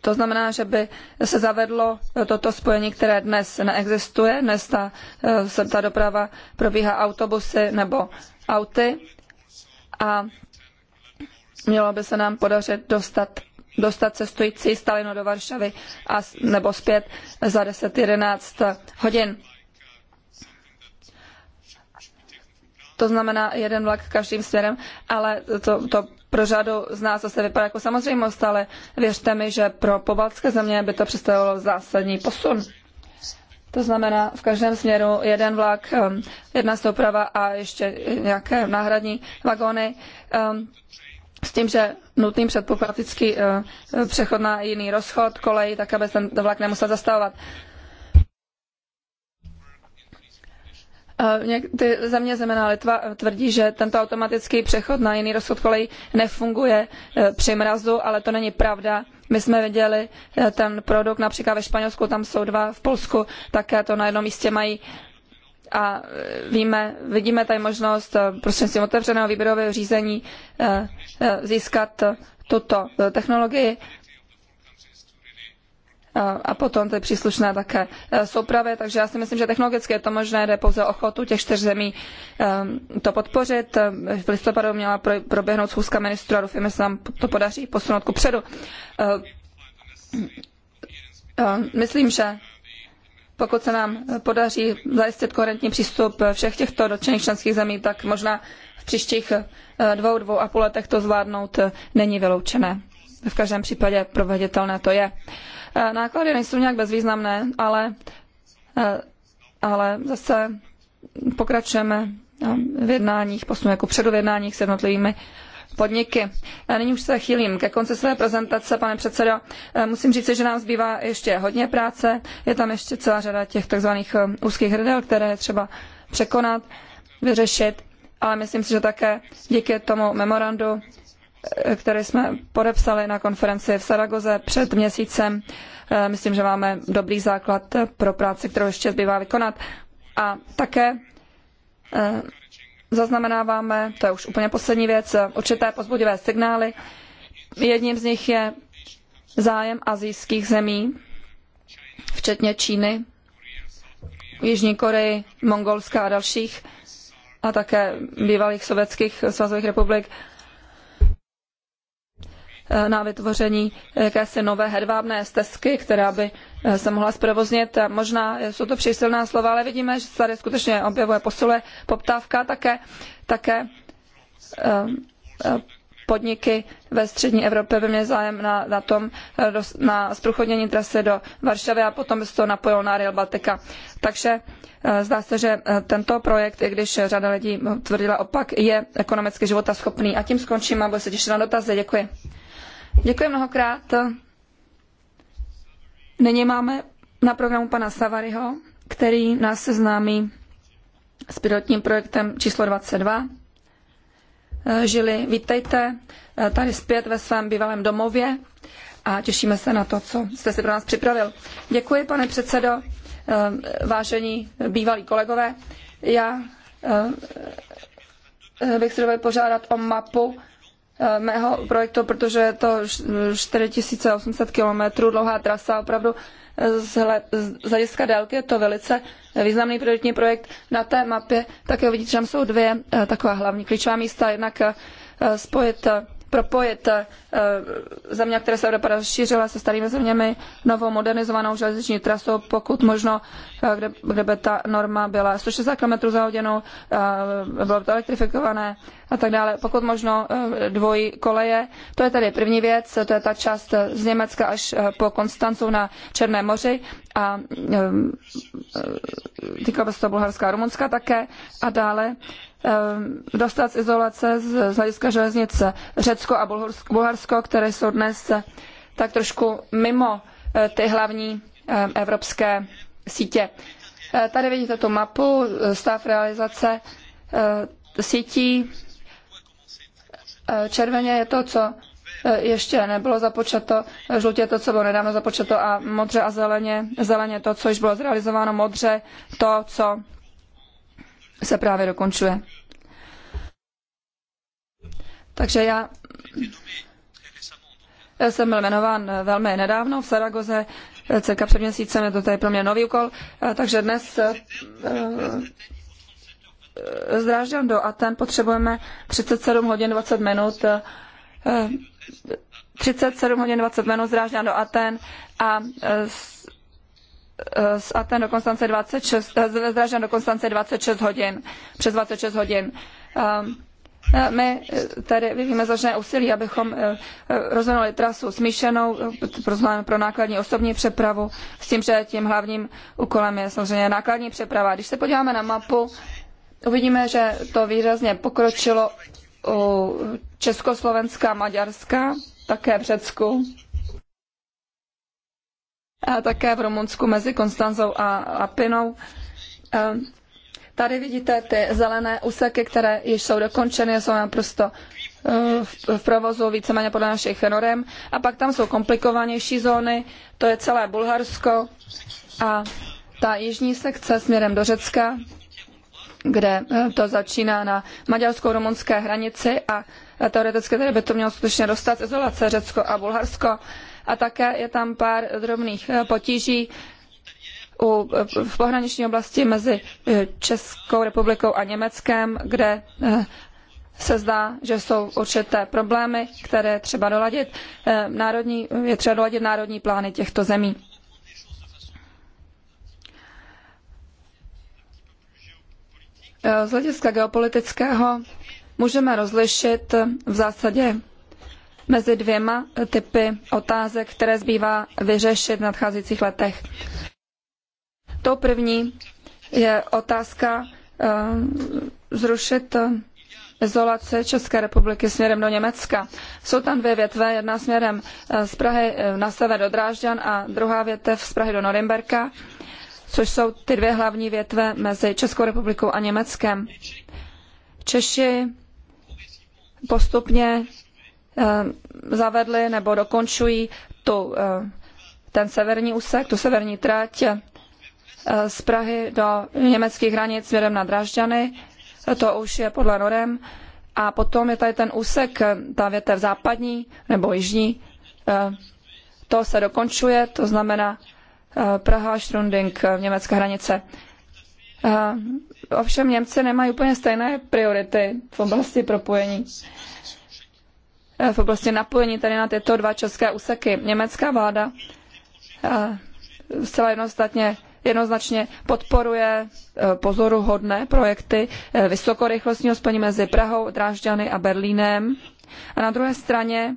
to znamená, že by se zavedlo toto spojení, které dnes neexistuje. Dnes ta, se eh, ta doprava probíhá autobusy nebo auty a mělo by se nám podařit dostat dostat cestující z do Varšavy a, nebo zpět za 10-11 hodin. To znamená jeden vlak každým směrem, ale to, to pro řadu z nás zase se vypadá jako samozřejmost, ale věřte mi, že pro pobaltské země by to představovalo zásadní posun. To znamená v každém směru jeden vlak, um, jedna souprava a ještě nějaké náhradní vagony. Um, s tím, že nutným předpoklad uh, přechod na jiný rozchod kolej, tak aby ten vlak nemusel zastavovat. Eh, ty země zemená Litva eh, tvrdí, že tento automatický přechod na jiný rozchod kolejí nefunguje eh, při mrazu, ale to není pravda. My jsme viděli ten produkt například ve Španělsku, tam jsou dva, v Polsku také to na jednom místě mají a víme, vidíme tady možnost prostřednictvím otevřeného výběrového řízení získat tuto technologii a potom ty příslušné také e, soupravy, takže já si myslím, že technologicky je to možné, jde pouze o ochotu těch čtyř zemí e, to podpořit. E, v listopadu měla proběhnout schůzka ministru a doufujeme, že se nám to podaří posunout ku předu. Myslím, že pokud se nám podaří zajistit koherentní přístup všech těchto dotčených členských zemí, tak možná v příštích dvou, dvou a půl letech to zvládnout není vyloučené. V každém případě proveditelné to je. Uh, Eh, náklady nejsou nějak bezvýznamné, ale, eh, ale zase pokračujeme eh, v jednáních, posuneme ku jako předu v jednáních s jednotlivými podniky. Nyní už se chýlím ke konci své prezentace, pane předsedo. Musím říct, že nám zbývá ještě hodně práce. Je tam ještě celá řada těch tzv. úzkých hrdel, které je třeba překonat, vyřešit, ale myslím si, že také díky tomu memorandu které jsme podepsali na konferenci v Saragoze před měsícem. Eh, myslím, že máme dobrý základ pro práci, kterou ještě zbývá vykonat. A také eh, zaznamenáváme, to je už úplně poslední věc, určité pozbudivé signály. Jedním z nich je zájem azijských zemí, včetně Číny, Jižní Koreji, Mongolska a dalších, a také bývalých sovětských svazových republik, Eh, na vytvoření jakési nové hedvábné stezky, která by eh, se mohla zprovoznit. Možná jsou to příliš silná slova, ale vidíme, že se tady skutečně objevuje, posiluje poptávka také, také eh, podniky ve střední Evropě by měly zájem na, na tom, na zprůchodnění trasy do Varšavy a potom by se to napojilo na Rail Baltica. Takže zdá se, že tento projekt, i když řada lidí tvrdila opak, je ekonomicky životaschopný. A tím skončím a budu se těšit na dotazy. Děkuji. Děkuji mnohokrát. Nyní máme na programu pana Savaryho, který nás seznámí s pilotním projektem číslo 22. Žili, vítejte tady zpět ve svém bývalém domově a těšíme se na to, co jste si pro nás připravil. Děkuji, pane předsedo, vážení bývalí kolegové. Já eh, eh, bych si dovolil požádat o mapu Eh, mého projektu, protože je to 4800 kilometrů dlouhá trasa, opravdu eh, z hlediska délky je to velice významný prioritní projekt na té mapě. Také vidíte, že tam jsou dvě eh, taková hlavní klíčová místa, jednak spojit propojit země, které se Evropa rozšířila se starými zeměmi, novou modernizovanou železniční trasou, pokud možno, kde, kde by ta norma byla 160 km za hodinu, bylo by to elektrifikované, a tak dále, pokud možno eh, dvojí koleje. To je tedy první věc, to je ta část z Německa až eh, po Konstancu na Černé moři a eh, týká se to Bulharska a Rumunska také a dále dostat z izolace z hlediska železnice Řecko a Bulharsko, které jsou dnes tak trošku mimo ty hlavní evropské sítě. Tady vidíte tu mapu, stav realizace sítí Eh, červeně je to, co eh, ještě nebylo započato, eh, žlutě to, co bylo nedávno započato a modře a zeleně, zeleně to, co již bylo zrealizováno, modře to, co se právě dokončuje. Takže já jsem byl jmenován velmi nedávno v Saragoze, cirka před měsícem, je to tady pro mě nový úkol, takže dnes Eh, z Drážďan do Aten potřebujeme 37 hodin 20 minut 37 eh, hodin 20 minut z Drážďan do Aten a z, eh, z Aten do Konstance 26, z Drážďan do Konstance 26 hodin, přes 26 hodin. Ehm, my tady vyvíjíme značné úsilí, abychom rozvinuli trasu smíšenou pro nákladní osobní přepravu, s tím, že tím hlavním úkolem je samozřejmě nákladní přeprava. Když se podíváme na mapu, Uvidíme, že to výrazně pokročilo u Československa, Maďarska, také v Řecku a také v Rumunsku mezi Konstanzou a Apinou. Tady vidíte ty zelené úseky, které již jsou dokončeny, jsou naprosto e, v provozu víceméně podle našich norem. A pak tam jsou komplikovanější zóny, to je celé Bulharsko a ta jižní sekce směrem do Řecka, kde eh, to začíná na maďarsko-rumunské hranici a teoreticky tady by to mělo skutečně dostat z izolace Řecko a Bulharsko. A také je tam pár drobných eh, potíží u, eh, v pohraniční oblasti mezi Českou republikou a Německem, kde se zdá, že jsou určité problémy, které třeba doladit. Národní, je třeba doladit národní plány těchto zemí. Z hlediska geopolitického můžeme rozlišit v zásadě mezi dvěma typy otázek, které zbývá vyřešit v nadcházejících letech. To první je otázka eh, zrušit izolace České republiky směrem do Německa. Jsou tam dvě větve, jedna směrem eh, z Prahy eh, na sever do Drážďan a druhá větev z Prahy do Norimberka což jsou ty dvě hlavní větve mezi Českou republikou a Německem. Češi postupně eh, zavedli nebo dokončují tu, eh, ten severní úsek, tu severní trať eh, z Prahy do německých hranic směrem na Dražďany. To už je podle norem. A potom je tady ten úsek, ta větev západní nebo jižní. To se dokončuje, to znamená, Eh, Praha a Schrunding, eh, německá hranice. Eh, ovšem Němci nemají úplně stejné priority v oblasti propojení v oblasti napojení tady na tyto dva české úseky. Německá vláda zcela jednoznačně, jednoznačně podporuje pozoruhodné projekty vysokorychlostního spojení mezi Prahou, Drážďany a Berlínem. A na druhé straně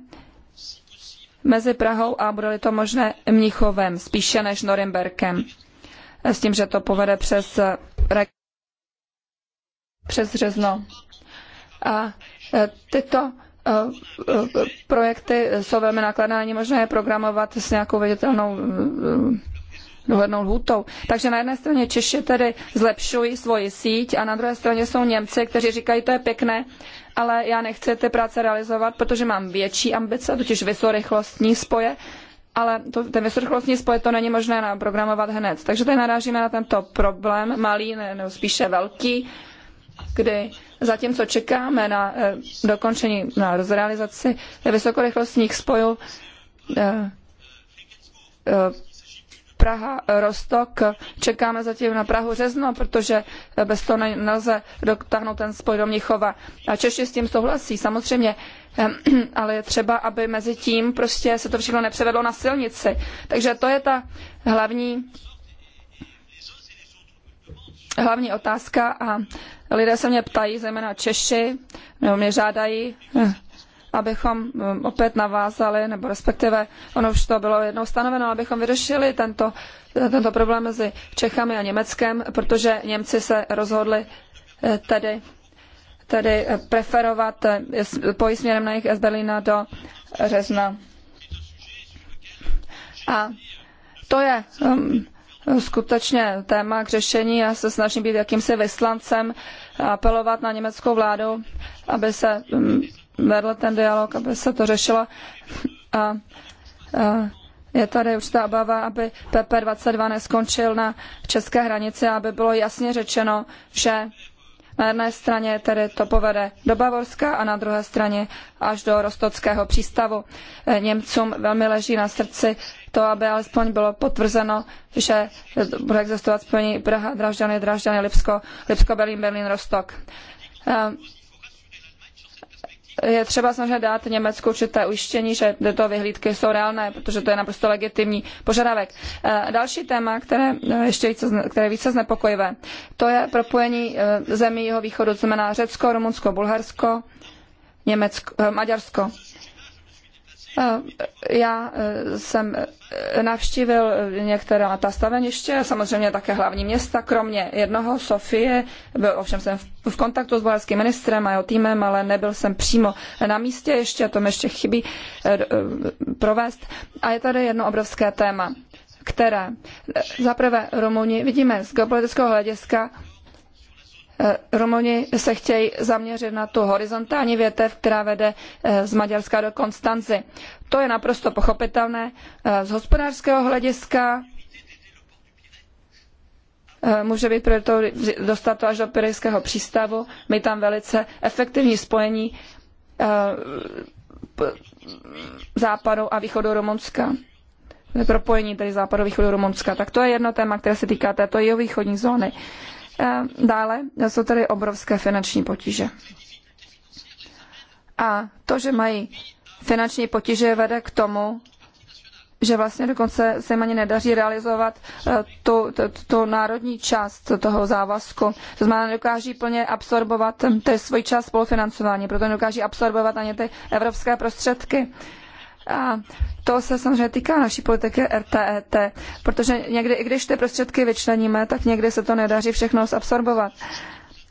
mezi Prahou a bude-li to možné Mnichovem, spíše než Norimberkem. S tím, že to povede přes, přes Řezno. A e, tyto e, e, projekty jsou velmi nákladné, není možné je programovat s nějakou viditelnou dohlednou lhůtou. Takže na jedné straně Češi tedy zlepšují svoji síť a na druhé straně jsou Němci, kteří říkají, to je pěkné, ale já nechci ty práce realizovat, protože mám větší ambice, totiž vysorychlostní spoje, ale to, ten vysorychlostní spoj to není možné naprogramovat hned. Takže tady narážíme na tento problém, malý nebo spíše velký, kdy zatímco čekáme na eh, dokončení, na rozrealizaci vysokorychlostních spojů, eh, eh, Praha, Rostok. Čekáme zatím na Prahu Řezno, protože bez toho nelze dotáhnout ten spoj do Mnichova. A Češi s tím souhlasí, samozřejmě, ehm, ale je třeba, aby mezi tím prostě se to všechno nepřevedlo na silnici. Takže to je ta hlavní hlavní otázka a lidé se mě ptají, zejména Češi, nebo mě žádají, eh, abychom um, opět navázali, nebo respektive ono už to bylo jednou stanoveno, abychom vyřešili tento, tento problém mezi Čechami a Německem, protože Němci se rozhodli eh, tedy, tedy preferovat eh, pojí směrem na jejich z Berlína do Řezna. A to je um, skutečně téma k řešení. Já se snažím být jakýmsi vyslancem a apelovat na německou vládu, aby se um, vedl ten dialog, aby se to řešilo. A, a je tady určitá obava, aby PP22 neskončil na české hranici, aby bylo jasně řečeno, že na jedné straně tedy to povede do Bavorska a na druhé straně až do rostockého přístavu. E, Němcům velmi leží na srdci to, aby alespoň bylo potvrzeno, že bude existovat spojení Praha, Dražďany, Dražďany, Lipsko, Lipsko, Berlín, Berlín, Rostok. E, je třeba samozřejmě dát Německu určité ujištění, že tyto vyhlídky jsou reálné, protože to je naprosto legitimní požadavek. Eh, další téma, které, eh, ještě více, které je více znepokojivé, to je propojení eh, zemí jeho východu, to znamená Řecko, Rumunsko, Bulharsko, Německo, Maďarsko. Já e, jsem e, navštívil některá ta staveniště, samozřejmě také hlavní města, kromě jednoho, Sofie. Byl, ovšem jsem v kontaktu s bulharským ministrem a jeho týmem, ale nebyl jsem přímo na místě ještě, to mi ještě chybí e, provést. A je tady jedno obrovské téma, které zaprvé Rumuni vidíme z geopolitického hlediska Eh, Rumuni se chtějí zaměřit na tu horizontální větev, která vede eh, z Maďarska do Konstanzy. To je naprosto pochopitelné. Eh, z hospodářského hlediska může být prioritou dostat to až do Pirejského přístavu, mít tam velice efektivní spojení západu a východu Rumunska. Propojení tedy západu a východu Rumunska. Tak to je jedno téma, které se týká této jihovýchodní zóny. Dále jsou tady obrovské finanční potíže. A to, že mají finanční potíže, vede k tomu, že vlastně dokonce se jim ani nedaří realizovat eh, tu, tu, tu národní část toho závazku. To znamená, nedokáží plně absorbovat hm, ten svůj část spolufinancování, proto nedokáží absorbovat ani ty evropské prostředky. A to se samozřejmě týká naší politiky RTET, e protože někdy, i když ty prostředky vyčleníme, tak někdy se to nedaří všechno zabsorbovat.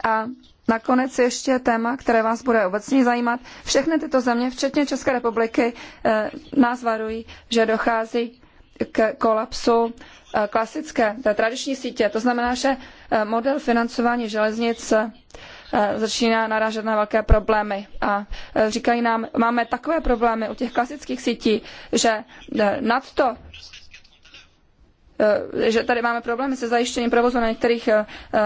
A Nakonec ještě téma, které vás bude obecně zajímat. Všechny tyto země, včetně České republiky, eh, nás varují, že dochází k kolapsu eh, klasické, té tradiční sítě. To znamená, že eh, model financování železnic Eh, začíná narážet na velké problémy. A eh, říkají nám, máme takové problémy u těch klasických sítí, že eh, nad to že tady máme problémy se zajištěním provozu na některých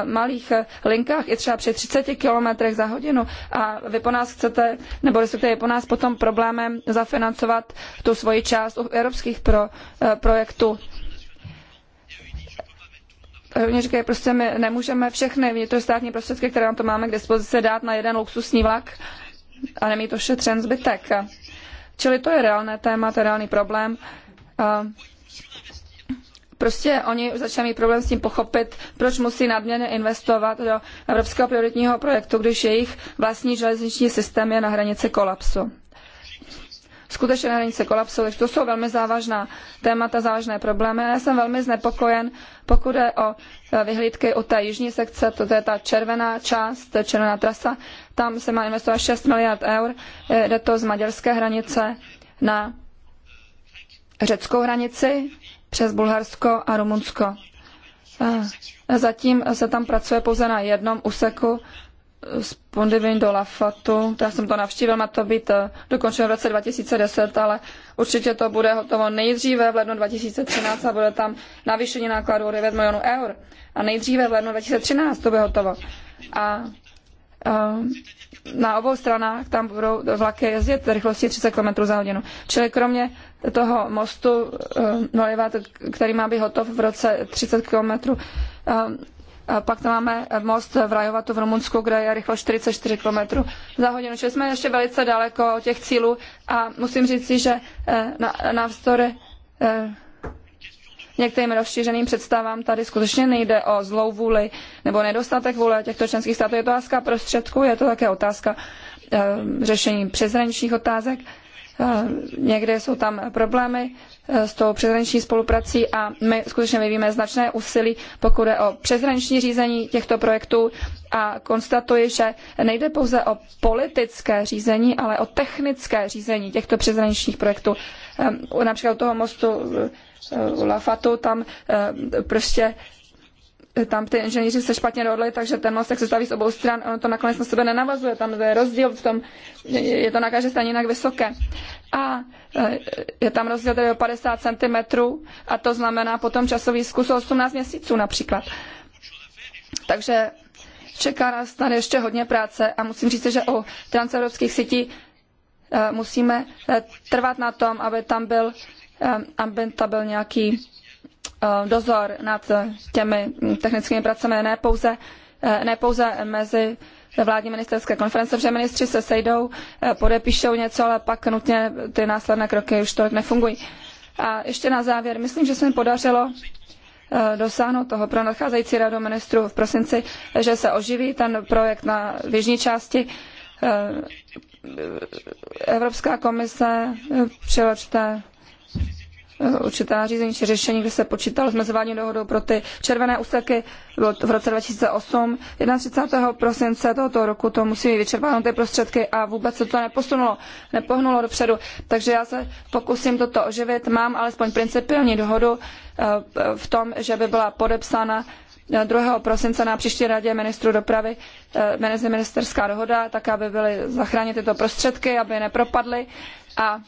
malých linkách i třeba při 30 km za hodinu a vy po nás chcete, nebo respektive po nás potom problémem zafinancovat tu svoji část u evropských pro, projektů. Oni říkají, prostě my nemůžeme všechny vnitrostátní prostředky, které na to máme k dispozici, dát na jeden luxusní vlak a nemít šetřen zbytek. Čili to je reálné téma, to je reálný problém. A prostě oni začali mít problém s tím pochopit, proč musí nadměrně investovat do evropského prioritního projektu, když jejich vlastní železniční systém je na hranici kolapsu skutečně na hranice kolapsu. Takže to jsou velmi závažná témata, závažné problémy. A já jsem velmi znepokojen, pokud je o e, vyhlídky u té jižní sekce, to je ta červená část, červená trasa, tam se má investovat 6 miliard eur, e, jde to z maďarské hranice na řeckou hranici přes Bulharsko a Rumunsko. E, zatím se tam pracuje pouze na jednom úseku z do Lafatu. Já jsem to navštívil, má to být eh, dokončeno v roce 2010, ale určitě to bude hotovo nejdříve v lednu 2013 a bude tam navýšení nákladů o 9 milionů eur. A nejdříve v lednu 2013 to bude hotovo. A eh, na obou stranách tam budou vlaky jezdit rychlostí 30 km za hodinu. Čili kromě toho mostu eh, Nolivat, který má být hotov v roce 30 km, pak tam máme most v Rajovatu v Rumunsku, kde je rychlost 44 km za hodinu. Čili jsme ještě velice daleko od těch cílů a musím říct si, že eh, navzdory eh, některým rozšířeným představám tady skutečně nejde o zlou vůli nebo nedostatek vůle těchto členských států. Je to otázka prostředků, je to také otázka eh, řešení přeshraničních otázek. Eh, Někdy jsou tam problémy eh, s tou přeshraniční spoluprací a my skutečně vyvíjíme značné úsilí, pokud je o přeshraniční řízení těchto projektů a konstatuji, že nejde pouze o politické řízení, ale o technické řízení těchto přeshraničních projektů. Eh, například u toho mostu u Lafatu tam prostě tam ty inženýři se špatně dohodli, takže ten mostek se staví z obou stran, ono to nakonec na sebe nenavazuje, tam je rozdíl v tom, je to na každé straně jinak vysoké. A e, je tam rozdíl tedy o 50 cm a to znamená potom časový zkus 18 měsíců například. Takže čeká nás tady ještě hodně práce a musím říct, že o transevropských sítí e, musíme e, trvat na tom, aby tam byl, aby tam byl nějaký Eh, dozor nad těmi technickými pracemi, ne pouze, eh, ne pouze mezi vládní ministerské konference, že ministři se sejdou, eh, podepíšou něco, ale pak nutně ty následné kroky už tolik nefungují. A ještě na závěr, myslím, že se mi podařilo dosáhnout toho pro nadcházející radu ministrů v prosinci, že se oživí ten projekt na v jižní části. Evropská komise při Eh, určitá řízení či řešení, kde se počítalo s mezinárodní dohodou pro ty červené úseky v roce 2008. 31. prosince tohoto roku to musí být vyčerpáno ty prostředky a vůbec se to neposunulo, nepohnulo dopředu. Takže já se pokusím toto oživit. Mám alespoň principiální dohodu eh, v tom, že by byla podepsána 2. Eh, prosince na příští radě ministru dopravy ministerská dohoda, tak aby byly zachráněny tyto prostředky, aby nepropadly. A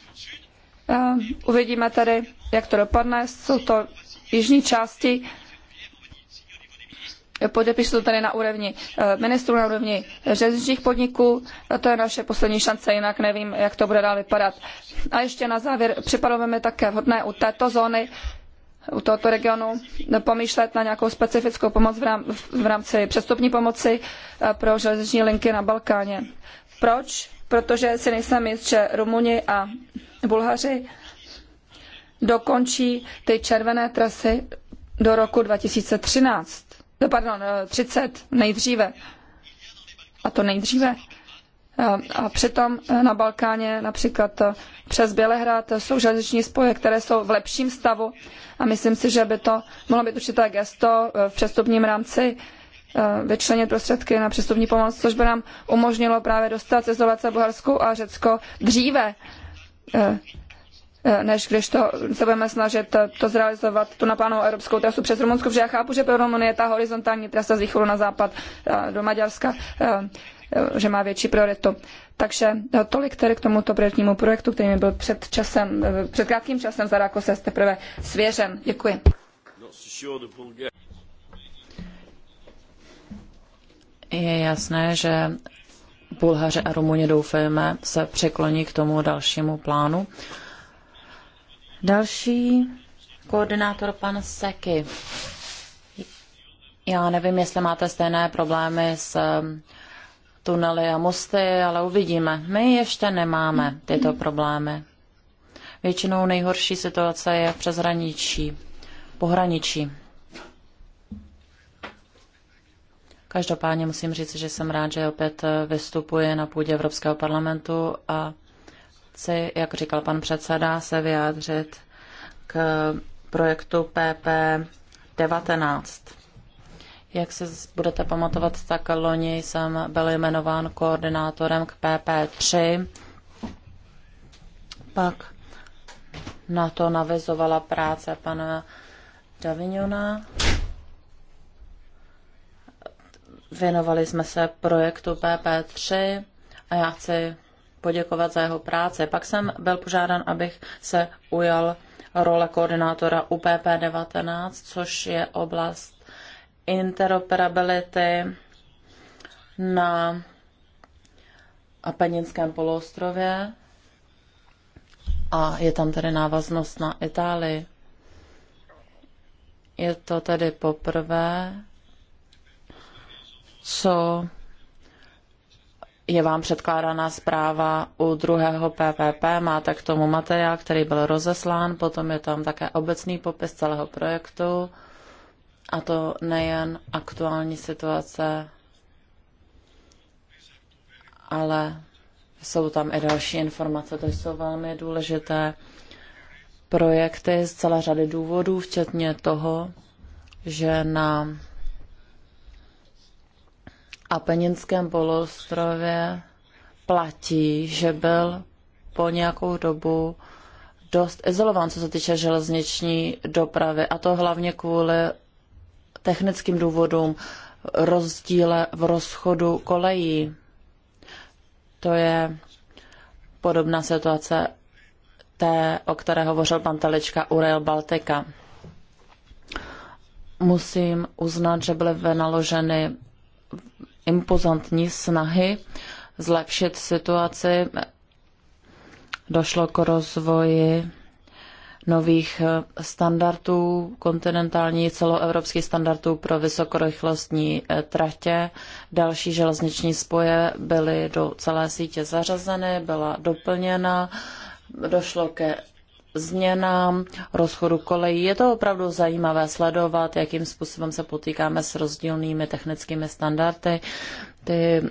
Eh, uvidíme tedy, jak to dopadne. Jsou to jižní části. Podepíšu to tady na úrovni eh, ministrů, na úrovni železničních podniků. To je naše poslední šance, jinak nevím, jak to bude dál vypadat. A ještě na závěr připadalo mi také vhodné u této zóny, u tohoto regionu pomýšlet na nějakou specifickou pomoc v, rám, v rámci přestupní pomoci eh, pro železniční linky na Balkáně. Proč? protože si nejsem jist, že Rumuni a Bulhaři dokončí ty červené trasy do roku 2013. Eh, pardon, 30 eh, nejdříve. A to nejdříve. Eh, a přitom na Balkáně například přes Bělehrad jsou železniční spoje, které jsou v lepším stavu a myslím si, že by to mohlo být určité gesto v přestupním rámci Eh, vyčlenit prostředky na přestupní pomoc, což by nám umožnilo právě dostat z izolace Bulharsku a Řecko dříve, eh, eh, než když to se budeme snažit to zrealizovat, tu naplánovanou evropskou trasu přes Rumunsko, protože já chápu, že pro Rumunii je ta horizontální trasa z východu na západ do Maďarska, že má větší prioritu. Takže tolik tedy k tomuto prioritnímu projektu, který mi byl před časem, před krátkým časem za Rakose teprve svěřen. Děkuji. Je jasné, že Bulhaři a Rumuni doufejme se překloní k tomu dalšímu plánu. Další koordinátor pan Seky. Já nevím, jestli máte stejné problémy s um, tunely a mosty, ale uvidíme. My ještě nemáme tyto problémy. Většinou nejhorší situace je přes hraničí, pohraničí. Každopádně musím říct, že jsem rád, že opět vystupuji na půdě Evropského parlamentu a chci, jak říkal pan předseda, se vyjádřit k projektu PP19. Jak se budete pamatovat, tak loni jsem byl jmenován koordinátorem k PP3. Pak na to navizovala práce pana Davignona Věnovali jsme se projektu PP3 a já chci poděkovat za jeho práci. Pak jsem byl požádán, abych se ujal role koordinátora upp 19 což je oblast interoperability na Apeninském poloostrově a je tam tedy návaznost na Itálii. Je to tedy poprvé, co je vám předkládaná zpráva u druhého PPP, máte k tomu materiál, který byl rozeslán, potom je tam také obecný popis celého projektu a to nejen aktuální situace, ale jsou tam i další informace, to jsou velmi důležité projekty z celé řady důvodů, včetně toho, že na Apeninském poloostrově platí, že byl po nějakou dobu dost izolován, co se týče železniční dopravy, a to hlavně kvůli technickým důvodům, rozdíle v rozchodu kolejí. To je podobná situace té, o které hovořil pan Telička u Rail Baltica. Musím uznat, že byly vynaloženy impozantní snahy zlepšit situaci. Došlo k rozvoji nových eh, standardů, kontinentální celoevropský standardů pro vysokorychlostní eh, tratě. Další železniční spoje byly do celé sítě zařazeny, byla doplněna, došlo ke změnám rozchodu kolejí. Je to opravdu zajímavé sledovat, jakým způsobem se potýkáme s rozdílnými technickými standardy. Ty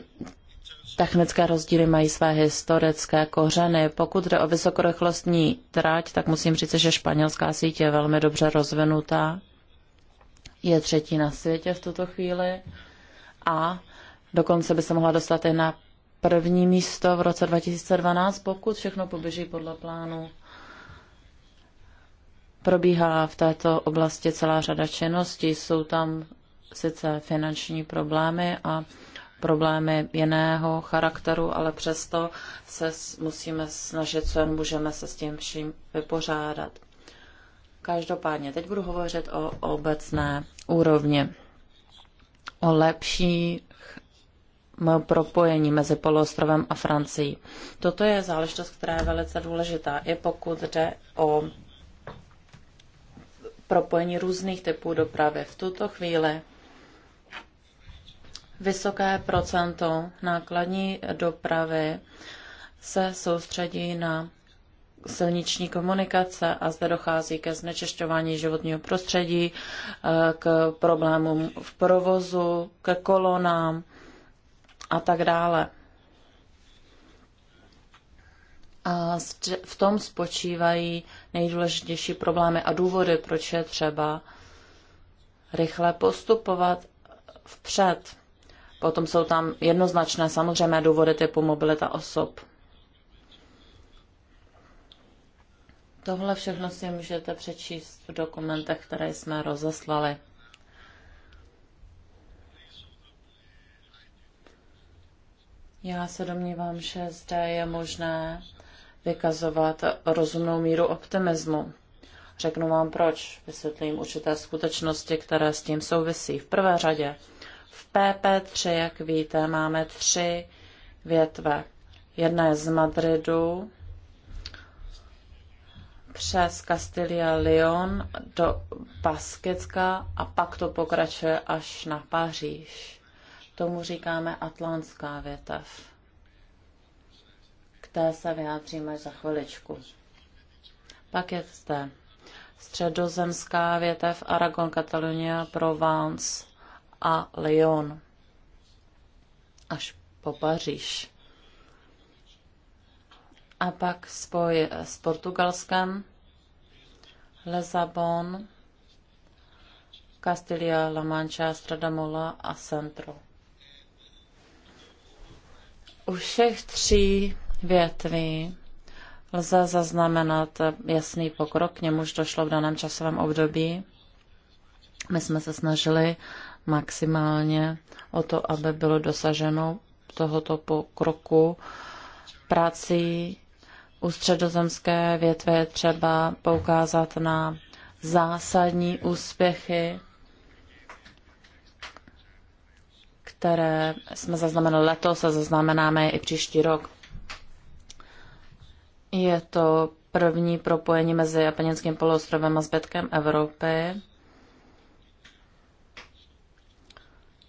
technické rozdíly mají své historické kořeny. Pokud jde o vysokorychlostní trať, tak musím říct, že španělská síť je velmi dobře rozvinutá. Je třetí na světě v tuto chvíli a dokonce by se mohla dostat i na první místo v roce 2012, pokud všechno poběží podle plánu probíhá v této oblasti celá řada činností. Jsou tam sice finanční problémy a problémy jiného charakteru, ale přesto se musíme snažit, co jen můžeme se s tím vším vypořádat. Každopádně, teď budu hovořit o obecné úrovni, o lepších propojení mezi poloostrovem a Francií. Toto je záležitost, která je velice důležitá, i pokud jde o propojení různých typů dopravy. V tuto chvíli vysoké procento nákladní dopravy se soustředí na silniční komunikace a zde dochází ke znečišťování životního prostředí, k problémům v provozu, ke kolonám a tak dále. A v tom spočívají nejdůležitější problémy a důvody, proč je třeba rychle postupovat vpřed. Potom jsou tam jednoznačné samozřejmé důvody typu mobilita osob. Tohle všechno si můžete přečíst v dokumentech, které jsme rozeslali. Já se domnívám, že zde je možné vykazovat rozumnou míru optimismu. Řeknu vám proč. Vysvětlím určité skutečnosti, které s tím souvisí. V prvé řadě v PP3, jak víte, máme tři větve. Jedna je z Madridu, přes Castilla Leon do Baskicka a pak to pokračuje až na Paříž. Tomu říkáme atlantská větev té se vyjádříme za chviličku. Pak je zde středozemská větev Aragon, Katalonie, Provence a Lyon. Až po Paříž. A pak spoj s Portugalskem, Lezabon, Castilla, La Mancha, Stradamola a Centro. U všech tří větví lze zaznamenat jasný pokrok, k němuž došlo v daném časovém období. My jsme se snažili maximálně o to, aby bylo dosaženo tohoto pokroku prací u středozemské větve je třeba poukázat na zásadní úspěchy, které jsme zaznamenali letos a zaznamenáme je i příští rok. Je to první propojení mezi Japonským poloostrovem a zbytkem Evropy.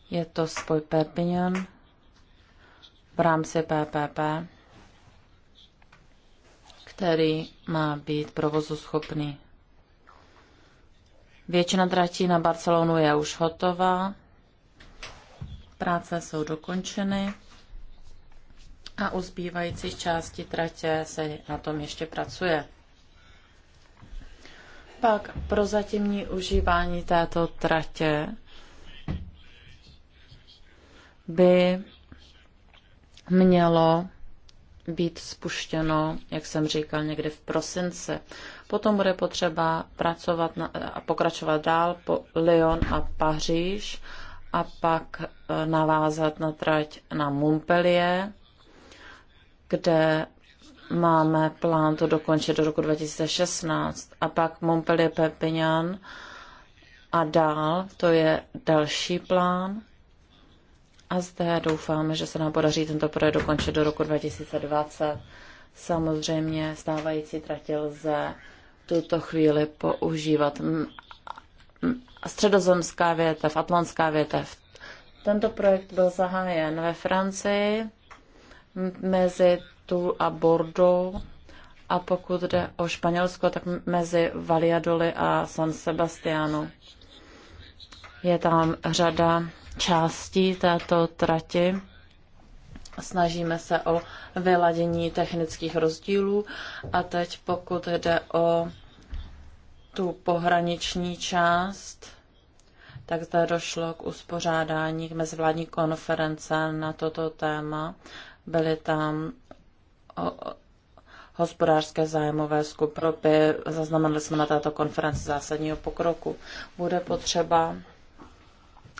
Je to spoj Perpignan v rámci PPP, který má být provozu schopný. Většina tratí na Barcelonu je už hotová, práce jsou dokončeny. A u zbývající části tratě se na tom ještě pracuje. Pak pro zatímní užívání této tratě by mělo být spuštěno, jak jsem říkal, někdy v prosinci. Potom bude potřeba pracovat na, a pokračovat dál po Lyon a Paříž a pak eh, navázat na trať na Montpellier kde máme plán to dokončit do roku 2016 a pak Montpellier Pepinian a dál, to je další plán. A zde doufáme, že se nám podaří tento projekt dokončit do roku 2020. Samozřejmě stávající tratě lze tuto chvíli používat. Středozemská větev, atlantská větev. Tento projekt byl zahájen ve Francii, mezi Toul a Bordeaux a pokud jde o Španělsko, tak mezi Valladolid a San Sebastiánu Je tam řada částí této trati. Snažíme se o vyladění technických rozdílů a teď pokud jde o tu pohraniční část, tak zde došlo k uspořádání k mezivládní konference na toto téma byly tam hospodářské zájmové skupiny. Zaznamenali jsme na této konferenci zásadního pokroku. Bude potřeba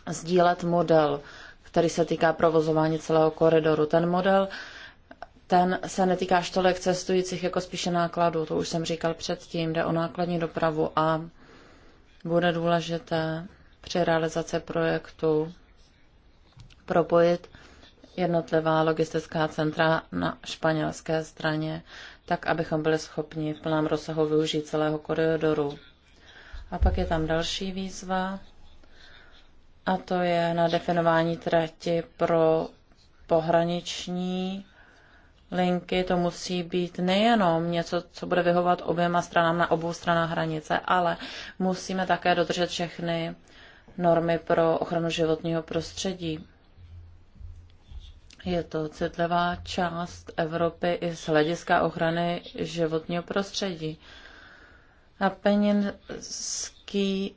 sdílet model, který se týká provozování celého koridoru. Ten model ten se netýká až tolik cestujících jako spíše nákladů, to už jsem říkal předtím, jde o nákladní dopravu a bude důležité při realizaci projektu propojit jednotlivá logistická centra na španělské straně, tak abychom byli schopni v plném rozsahu využít celého koridoru. A pak je tam další výzva, a to je na definování trati pro pohraniční linky. To musí být nejenom něco, co bude vyhovovat oběma stranám na obou stranách hranice, ale musíme také dodržet všechny normy pro ochranu životního prostředí. Je to citlivá část Evropy i z hlediska ochrany životního prostředí. A Apeninský,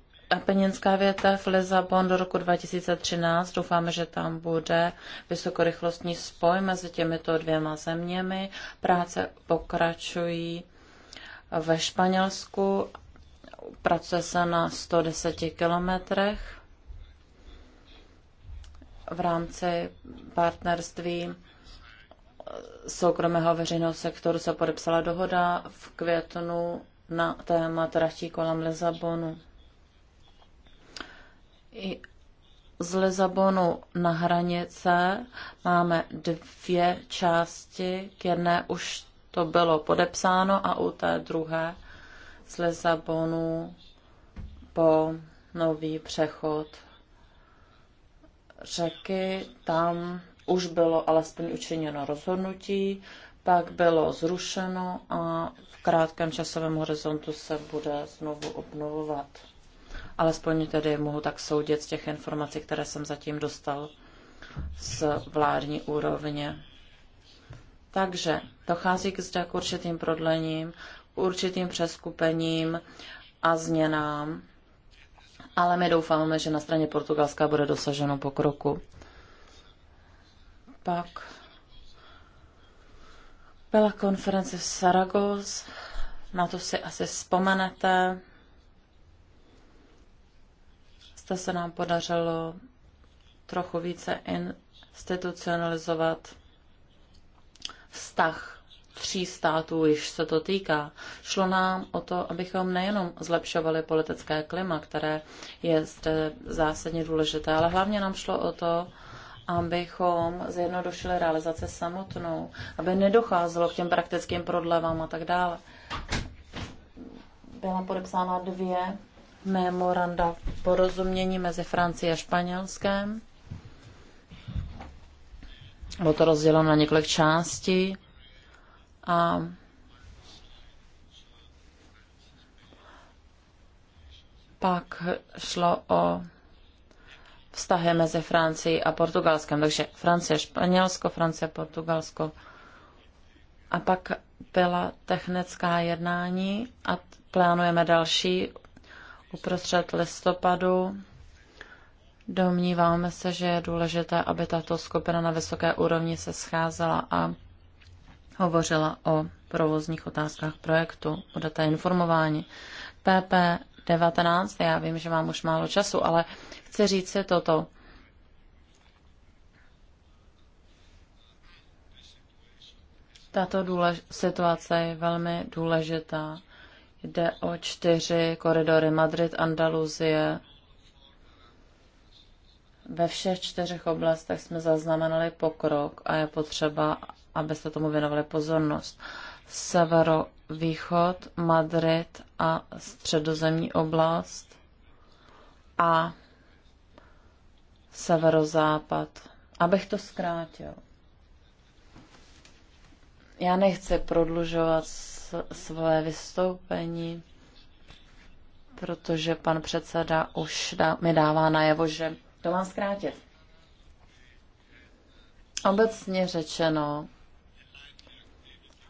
věta větev Lisabon do roku 2013. Doufáme, že tam bude vysokorychlostní spoj mezi těmito dvěma zeměmi. Práce pokračují ve Španělsku. Pracuje se na 110 kilometrech v rámci partnerství soukromého veřejného sektoru se podepsala dohoda v květnu na téma tratí kolem Lisabonu. I z Lisabonu na hranice máme dvě části. K jedné už to bylo podepsáno a u té druhé z Lisabonu po nový přechod řeky, tam už bylo alespoň učiněno rozhodnutí, pak bylo zrušeno a v krátkém časovém horizontu se bude znovu obnovovat. Alespoň tedy mohu tak soudit z těch informací, které jsem zatím dostal z vládní úrovně. Takže dochází k zde k určitým prodlením, k určitým přeskupením a změnám ale my doufáme, že na straně Portugalska bude dosaženo pokroku. Pak byla konference v Saragos, na to si asi vzpomenete. Zde se nám podařilo trochu více institucionalizovat vztah tří států, již se to týká. Šlo nám o to, abychom nejenom zlepšovali politické klima, které je zde zásadně důležité, ale hlavně nám šlo o to, abychom zjednodušili realizaci samotnou, aby nedocházelo k těm praktickým prodlevám a tak dále. Byla podepsána dvě memoranda porozumění mezi Francií a Španělskem. Bylo to rozděleno na několik částí a pak šlo o vztahy mezi Francií a Portugalskem. Takže Francie, Španělsko, Francie, Portugalsko. A pak byla technická jednání a plánujeme další uprostřed listopadu. Domníváme se, že je důležité, aby tato skupina na vysoké úrovni se scházela a hovořila o provozních otázkách projektu, o data informování. PP19, já vím, že mám už málo času, ale chci říct si toto. Tato důlež- situace je velmi důležitá. Jde o čtyři koridory Madrid, Andaluzie. Ve všech čtyřech oblastech jsme zaznamenali pokrok a je potřeba, abyste tomu věnovali pozornost. Severovýchod, Madrid a středozemní oblast a severozápad. Abych to zkrátil. Já nechci prodlužovat svoje vystoupení, protože pan předseda už dá, mi dává najevo, že to mám zkrátit. Obecně řečeno,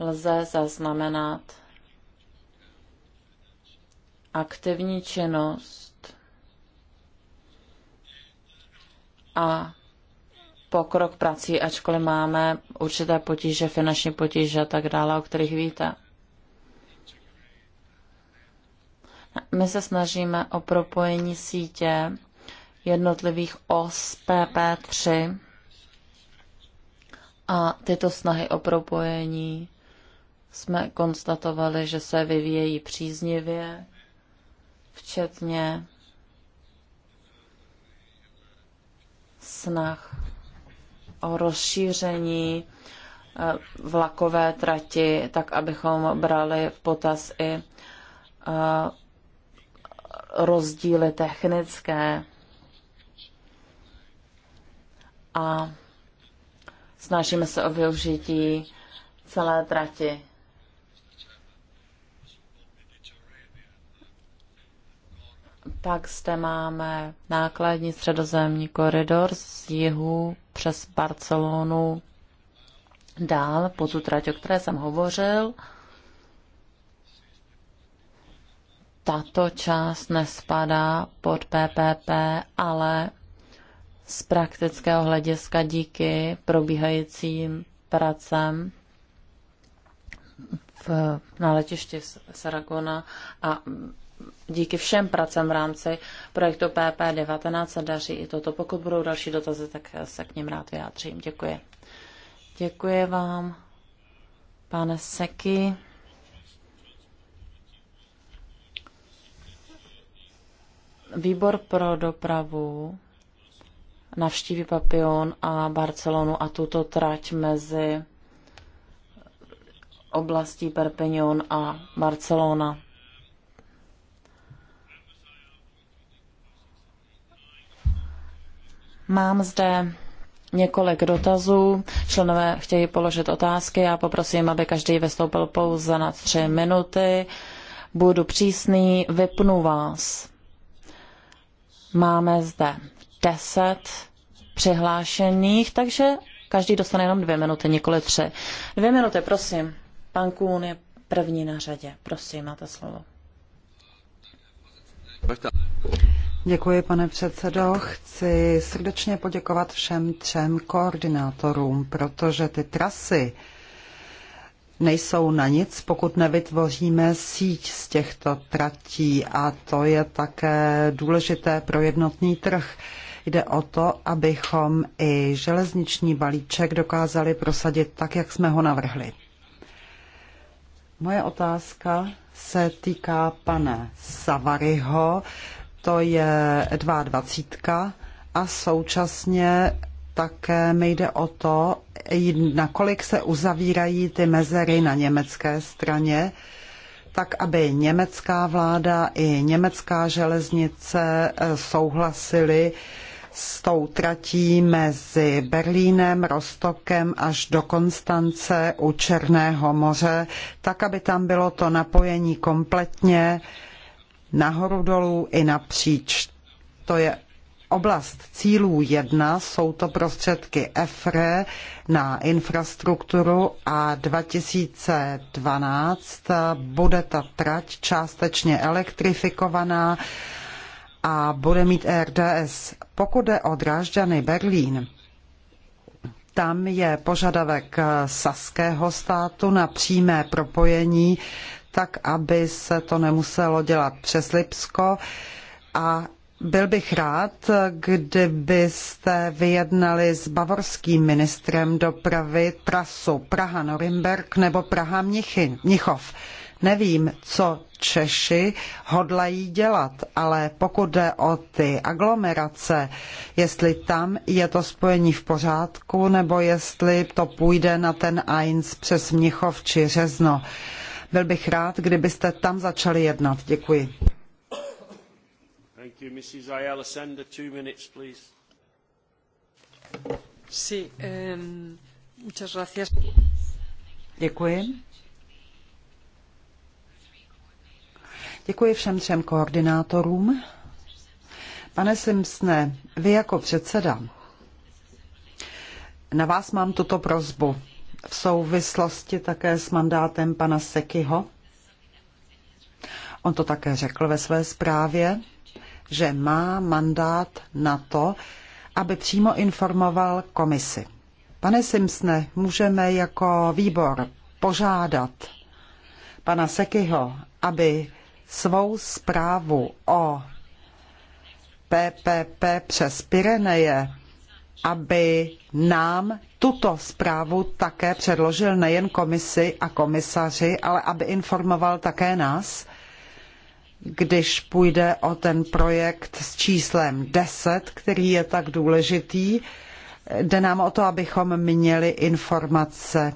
lze zaznamenat aktivní činnost a pokrok prací, ačkoliv máme určité potíže, finanční potíže a tak dále, o kterých víte. My se snažíme o propojení sítě jednotlivých os PP3 a tyto snahy o propojení jsme konstatovali, že se vyvíjejí příznivě, včetně snah o rozšíření eh, vlakové trati, tak abychom brali v potaz i eh, rozdíly technické. A snažíme se o využití celé trati Pak zde máme nákladní středozemní koridor z jihu přes Barcelonu dál po tu trať, o které jsem hovořil. Tato část nespadá pod PPP, ale z praktického hlediska díky probíhajícím pracem v, na letišti Saragona a díky všem pracem v rámci projektu PP19 se daří i toto. Pokud budou další dotazy, tak se k ním rád vyjádřím. Děkuji. Děkuji vám, pane Seky. Výbor pro dopravu navštíví Papion a Barcelonu a tuto trať mezi oblastí Perpignan a Barcelona. Mám zde několik dotazů. Členové chtějí položit otázky. Já poprosím, aby každý vystoupil pouze na tři minuty. Budu přísný, vypnu vás. Máme zde deset přihlášených, takže každý dostane jenom dvě minuty, nikoli tři. Dvě minuty, prosím. Pan Kůn je první na řadě. Prosím, máte slovo. Děkuji, pane předsedo. Chci srdečně poděkovat všem třem koordinátorům, protože ty trasy nejsou na nic, pokud nevytvoříme síť z těchto tratí a to je také důležité pro jednotný trh. Jde o to, abychom i železniční balíček dokázali prosadit tak, jak jsme ho navrhli. Moje otázka se týká pana Savaryho to je 22 a současně také mi jde o to, nakolik se uzavírají ty mezery na německé straně, tak aby německá vláda i německá železnice eh, souhlasily s tou tratí mezi Berlínem, Rostokem až do Konstance u Černého moře, tak aby tam bylo to napojení kompletně nahoru dolů i napříč. To je oblast cílů 1, jsou to prostředky EFRE na infrastrukturu a 2012 bude ta trať částečně elektrifikovaná a bude mít RDS. Pokud jde o Drážďany Berlín, tam je požadavek saského státu na přímé propojení tak aby se to nemuselo dělat přes Lipsko. A byl bych rád, kdybyste vyjednali s bavorským ministrem dopravy trasu Praha-Norimberg nebo Praha-Mnichov. Nevím, co Češi hodlají dělat, ale pokud jde o ty aglomerace, jestli tam je to spojení v pořádku, nebo jestli to půjde na ten Ains přes Mnichov či Řezno. Uh, byl bych rád, kdybyste tam začali jednat. Děkuji. Děkuji. Děkuji všem třem koordinátorům. Pane Simpsone, vy jako předseda, na vás mám tuto prozbu v souvislosti také s mandátem pana Sekiho. On to také řekl ve své zprávě, že má mandát na to, aby přímo informoval komisi. Pane Simsne, můžeme jako výbor požádat pana Sekiho, aby svou zprávu o PPP přes Pireneje aby nám tuto zprávu také předložil nejen komisi a komisaři, ale aby informoval také nás, když půjde o ten projekt s číslem 10, který je tak důležitý. Jde nám o to, abychom měli informace.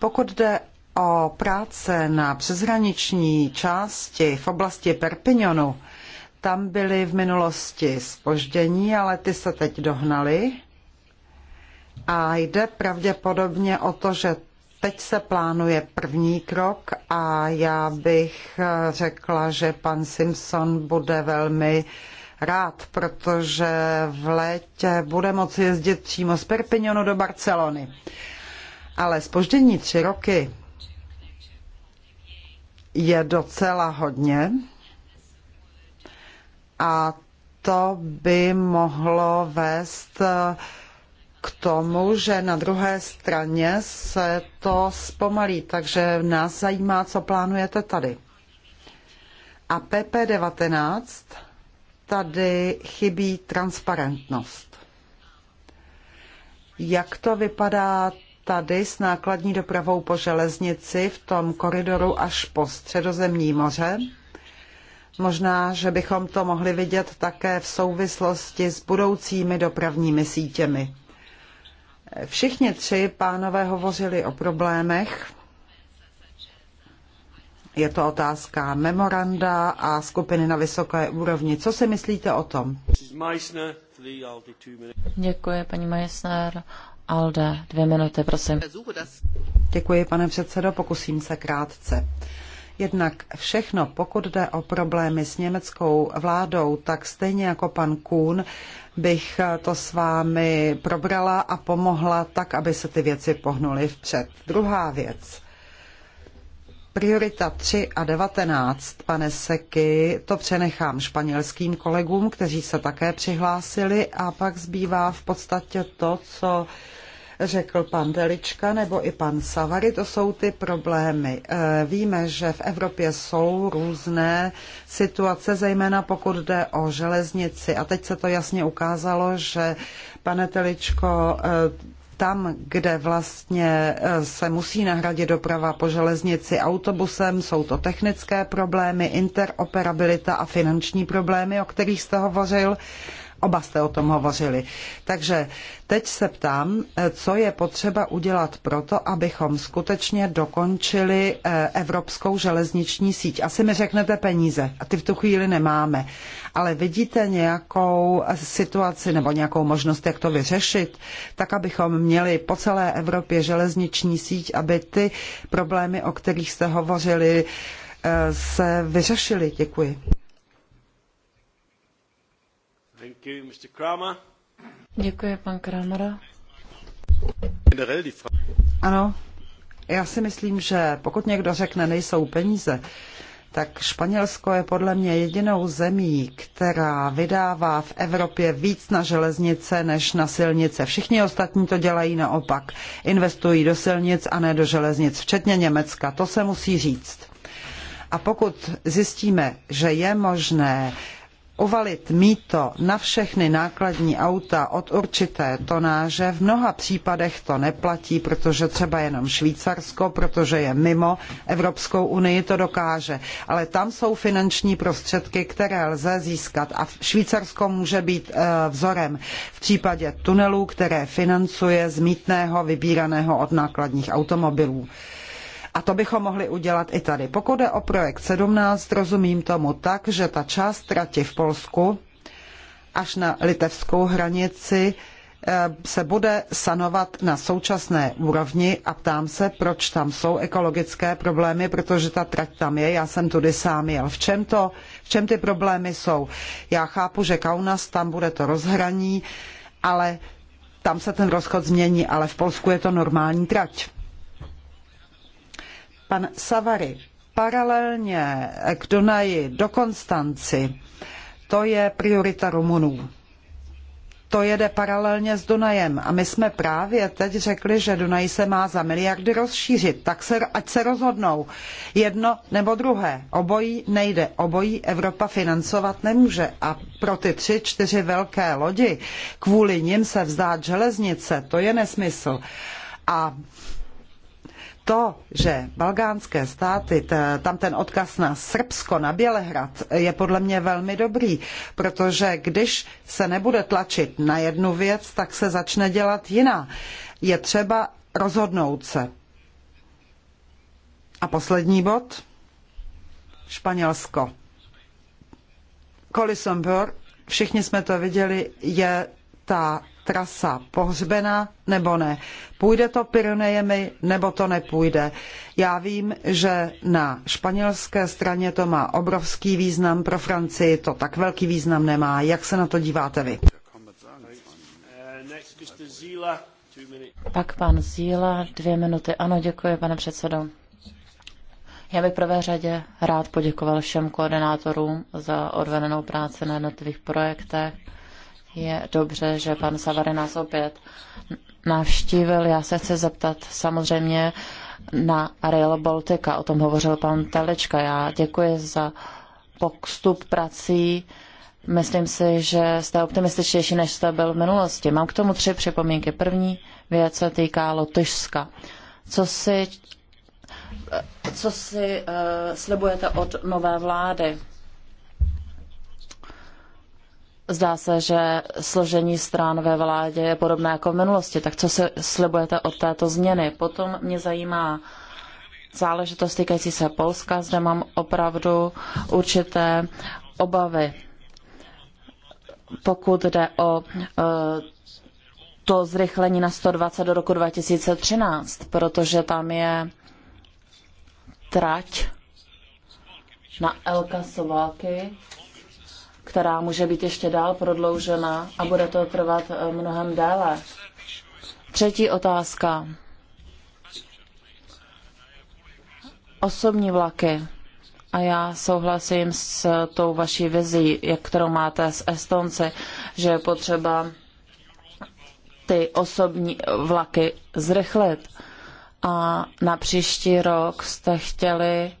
Pokud jde o práce na přeshraniční části v oblasti Perpignanu, tam byly v minulosti spoždění, ale ty se teď dohnaly. A jde pravděpodobně o to, že teď se plánuje první krok a já bych eh, řekla, že pan Simpson bude velmi rád, protože v létě bude moci jezdit přímo z Perpignanu do Barcelony. Ale spoždění tři roky je docela hodně a to by mohlo vést eh, k tomu, že na druhé straně se to zpomalí. Takže nás zajímá, co plánujete tady. A PP19, tady chybí transparentnost. Jak to vypadá tady s nákladní dopravou po železnici v tom koridoru až po středozemní moře? Možná, že bychom to mohli vidět také v souvislosti s budoucími dopravními sítěmi. Všichni tři pánové hovořili o problémech. Je to otázka memoranda a skupiny na vysoké úrovni. Co si myslíte o tom? Děkuji, paní Meissner. Alde, dvě minuty, prosím. Děkuji, pane předsedo, pokusím se krátce. Jednak všechno, pokud jde o problémy s německou vládou, tak stejně jako pan Kuhn bych to s vámi probrala a pomohla tak, aby se ty věci pohnuly vpřed. Druhá věc. Priorita 3 a 19, pane Seky, to přenechám španělským kolegům, kteří se také přihlásili a pak zbývá v podstatě to, co řekl pan Delička nebo i pan Savary, to jsou ty problémy. Eh, víme, že v Evropě jsou různé situace, zejména pokud jde o železnici. A teď se to jasně ukázalo, že pane Teličko, eh, tam, kde vlastně eh, se musí nahradit doprava po železnici autobusem, jsou to technické problémy, interoperabilita a finanční problémy, o kterých jste hovořil. Oba jste o tom hovořili. Takže teď se ptám, eh, co je potřeba udělat pro to, abychom skutečně dokončili eh, evropskou železniční síť. Asi mi řeknete peníze a ty v tu chvíli nemáme. Ale vidíte nějakou eh, situaci nebo nějakou možnost, jak to vyřešit, tak abychom měli po celé Evropě železniční síť, aby ty problémy, o kterých jste hovořili, se vyřešily. Děkuji. Thank you, Mr. Kramer. Děkuji, pan Kramer. Ano, já si myslím, že pokud někdo řekne, nejsou peníze, tak Španělsko je podle mě jedinou zemí, která vydává v Evropě víc na železnice než na silnice. Všichni ostatní to dělají naopak. Investují do silnic a ne do železnic, včetně Německa. To se musí říct. A pokud zjistíme, že je možné uvalit mýto na všechny nákladní auta od určité tonáže, v mnoha případech to neplatí, protože třeba jenom Švýcarsko, protože je mimo Evropskou unii, to dokáže. Ale tam jsou finanční prostředky, které lze získat. A Švýcarsko může být eh, vzorem v případě tunelů, které financuje z mýtného vybíraného od nákladních automobilů. A to bychom mohli udělat i tady. Pokud je o projekt 17, rozumím tomu tak, že ta část trati v Polsku až na litevskou hranici eh, se bude sanovat na současné úrovni a ptám se, proč tam jsou ekologické problémy, protože ta trať tam je, já jsem tudy sám jel. V čem, to, v čem ty problémy jsou? Já chápu, že Kaunas, tam bude to rozhraní, ale tam se ten rozchod změní, ale v Polsku je to normální trať pan Savary. Paralelně k Dunaji do Konstanci, to je priorita Rumunů. To jede paralelně s Dunajem a my jsme právě teď řekli, že Dunaj se má za miliardy rozšířit, tak se, ať se rozhodnou. Jedno nebo druhé. Obojí nejde. Obojí Evropa financovat nemůže. A pro ty tři, čtyři velké lodi, kvůli nim se vzdát železnice, to je nesmysl. A to, že balgánské státy, tam ten odkaz na Srbsko, na Bělehrad, je podle mě velmi dobrý, protože když se nebude tlačit na jednu věc, tak se začne dělat jiná. Je třeba rozhodnout se. A poslední bod. Španělsko. Colisomber, všichni jsme to viděli, je ta trasa pohřbena nebo ne. Půjde to Pyrenejemi nebo to nepůjde. Já vím, že na španělské straně to má obrovský význam, pro Francii to tak velký význam nemá. Jak se na to díváte vy? Pak pan Zíla, dvě minuty. Ano, děkuji, pane předsedo. Já bych prvé řadě rád poděkoval všem koordinátorům za odvedenou práci na jednotlivých projektech je dobře, že pan Savary nás opět navštívil. Já se chci zeptat samozřejmě na Ariel Baltica. O tom hovořil pan Telečka. Já děkuji za postup prací. Myslím si, že jste optimističtější, než jste byl v minulosti. Mám k tomu tři připomínky. První věc se týká Lotyšska. Co si, co si uh, slibujete od nové vlády? Zdá se, že složení stran ve vládě je podobné jako v minulosti. Tak co si slibujete od této změny? Potom mě zajímá záležitost týkající se Polska. Zde mám opravdu určité obavy. Pokud jde o e, to zrychlení na 120 do roku 2013, protože tam je trať na Elka Sováky, která může být ještě dál prodloužena a bude to trvat eh, mnohem déle. Třetí otázka. Osobní vlaky. A já souhlasím s tou vaší vizí, jak kterou máte s Estonci, že je potřeba ty osobní vlaky zrychlit. A na příští rok jste chtěli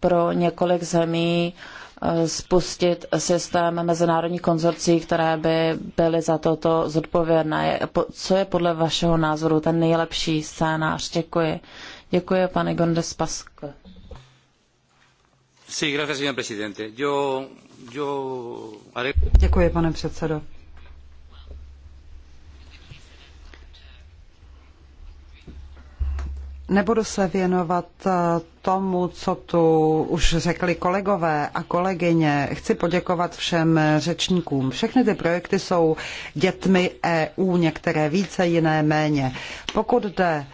pro několik zemí uh, Eh, spustit systém mezinárodních konzorcí, které by byly za toto zodpovědné. Co je podle vašeho názoru ten nejlepší scénář? Děkuji. Děkuji, pane Gondes Paskl. Děkuji, pane předsedo. Nebudu se věnovat eh, tomu, co tu už řekli kolegové a kolegyně. Chci poděkovat všem řečníkům. Všechny ty projekty jsou dětmi EU, některé více, jiné méně. Pokud jde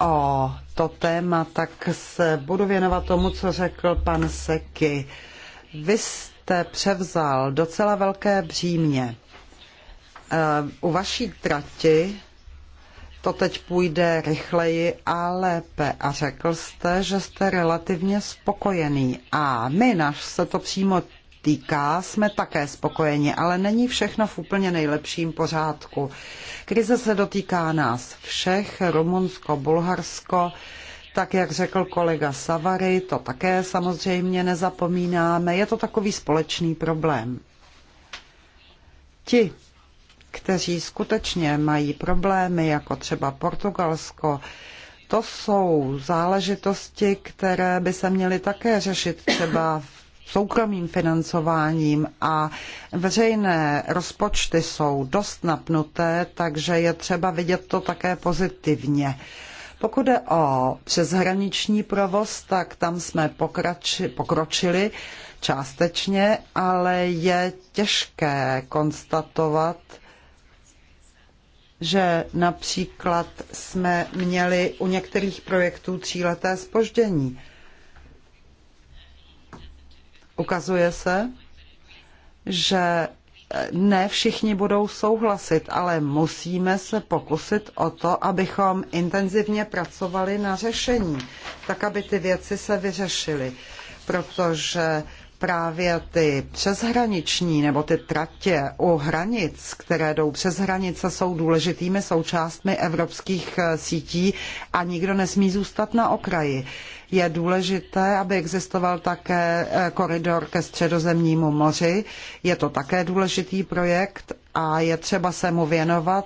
o to téma, tak se budu věnovat tomu, co řekl pan Seky. Vy jste převzal docela velké břímě. Eh, u vaší trati to teď půjde rychleji a lépe. A řekl jste, že jste relativně spokojený. A my, naš se to přímo týká, jsme také spokojeni, ale není všechno v úplně nejlepším pořádku. Krize se dotýká nás všech, Rumunsko, Bulharsko, tak jak řekl kolega Savary, to také samozřejmě nezapomínáme, je to takový společný problém. Ti, kteří skutečně mají problémy, jako třeba Portugalsko, to jsou záležitosti, které by se měly také řešit třeba soukromým financováním a veřejné rozpočty jsou dost napnuté, takže je třeba vidět to také pozitivně. Pokud je o přeshraniční provoz, tak tam jsme pokrači, pokročili částečně, ale je těžké konstatovat, že například jsme měli u některých projektů tříleté spoždění. Ukazuje se, že ne všichni budou souhlasit, ale musíme se pokusit o to, abychom intenzivně pracovali na řešení, tak aby ty věci se vyřešily. Protože právě ty přeshraniční nebo ty tratě u hranic, které jdou přes hranice, jsou důležitými součástmi evropských eh, sítí a nikdo nesmí zůstat na okraji je důležité, aby existoval také eh, koridor ke středozemnímu moři. Je to také důležitý projekt a je třeba se mu věnovat.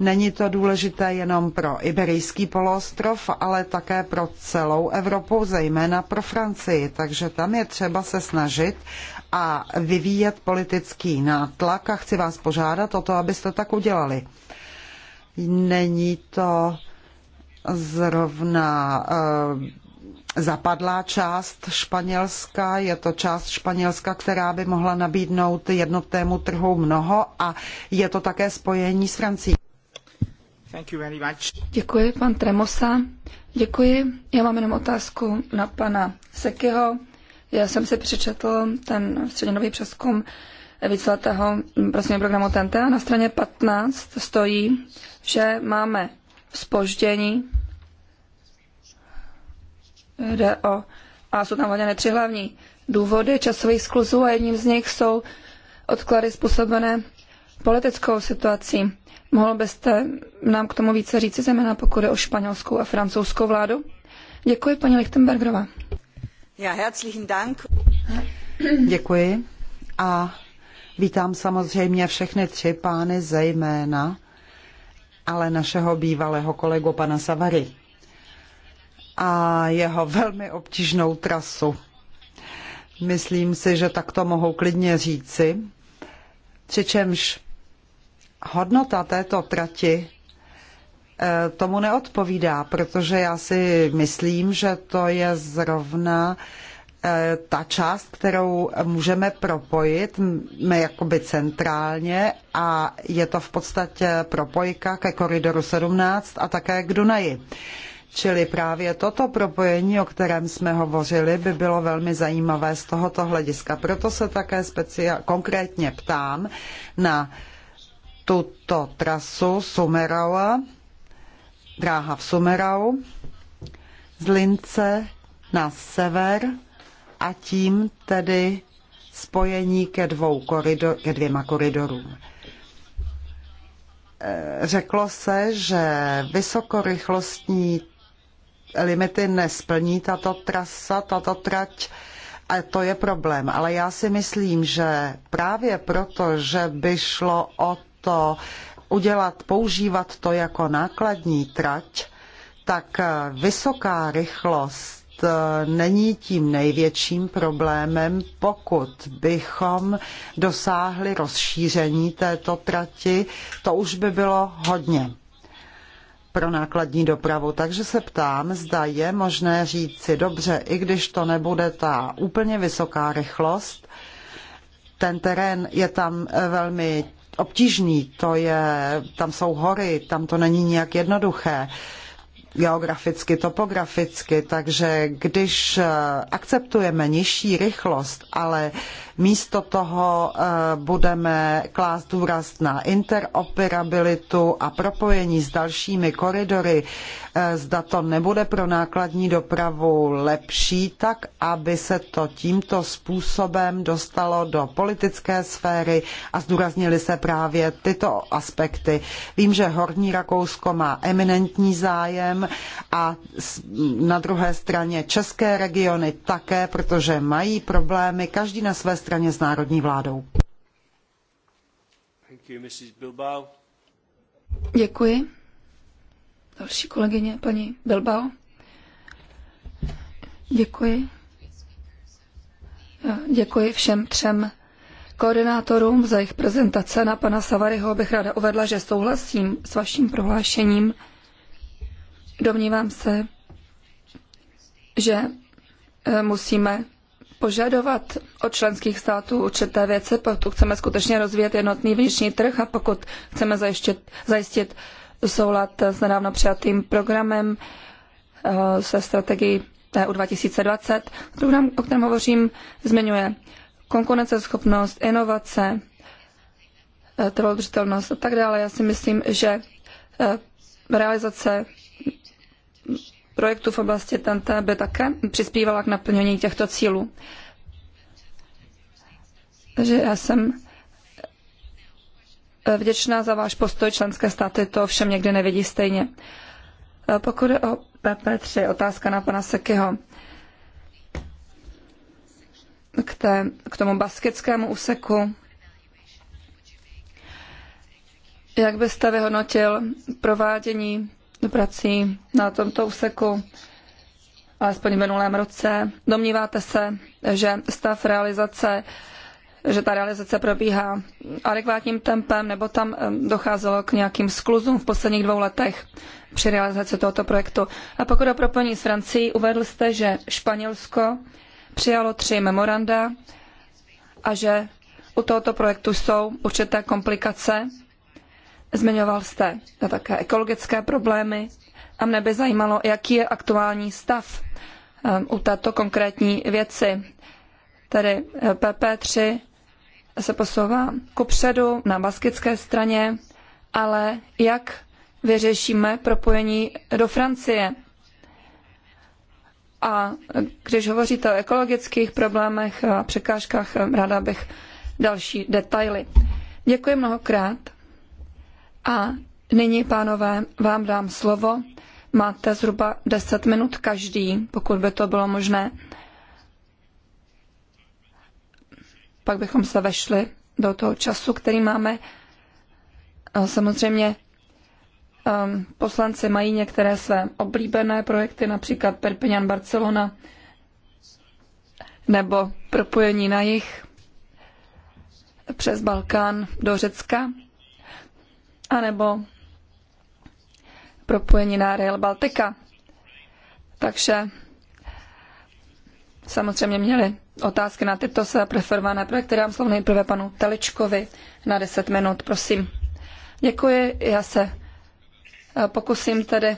Není to důležité jenom pro Iberijský poloostrov, ale také pro celou Evropu, zejména pro Francii. Takže tam je třeba se snažit a vyvíjet politický nátlak a chci vás požádat o to, abyste tak udělali. Není to zrovna eh, zapadlá část Španělska, je to část Španělska, která by mohla nabídnout jednotnému trhu mnoho a je to také spojení s Francií. Děkuji, pan Tremosa. Děkuji. Já mám jenom otázku na pana Sekyho. Já jsem si přečetl ten střednědobý přeskum víceletého prosím, programu TNT a na straně 15 stojí, že máme spoždění jde o, a jsou tam uvedeny tři hlavní důvody časových skluzů a jedním z nich jsou odklady způsobené politickou situací. Mohl byste nám k tomu více říci, zejména pokud je o španělskou a francouzskou vládu? Děkuji, paní Lichtenbergerová. Ja, herzlichen Dank. Děkuji a vítám samozřejmě všechny tři pány zejména, ale našeho bývalého kolegu pana Savary a jeho velmi obtížnou trasu. Myslím si, že tak to mohou klidně říci, přičemž hodnota této trati eh, tomu neodpovídá, protože já si myslím, že to je zrovna eh, ta část, kterou můžeme propojit my jakoby centrálně a je to v podstatě propojka ke koridoru 17 a také k Dunaji. Čili právě toto propojení, o kterém jsme hovořili, by bylo velmi zajímavé z tohoto hlediska. Proto se také specia- konkrétně ptám na tuto trasu Sumerova, dráha v Sumerau, z Lince na sever a tím tedy spojení ke, dvou koridor, ke dvěma koridorům. Řeklo se, že vysokorychlostní limity nesplní tato trasa, tato trať. A to je problém. Ale já si myslím, že právě proto, že by šlo o to udělat, používat to jako nákladní trať, tak vysoká rychlost není tím největším problémem, pokud bychom dosáhli rozšíření této trati, to už by bylo hodně pro nákladní dopravu. Takže se ptám, zda je možné říci, dobře, i když to nebude ta úplně vysoká rychlost, ten terén je tam eh, velmi obtížný, to je, tam jsou hory, tam to není nijak jednoduché geograficky, topograficky, takže když eh, akceptujeme nižší rychlost, ale Místo toho eh, budeme klást důraz na interoperabilitu a propojení s dalšími koridory. Eh, zda to nebude pro nákladní dopravu lepší, tak aby se to tímto způsobem dostalo do politické sféry a zdůraznili se právě tyto aspekty. Vím, že Horní Rakousko má eminentní zájem a na druhé straně české regiony také, protože mají problémy, každý na své straně straně s národní vládou. Děkuji. Další kolegyně, paní Bilbao. Děkuji. Děkuji všem třem koordinátorům za jejich prezentace. Na pana Savaryho bych ráda uvedla, že souhlasím s vaším prohlášením. Domnívám se, že eh, musíme požadovat od členských států určité věci, pokud chceme skutečně rozvíjet jednotný vnitřní trh a pokud chceme zajistit, zajistit soulad s nedávno přijatým programem eh, se strategií EU 2020. Program, o kterém hovořím, zmiňuje konkurenceschopnost, inovace, eh, trvalou a tak dále. Já si myslím, že eh, realizace projektů v oblasti TNT by také přispívala k naplnění těchto cílů. Takže já jsem eh, vděčná za váš postoj. Členské státy to všem někdy nevidí stejně. Eh, pokud je o PP3, otázka na pana Sekyho. K, té, k tomu baskickému úseku. Jak byste vyhodnotil provádění prací na tomto úseku, alespoň v minulém roce. Domníváte se, že stav realizace že ta realizace probíhá adekvátním tempem, nebo tam docházelo k nějakým skluzům v posledních dvou letech při realizaci tohoto projektu. A pokud o propojení s Francií, uvedl jste, že Španělsko přijalo tři memoranda a že u tohoto projektu jsou určité komplikace Zmiňoval jste také ekologické problémy a mne by zajímalo, jaký je aktuální stav ehm, u této konkrétní věci. Tedy eh, PP3 se posouvá kupředu na baskické straně, ale jak vyřešíme propojení do Francie? A když hovoříte o ekologických problémech a překážkách, eh, ráda bych další detaily. Děkuji mnohokrát. A nyní, pánové, vám dám slovo. Máte zhruba 10 minut každý, pokud by to bylo možné. Pak bychom se vešli do toho času, který máme. No, samozřejmě ehm, poslanci mají některé své oblíbené projekty, například Perpignan Barcelona nebo propojení na jich přes Balkán do Řecka anebo propojení na Rail Baltica. Takže samozřejmě měli otázky na tyto své preferované projekty. Dám slovo nejprve panu Teličkovi na 10 minut, prosím. Děkuji, já se eh, pokusím tedy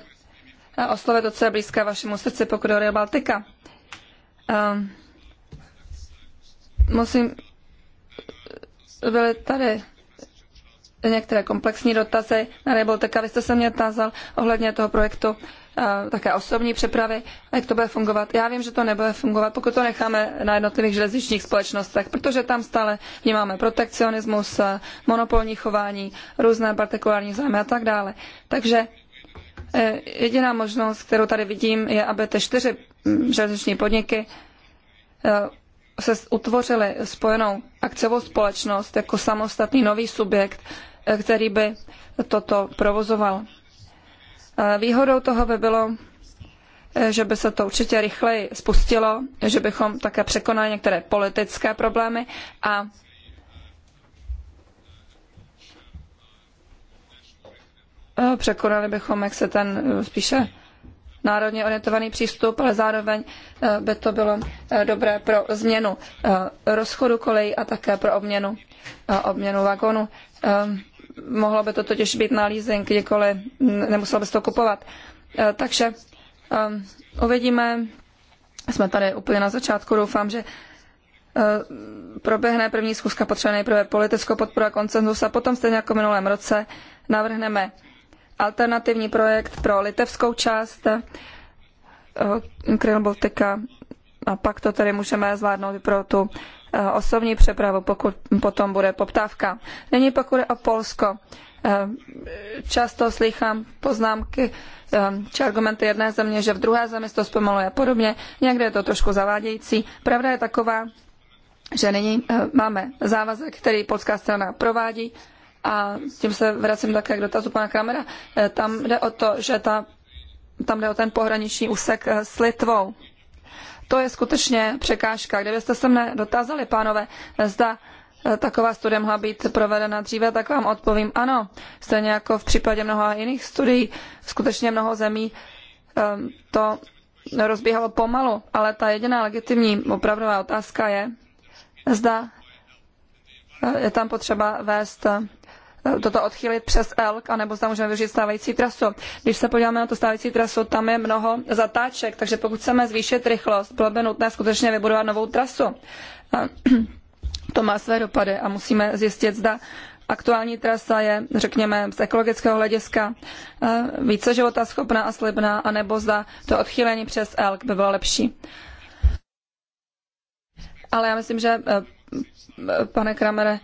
eh, oslovit to, co je blízké vašemu srdci, pokud je Rail Baltica. Um, musím, byly tady některé komplexní dotazy. Nebo tak, abyste se mě tázal ohledně toho projektu také osobní přepravy, jak to bude fungovat. Já vím, že to nebude fungovat, pokud to necháme na jednotlivých železničních společnostech, protože tam stále vnímáme protekcionismus, monopolní chování, různé partikulární zájmy a tak dále. Takže e, jediná možnost, kterou tady vidím, je, aby ty čtyři železniční podniky e, se utvořily spojenou akciovou společnost jako samostatný nový subjekt, který by toto provozoval. Výhodou toho by bylo, že by se to určitě rychleji spustilo, že bychom také překonali některé politické problémy a překonali bychom, jak se ten spíše národně orientovaný přístup, ale zároveň eh, by to bylo eh, dobré pro změnu eh, rozchodu kolejí a také pro obměnu, obměnu vagonu. Ehm, Mohlo by to totiž být na leasing, nikoli nemusel bys to kupovat. Eh, takže um, uvidíme. Jsme tady úplně na začátku. Doufám, že eh, proběhne první zkuska potřebuje nejprve politickou podporu a koncenzus a potom stejně jako v minulém roce navrhneme alternativní projekt pro litevskou část Krylbotika a pak to tedy můžeme zvládnout i pro tu Eh, osobní přepravu, pokud potom bude poptávka. Nyní pokud je o Polsko. Eh, často slychám poznámky eh, či argumenty jedné země, že v druhé zemi se to zpomaluje a podobně. Někde je to trošku zavádějící. Pravda je taková, že nyní máme závazek, který polská strana provádí a s tím se vracím také k dotazu pana Kramera. Tam jde o to, že ta, tam jde o ten pohraniční úsek s Litvou to je skutečně překážka. Kdybyste se mne dotázali, pánové, zda eh, taková studie mohla být provedena dříve, tak vám odpovím ano. Stejně jako v případě mnoha jiných studií, skutečně mnoho zemí ehm, to rozbíhalo pomalu, ale ta jediná legitimní opravdová otázka je, zda eh, je tam potřeba vést eh, toto odchýlit přes Elk, anebo zda můžeme využít stávající trasu. Když se podíváme na tu stávající trasu, tam je mnoho zatáček, takže pokud chceme zvýšit rychlost, bylo by nutné skutečně vybudovat novou trasu. To má své dopady a musíme zjistit, zda aktuální trasa je, řekněme, z ekologického hlediska eh, více života schopná a slibná, anebo zda to odchýlení přes Elk by bylo lepší. Ale já myslím, že eh, pane Kramere,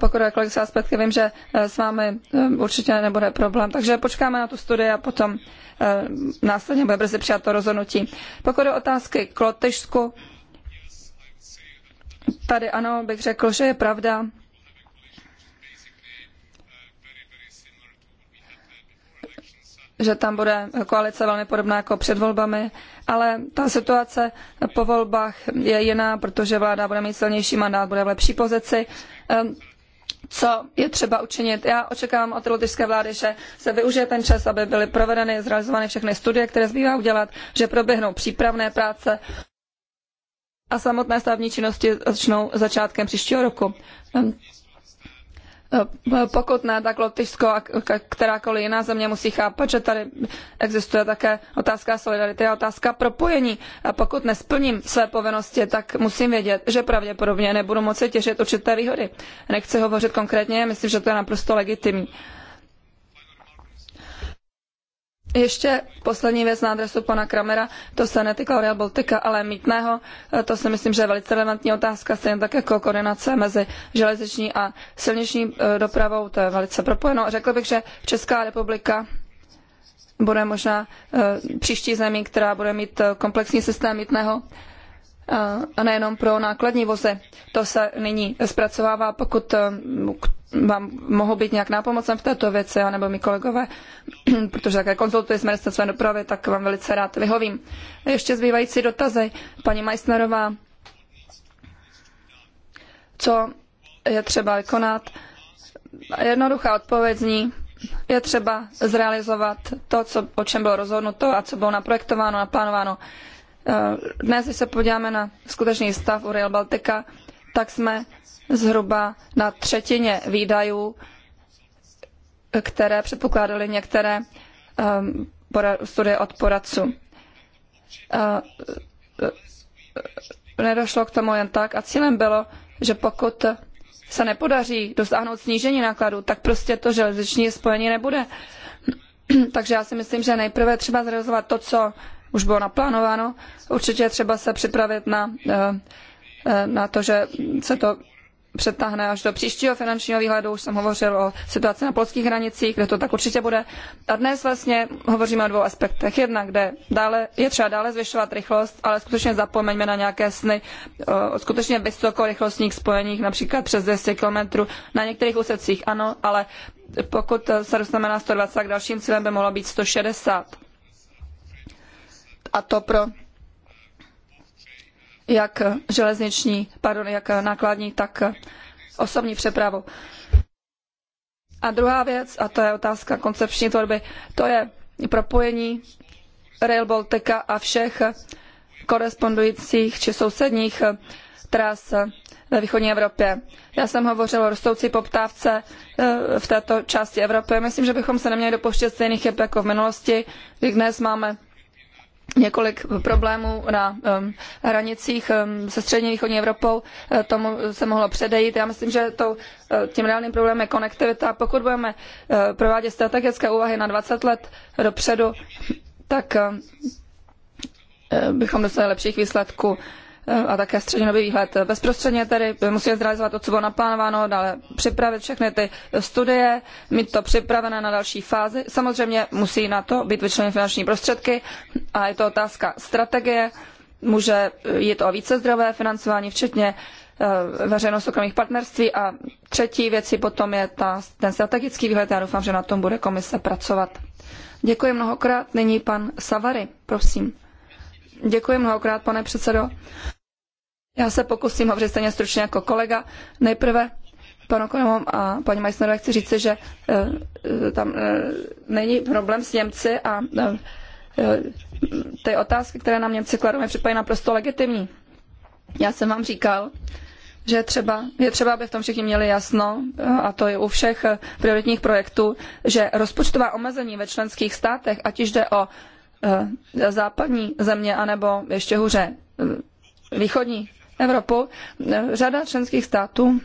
pokud je kolik aspekty, vím, že eh, s vámi eh, určitě nebude problém. Takže počkáme na tu studii a potom eh, následně bude brzy přijat to rozhodnutí. Pokud je otázky k Lotyšsku, tady ano, bych řekl, že je pravda, že tam bude koalice velmi podobná jako před volbami, ale ta situace po volbách je jiná, protože vláda bude mít silnější mandát, bude v lepší pozici co je třeba učinit. Já očekávám od lotyšské vlády, že se využije ten čas, aby byly provedeny, zrealizovány všechny studie, které zbývá udělat, že proběhnou přípravné práce a samotné stavební činnosti začnou začátkem příštího roku. Ehm, Eh, eh, pokud ne, tak Lotyšsko a kterákoliv jiná země musí chápat, že tady existuje také otázka solidarity a otázka propojení. A pokud nesplním své povinnosti, tak musím vědět, že pravděpodobně nebudu moci těžit určité výhody. Nechci hovořit konkrétně, myslím, že to je naprosto legitimní. Ještě poslední věc na adresu pana Kramera, to se netýká Real Baltica, ale mítného, e, to si myslím, že je velice relevantní otázka, stejně tak jako koordinace mezi železniční a silniční e, dopravou, to je velice propojeno. Řekl bych, že Česká republika bude možná e, příští zemí, která bude mít komplexní systém mítného a nejenom pro nákladní vozy. To se nyní zpracovává, pokud eh, vám mohu být nějak nápomocen v této věci, anebo mi kolegové, protože také konzultuji s ministerstvem dopravy, tak vám velice rád vyhovím. Ještě zbývající dotazy. Paní Meissnerová, co je třeba vykonat? Jednoduchá odpověď zní, je třeba zrealizovat to, co, o čem bylo rozhodnuto a co bylo naprojektováno, naplánováno. Eh, dnes, když se podíváme na skutečný stav u Rail Baltica, tak jsme zhruba na třetině výdajů, které předpokládaly některé eh, studie od poradců. Eh, nedošlo k tomu jen tak a cílem bylo, že pokud se nepodaří dosáhnout snížení nákladů, tak prostě to železniční spojení nebude. Takže já si myslím, že nejprve třeba zrealizovat to, co už bylo naplánováno. Určitě je třeba se připravit na, eh, eh, na to, že se to přetáhne až do příštího finančního výhledu. Už jsem hovořil o situaci na polských hranicích, kde to tak určitě bude. A dnes vlastně hovoříme o dvou aspektech. Jedna, kde dále, je třeba dále zvyšovat rychlost, ale skutečně zapomeňme na nějaké sny eh, o skutečně vysokorychlostních spojeních, například přes 200 km. Na některých úsecích ano, ale pokud se dostaneme na 120, dalším cílem by mohlo být 160 a to pro jak železniční, pardon, jak nákladní, tak osobní přepravu. A druhá věc, a to je otázka koncepční tvorby, to je propojení Rail Baltica a všech korespondujících či sousedních tras ve východní Evropě. Já jsem hovořil o rostoucí poptávce eh, v této části Evropy. Myslím, že bychom se neměli dopouštět stejných chyb jako v minulosti, kdy dnes máme několik problémů na um, hranicích um, se střední východní Evropou. Eh, tomu se mohlo předejít. Já myslím, že to, eh, tím reálným problémem je konektivita. Pokud budeme eh, provádět strategické úvahy na 20 let dopředu, tak bychom dosáhli lepších výsledků. Eh, a také střednědobý výhled. Bezprostředně tedy musíme zrealizovat to, co bylo naplánováno, dále připravit všechny ty studie, mít to připravené na další fázi. Samozřejmě musí na to být vyčleněny finanční prostředky a je to otázka strategie. Může jít o více zdravé financování, včetně eh, veřejno-soukromých partnerství a třetí věcí potom je ta, ten strategický výhled. Já doufám, že na tom bude komise pracovat. Děkuji mnohokrát. Nyní pan Savary, prosím. Děkuji mnohokrát, pane předsedo. Já se pokusím hovořit stejně stručně jako kolega. Nejprve panu Konomom a paní Majsnerové chci říci, že eh, tam eh, není problém s Němci a eh, ty otázky, které nám Němci kladou, mi připadají naprosto legitimní. Já jsem vám říkal, že třeba, je třeba, aby v tom všichni měli jasno, a to je u všech prioritních projektů, že rozpočtová omezení ve členských státech, ať již jde o západní země, anebo ještě hůře východní Evropu. Řada členských států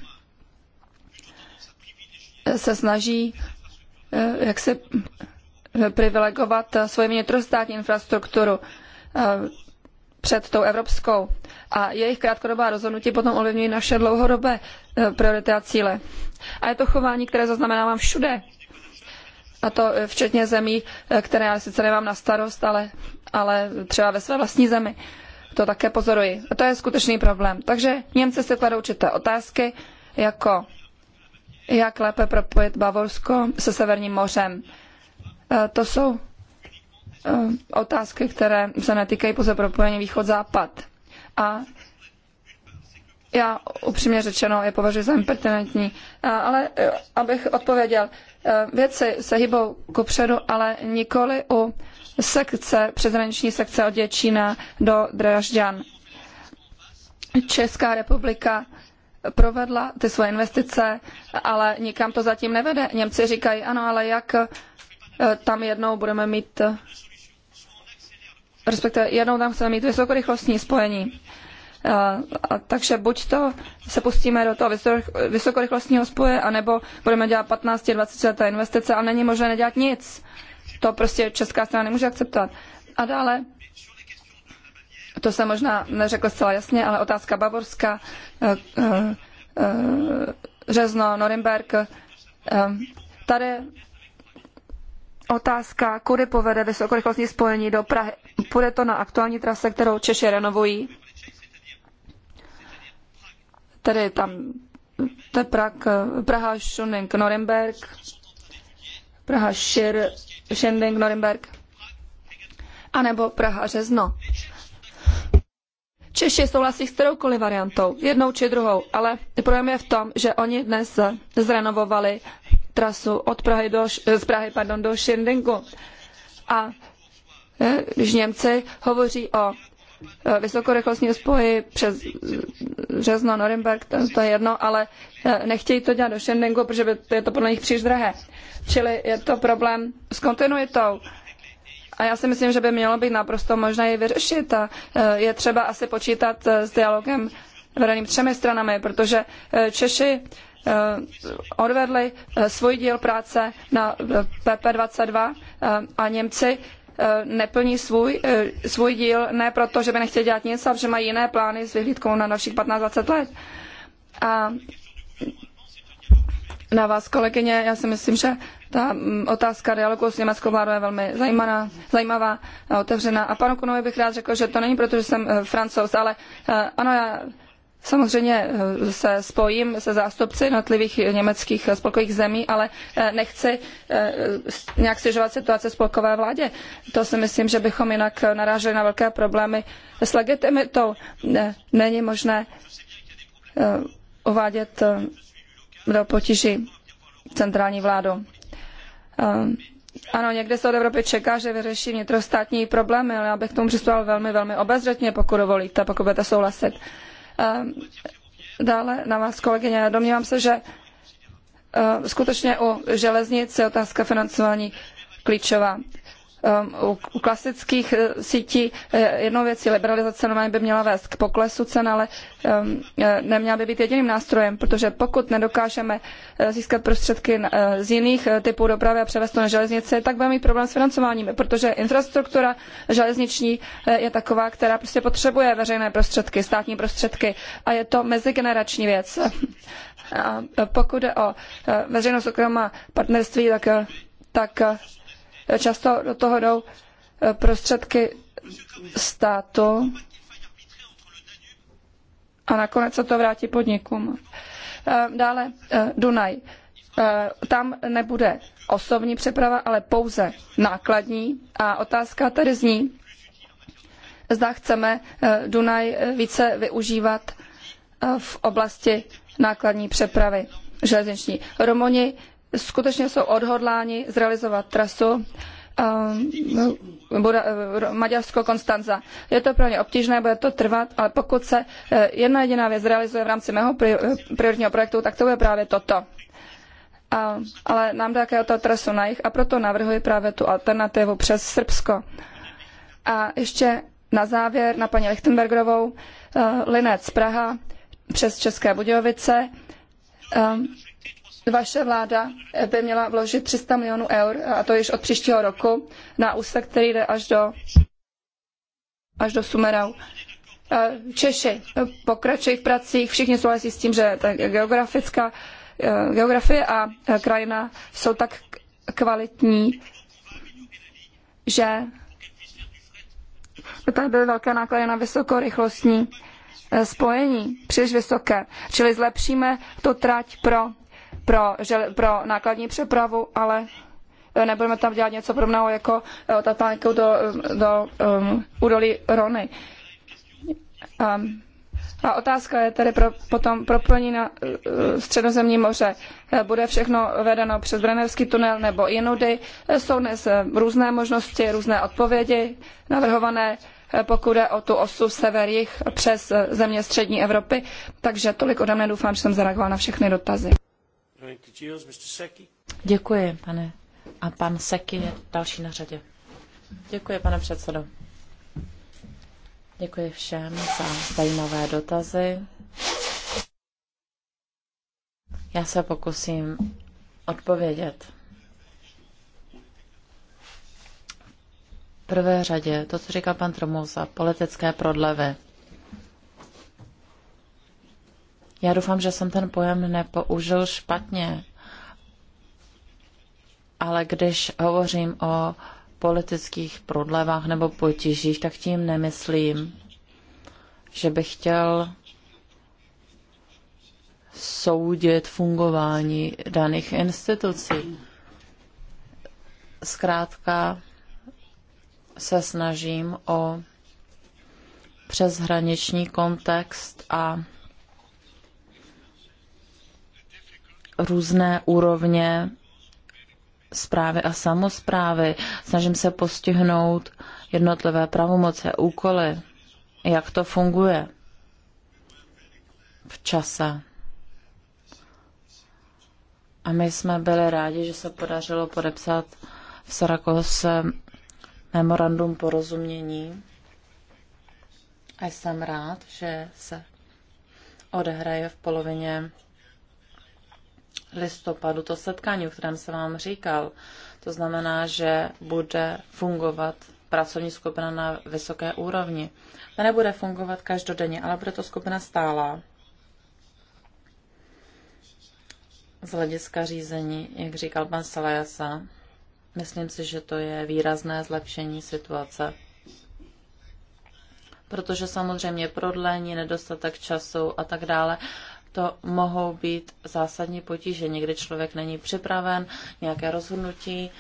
se snaží eh, jak se eh, privilegovat eh, svoji vnitrostátní infrastrukturu před tou evropskou. A jejich krátkodobá rozhodnutí potom ovlivňují naše dlouhodobé priority a cíle. A je to chování, které zaznamenávám všude. A to včetně zemí, které já sice nemám na starost, ale, ale třeba ve své vlastní zemi to také pozoruji. A to je skutečný problém. Takže Němci si kladou určité otázky, jako jak lépe propojit Bavorsko se Severním mořem. E, to jsou e, otázky, které se netýkají pouze propojení východ-západ. A já upřímně řečeno je považuji za impertinentní. E, ale abych odpověděl, věci se hýbou kupředu, ale nikoli u sekce, přezraniční sekce od Děčína do Dražďan. Česká republika provedla ty svoje investice, ale nikam to zatím nevede. Němci říkají, ano, ale jak eh, tam jednou budeme mít, eh, respektive jednou tam chceme mít vysokorychlostní spojení. A, eh, a, takže buď to se pustíme do toho vysokorychlostního spoje, anebo budeme dělat 15-20 leté investice a není možné nedělat nic. To prostě česká strana nemůže akceptovat. A dále, to jsem možná neřekl zcela jasně, ale otázka Bavorska, eh, eh, Řezno, Norimberg, eh, tady otázka, kudy povede vysokorychlostní spojení do Prahy. Půjde to na aktuální trase, kterou Češi renovují. Tady tam to je Praha, Šuning, Norimberg, Praha, Šir, Schending, Norimberg, anebo Praha, Řezno. Češi souhlasí s kteroukoliv variantou, jednou či druhou, ale problém je v tom, že oni dnes zrenovovali trasu od Prahy do, z Prahy pardon, do Schindingu. A eh, když Němci hovoří o Eh, vysokorychlostní spoji přes Řezno, Norimberg, to, to je jedno, ale eh, nechtějí to dělat do Schengengu, protože by, je to podle nich příliš drahé. Čili je to problém s kontinuitou. A já si myslím, že by mělo být naprosto možné ji vyřešit a eh, je třeba asi počítat s dialogem vedeným třemi stranami, protože Češi odvedli svůj díl práce na PP22 a Němci Eh, neplní svůj, eh, svůj díl, ne proto, že by nechtěli dělat nic, ale že mají jiné plány s vyhlídkou na dalších 15-20 let. A na vás, kolegyně, já si myslím, že ta mm, otázka dialogu s německou vládou je velmi zajímavá, zajímavá a otevřená. A panu Kunovi bych rád řekl, že to není proto, že jsem eh, francouz, ale ano, já Samozřejmě eh, se spojím se zástupci jednotlivých německých spolkových zemí, ale eh, nechci eh, nějak stěžovat situace spolkové vládě. To si myslím, že bychom jinak naráželi na velké problémy s legitimitou. Není možné uvádět do potíží centrální vládu. Ano, někde se od Evropy čeká, že vyřeší vnitrostátní problémy, ale já bych k tomu přistupoval velmi, velmi obezřetně, pokud dovolíte, pokud budete souhlasit. Eh, dále na vás, kolegyně. Domnívám se, že eh, skutečně u železnic je otázka financování klíčová. Um, u klasických eh, sítí eh, jednou věcí liberalizace normálně by měla vést k poklesu cen, ale um, eh, neměla by být jediným nástrojem, protože pokud nedokážeme získat prostředky z jiných typů dopravy a převést to na železnici, tak budeme mít problém s financováním, protože infrastruktura železniční je taková, která prostě potřebuje veřejné prostředky, státní prostředky a je to mezigenerační věc. A pokud jde o veřejnost soukromá partnerství, tak tak Často do toho jdou eh, prostředky státu a nakonec se to vrátí podnikům. Eh, dále eh, Dunaj. Tam nebude osobní přeprava, ale pouze nákladní. A otázka tady zní, zda chceme Dunaj více využívat v oblasti nákladní přepravy železniční. Romoni skutečně jsou odhodláni zrealizovat trasu um, eh, Maďarsko Konstanza. Je to pro ně obtížné, bude to trvat, ale pokud se eh, jedna jediná věc realizuje v rámci mého eh, prioritního projektu, tak to bude právě toto. A, ale nám jde také o to trasu na jich a proto navrhuji právě tu alternativu přes Srbsko. A ještě na závěr na paní Lichtenbergerovou, Linec Praha přes České Budějovice. Vaše vláda by měla vložit 300 milionů eur, a to již od příštího roku, na úsek, který jde až do, až do Sumerau. E, Češi pokračují v pracích, všichni souhlasí s tím, že ta geografická e, geografie a krajina jsou tak kvalitní, že tady byly velké náklady na vysokorychlostní e, spojení, příliš vysoké. Čili zlepšíme tu trať pro pro, žel, pro nákladní přepravu, ale eh, nebudeme tam dělat něco podobného jako eh, Tatáňkou do, eh, do um, údolí Rony. Um, a otázka je tedy pro, potom propojení na uh, středozemní moře. Bude všechno vedeno přes Brennerský tunel nebo jinudy. Jsou dnes různé možnosti, různé odpovědi navrhované, pokud je o tu osu sever-jih přes země střední Evropy. Takže tolik ode mne doufám, že jsem zareagoval na všechny dotazy. Děkuji, pane. A pan Seki je další na řadě. Děkuji, pane předsedo. Děkuji všem za zajímavé dotazy. Já se pokusím odpovědět. V prvé řadě to, co říká pan Tromouza, politické prodlevy. Já doufám, že jsem ten pojem nepoužil špatně, ale když hovořím o politických prodlevách nebo potížích, tak tím nemyslím, že bych chtěl soudit fungování daných institucí. Zkrátka se snažím o přeshraniční kontext a různé úrovně zprávy a samozprávy. Snažím se postihnout jednotlivé pravomoce, úkoly, jak to funguje v čase. A my jsme byli rádi, že se podařilo podepsat v Sarakose memorandum porozumění. A jsem rád, že se odehraje v polovině listopadu to setkání, o kterém jsem vám říkal. To znamená, že bude fungovat pracovní skupina na vysoké úrovni. Ta nebude fungovat každodenně, ale bude to skupina stálá. Z hlediska řízení, jak říkal pan Salajasa, myslím si, že to je výrazné zlepšení situace. Protože samozřejmě prodlení, nedostatek času a tak dále to mohou být zásadní potíže. Někdy člověk není připraven, nějaké rozhodnutí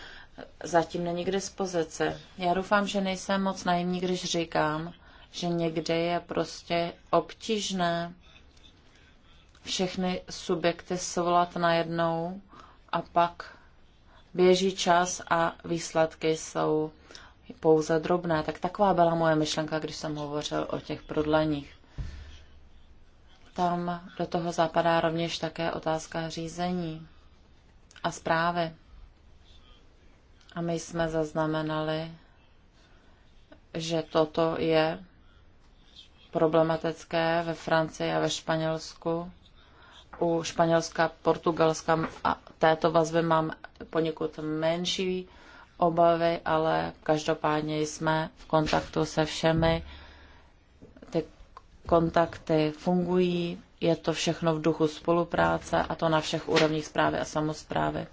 zatím není k dispozici. Já doufám, že nejsem moc naivní, když říkám, že někdy je prostě obtížné všechny subjekty svolat najednou a pak běží čas a výsledky jsou pouze drobné. Tak taková byla moje myšlenka, když jsem hovořil o těch prodleních tam do toho zapadá rovněž také otázka řízení a zprávy. A my jsme zaznamenali, že toto je problematické ve Francii a ve Španělsku. U Španělska, Portugalska a této vazby mám poněkud menší obavy, ale každopádně jsme v kontaktu se všemi kontakty fungují, je to všechno v duchu spolupráce a to na všech úrovních zprávy a samozprávy.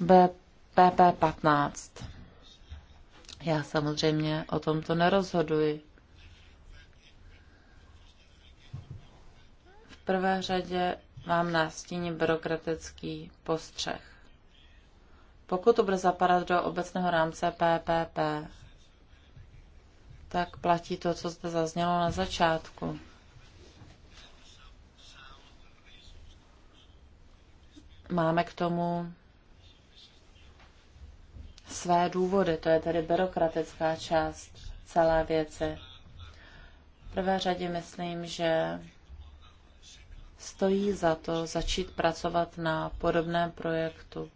BPP 15 Já samozřejmě o tom to nerozhoduji. V prvé řadě mám nástíní byrokratický postřeh. Pokud to bude zapadat do obecného rámce PPP, tak platí to, co zde zaznělo na začátku. Máme k tomu své důvody, to je tedy byrokratická část celé věci. V prvé řadě myslím, že stojí za to začít pracovat na podobném projektu,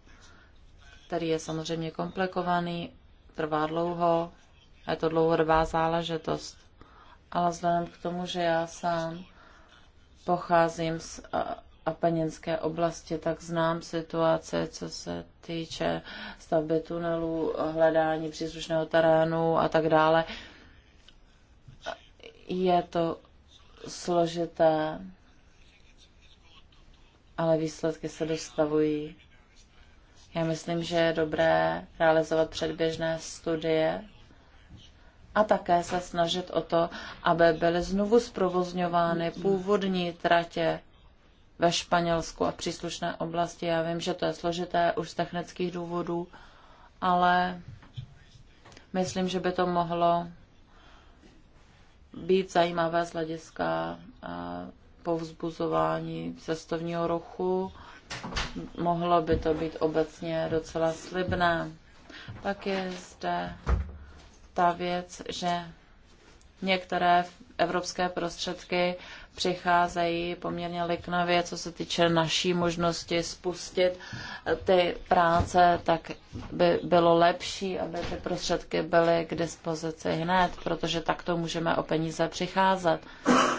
který je samozřejmě komplikovaný, trvá dlouho, je to dlouhodobá záležitost. Ale vzhledem k tomu, že já sám pocházím z Apeninské oblasti, tak znám situace, co se týče stavby tunelů, hledání příslušného terénu a tak dále. Je to složité, ale výsledky se dostavují. Já myslím, že je dobré realizovat předběžné studie a také se snažit o to, aby byly znovu zprovozňovány původní tratě ve Španělsku a příslušné oblasti. Já vím, že to je složité už z technických důvodů, ale myslím, že by to mohlo být zajímavé z hlediska povzbuzování cestovního ruchu. Mohlo by to být obecně docela slibné. Pak je zde ta věc, že některé evropské prostředky přicházejí poměrně liknavě, co se týče naší možnosti spustit ty práce, tak by bylo lepší, aby ty prostředky byly k dispozici hned, protože takto můžeme o peníze přicházet.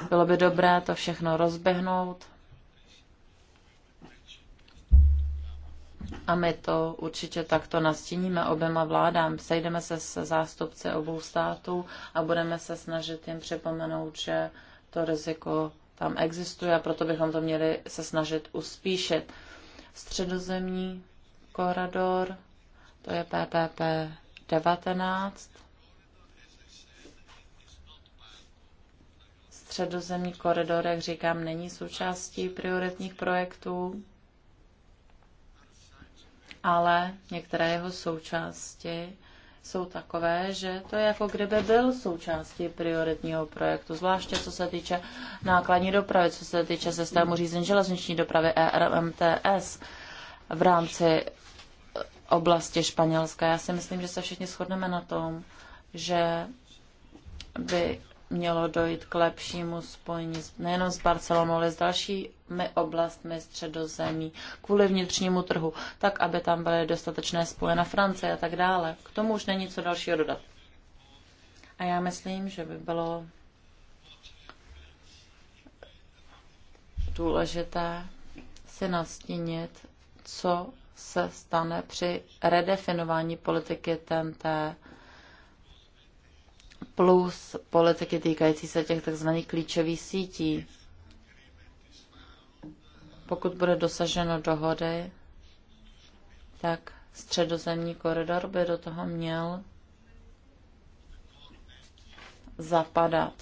Bylo by dobré to všechno rozběhnout A my to určitě takto nastíníme oběma vládám. Sejdeme se s zástupci obou států a budeme se snažit jim připomenout, že to riziko tam existuje a proto bychom to měli se snažit uspíšit. Středozemní koridor, to je PPP 19. Středozemní koridor, jak říkám, není součástí prioritních projektů ale některé jeho součásti jsou takové, že to je jako kdyby byl součástí prioritního projektu, zvláště co se týče nákladní dopravy, co se týče systému řízení železniční dopravy ERMTS v rámci oblasti Španělska. Já si myslím, že se všichni shodneme na tom, že by mělo dojít k lepšímu spojení nejenom s Barcelonou, ale s další oblastmi středozemí kvůli vnitřnímu trhu, tak aby tam byly dostatečné spoje na Francii a tak dále. K tomu už není co dalšího dodat. A já myslím, že by bylo důležité si nastínit, co se stane při redefinování politiky TNT plus politiky týkající se těch tzv. klíčových sítí. Pokud bude dosaženo dohody, tak středozemní koridor by do toho měl zapadat.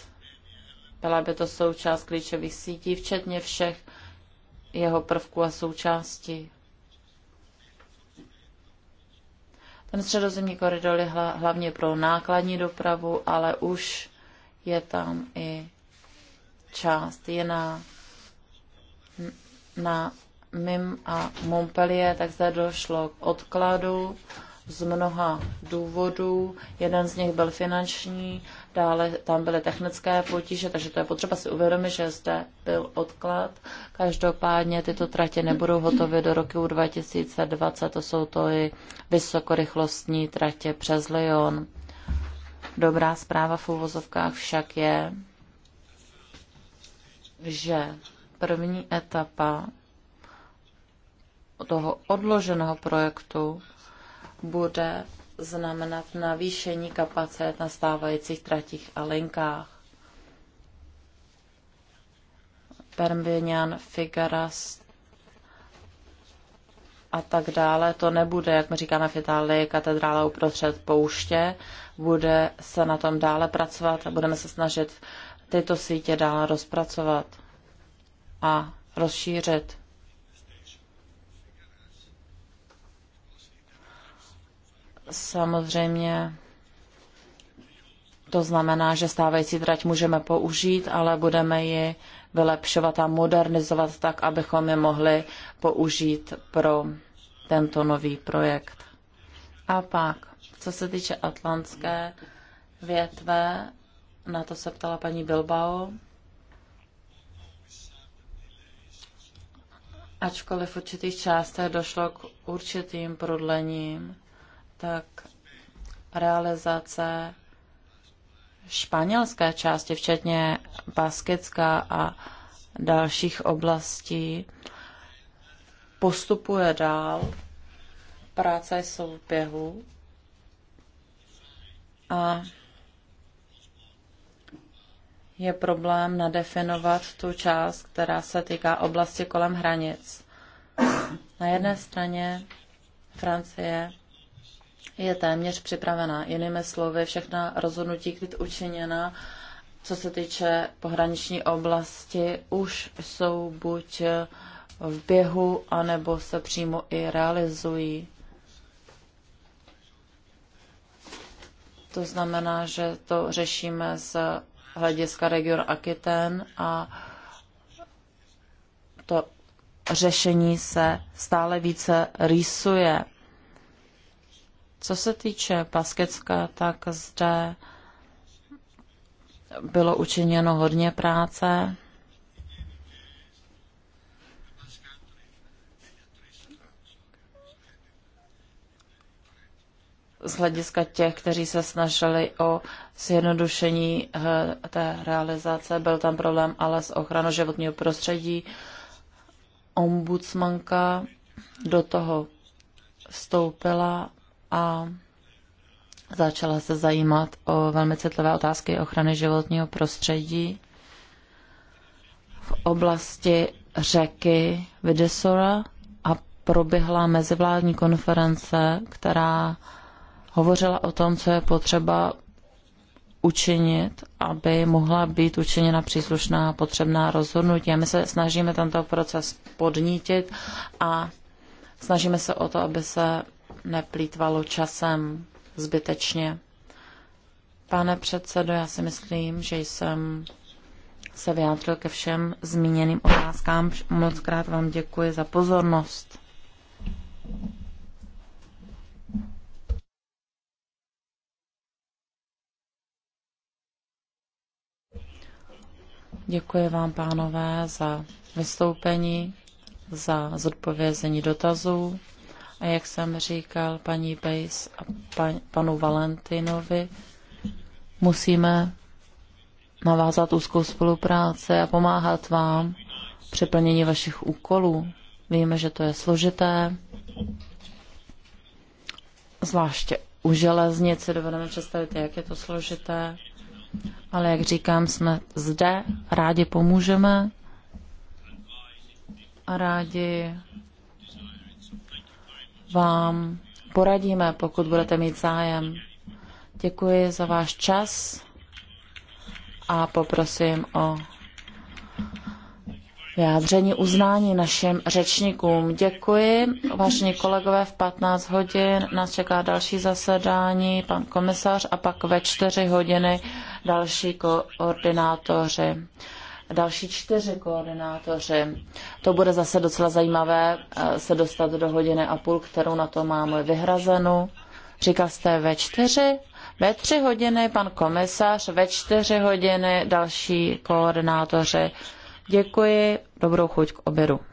Byla by to součást klíčových sítí, včetně všech jeho prvků a součástí. Ten středozemní koridor je hlavně pro nákladní dopravu, ale už je tam i část jiná na MIM a Montpellier, tak zde došlo k odkladu z mnoha důvodů. Jeden z nich byl finanční, dále tam byly technické potíže, takže to je potřeba si uvědomit, že zde byl odklad. Každopádně tyto tratě nebudou hotovy do roku 2020, to jsou to i vysokorychlostní tratě přes Lyon. Dobrá zpráva v uvozovkách však je, že první etapa toho odloženého projektu bude znamenat navýšení kapacit na stávajících tratích a linkách. Permignan, Figaras a tak dále. To nebude, jak my říkáme v Itálii, katedrála uprostřed pouště. Bude se na tom dále pracovat a budeme se snažit tyto sítě dále rozpracovat a rozšířit. Samozřejmě to znamená, že stávající trať můžeme použít, ale budeme ji vylepšovat a modernizovat tak, abychom je mohli použít pro tento nový projekt. A pak, co se týče atlantské větve, na to se ptala paní Bilbao. ačkoliv v určitých částech došlo k určitým prodlením, tak realizace španělské části, včetně Baskická a dalších oblastí, postupuje dál. Práce jsou v běhu. A je problém nadefinovat tu část, která se týká oblasti kolem hranic. Na jedné straně Francie je téměř připravená. Jinými slovy, všechna rozhodnutí, kdy učiněna, co se týče pohraniční oblasti, už jsou buď v běhu, anebo se přímo i realizují. To znamená, že to řešíme s hlediska region Aquitaine a to řešení se stále více rýsuje. Co se týče Paskecka, tak zde bylo učiněno hodně práce. z hlediska těch, kteří se snažili o zjednodušení eh, té realizace. Byl tam problém ale s ochranou životního prostředí. Ombudsmanka do toho vstoupila a začala se zajímat o velmi citlivé otázky ochrany životního prostředí v oblasti řeky Videsora a proběhla mezivládní konference, která hovořila o tom, co je potřeba učinit, aby mohla být učiněna příslušná potřebná rozhodnutí. A my se snažíme tento proces podnítit a snažíme se o to, aby se neplýtvalo časem zbytečně. Pane předsedo, já si myslím, že jsem se vyjádřil ke všem zmíněným otázkám. Moc krát vám děkuji za pozornost. Děkuji vám, pánové, za vystoupení, za zodpovězení dotazů. A jak jsem říkal paní Bejs a pan, panu Valentinovi, musíme navázat úzkou spolupráci a pomáhat vám při plnění vašich úkolů. Víme, že to je složité, zvláště u železnice dovedeme představit, jak je to složité ale jak říkám, jsme zde, rádi pomůžeme a rádi vám poradíme, pokud budete mít zájem. Děkuji za váš čas a poprosím o vyjádření uznání našim řečníkům. Děkuji. Vážení kolegové, v 15 hodin nás čeká další zasedání, pan komisař, a pak ve 4 hodiny další koordinátoři, další čtyři koordinátoři. To bude zase docela zajímavé eh, se dostat do hodiny a půl, kterou na to máme vyhrazenu. Říkal jste ve čtyři, ve tři hodiny pan komisař, ve čtyři hodiny další koordinátoři. Děkuji, dobrou chuť k obědu.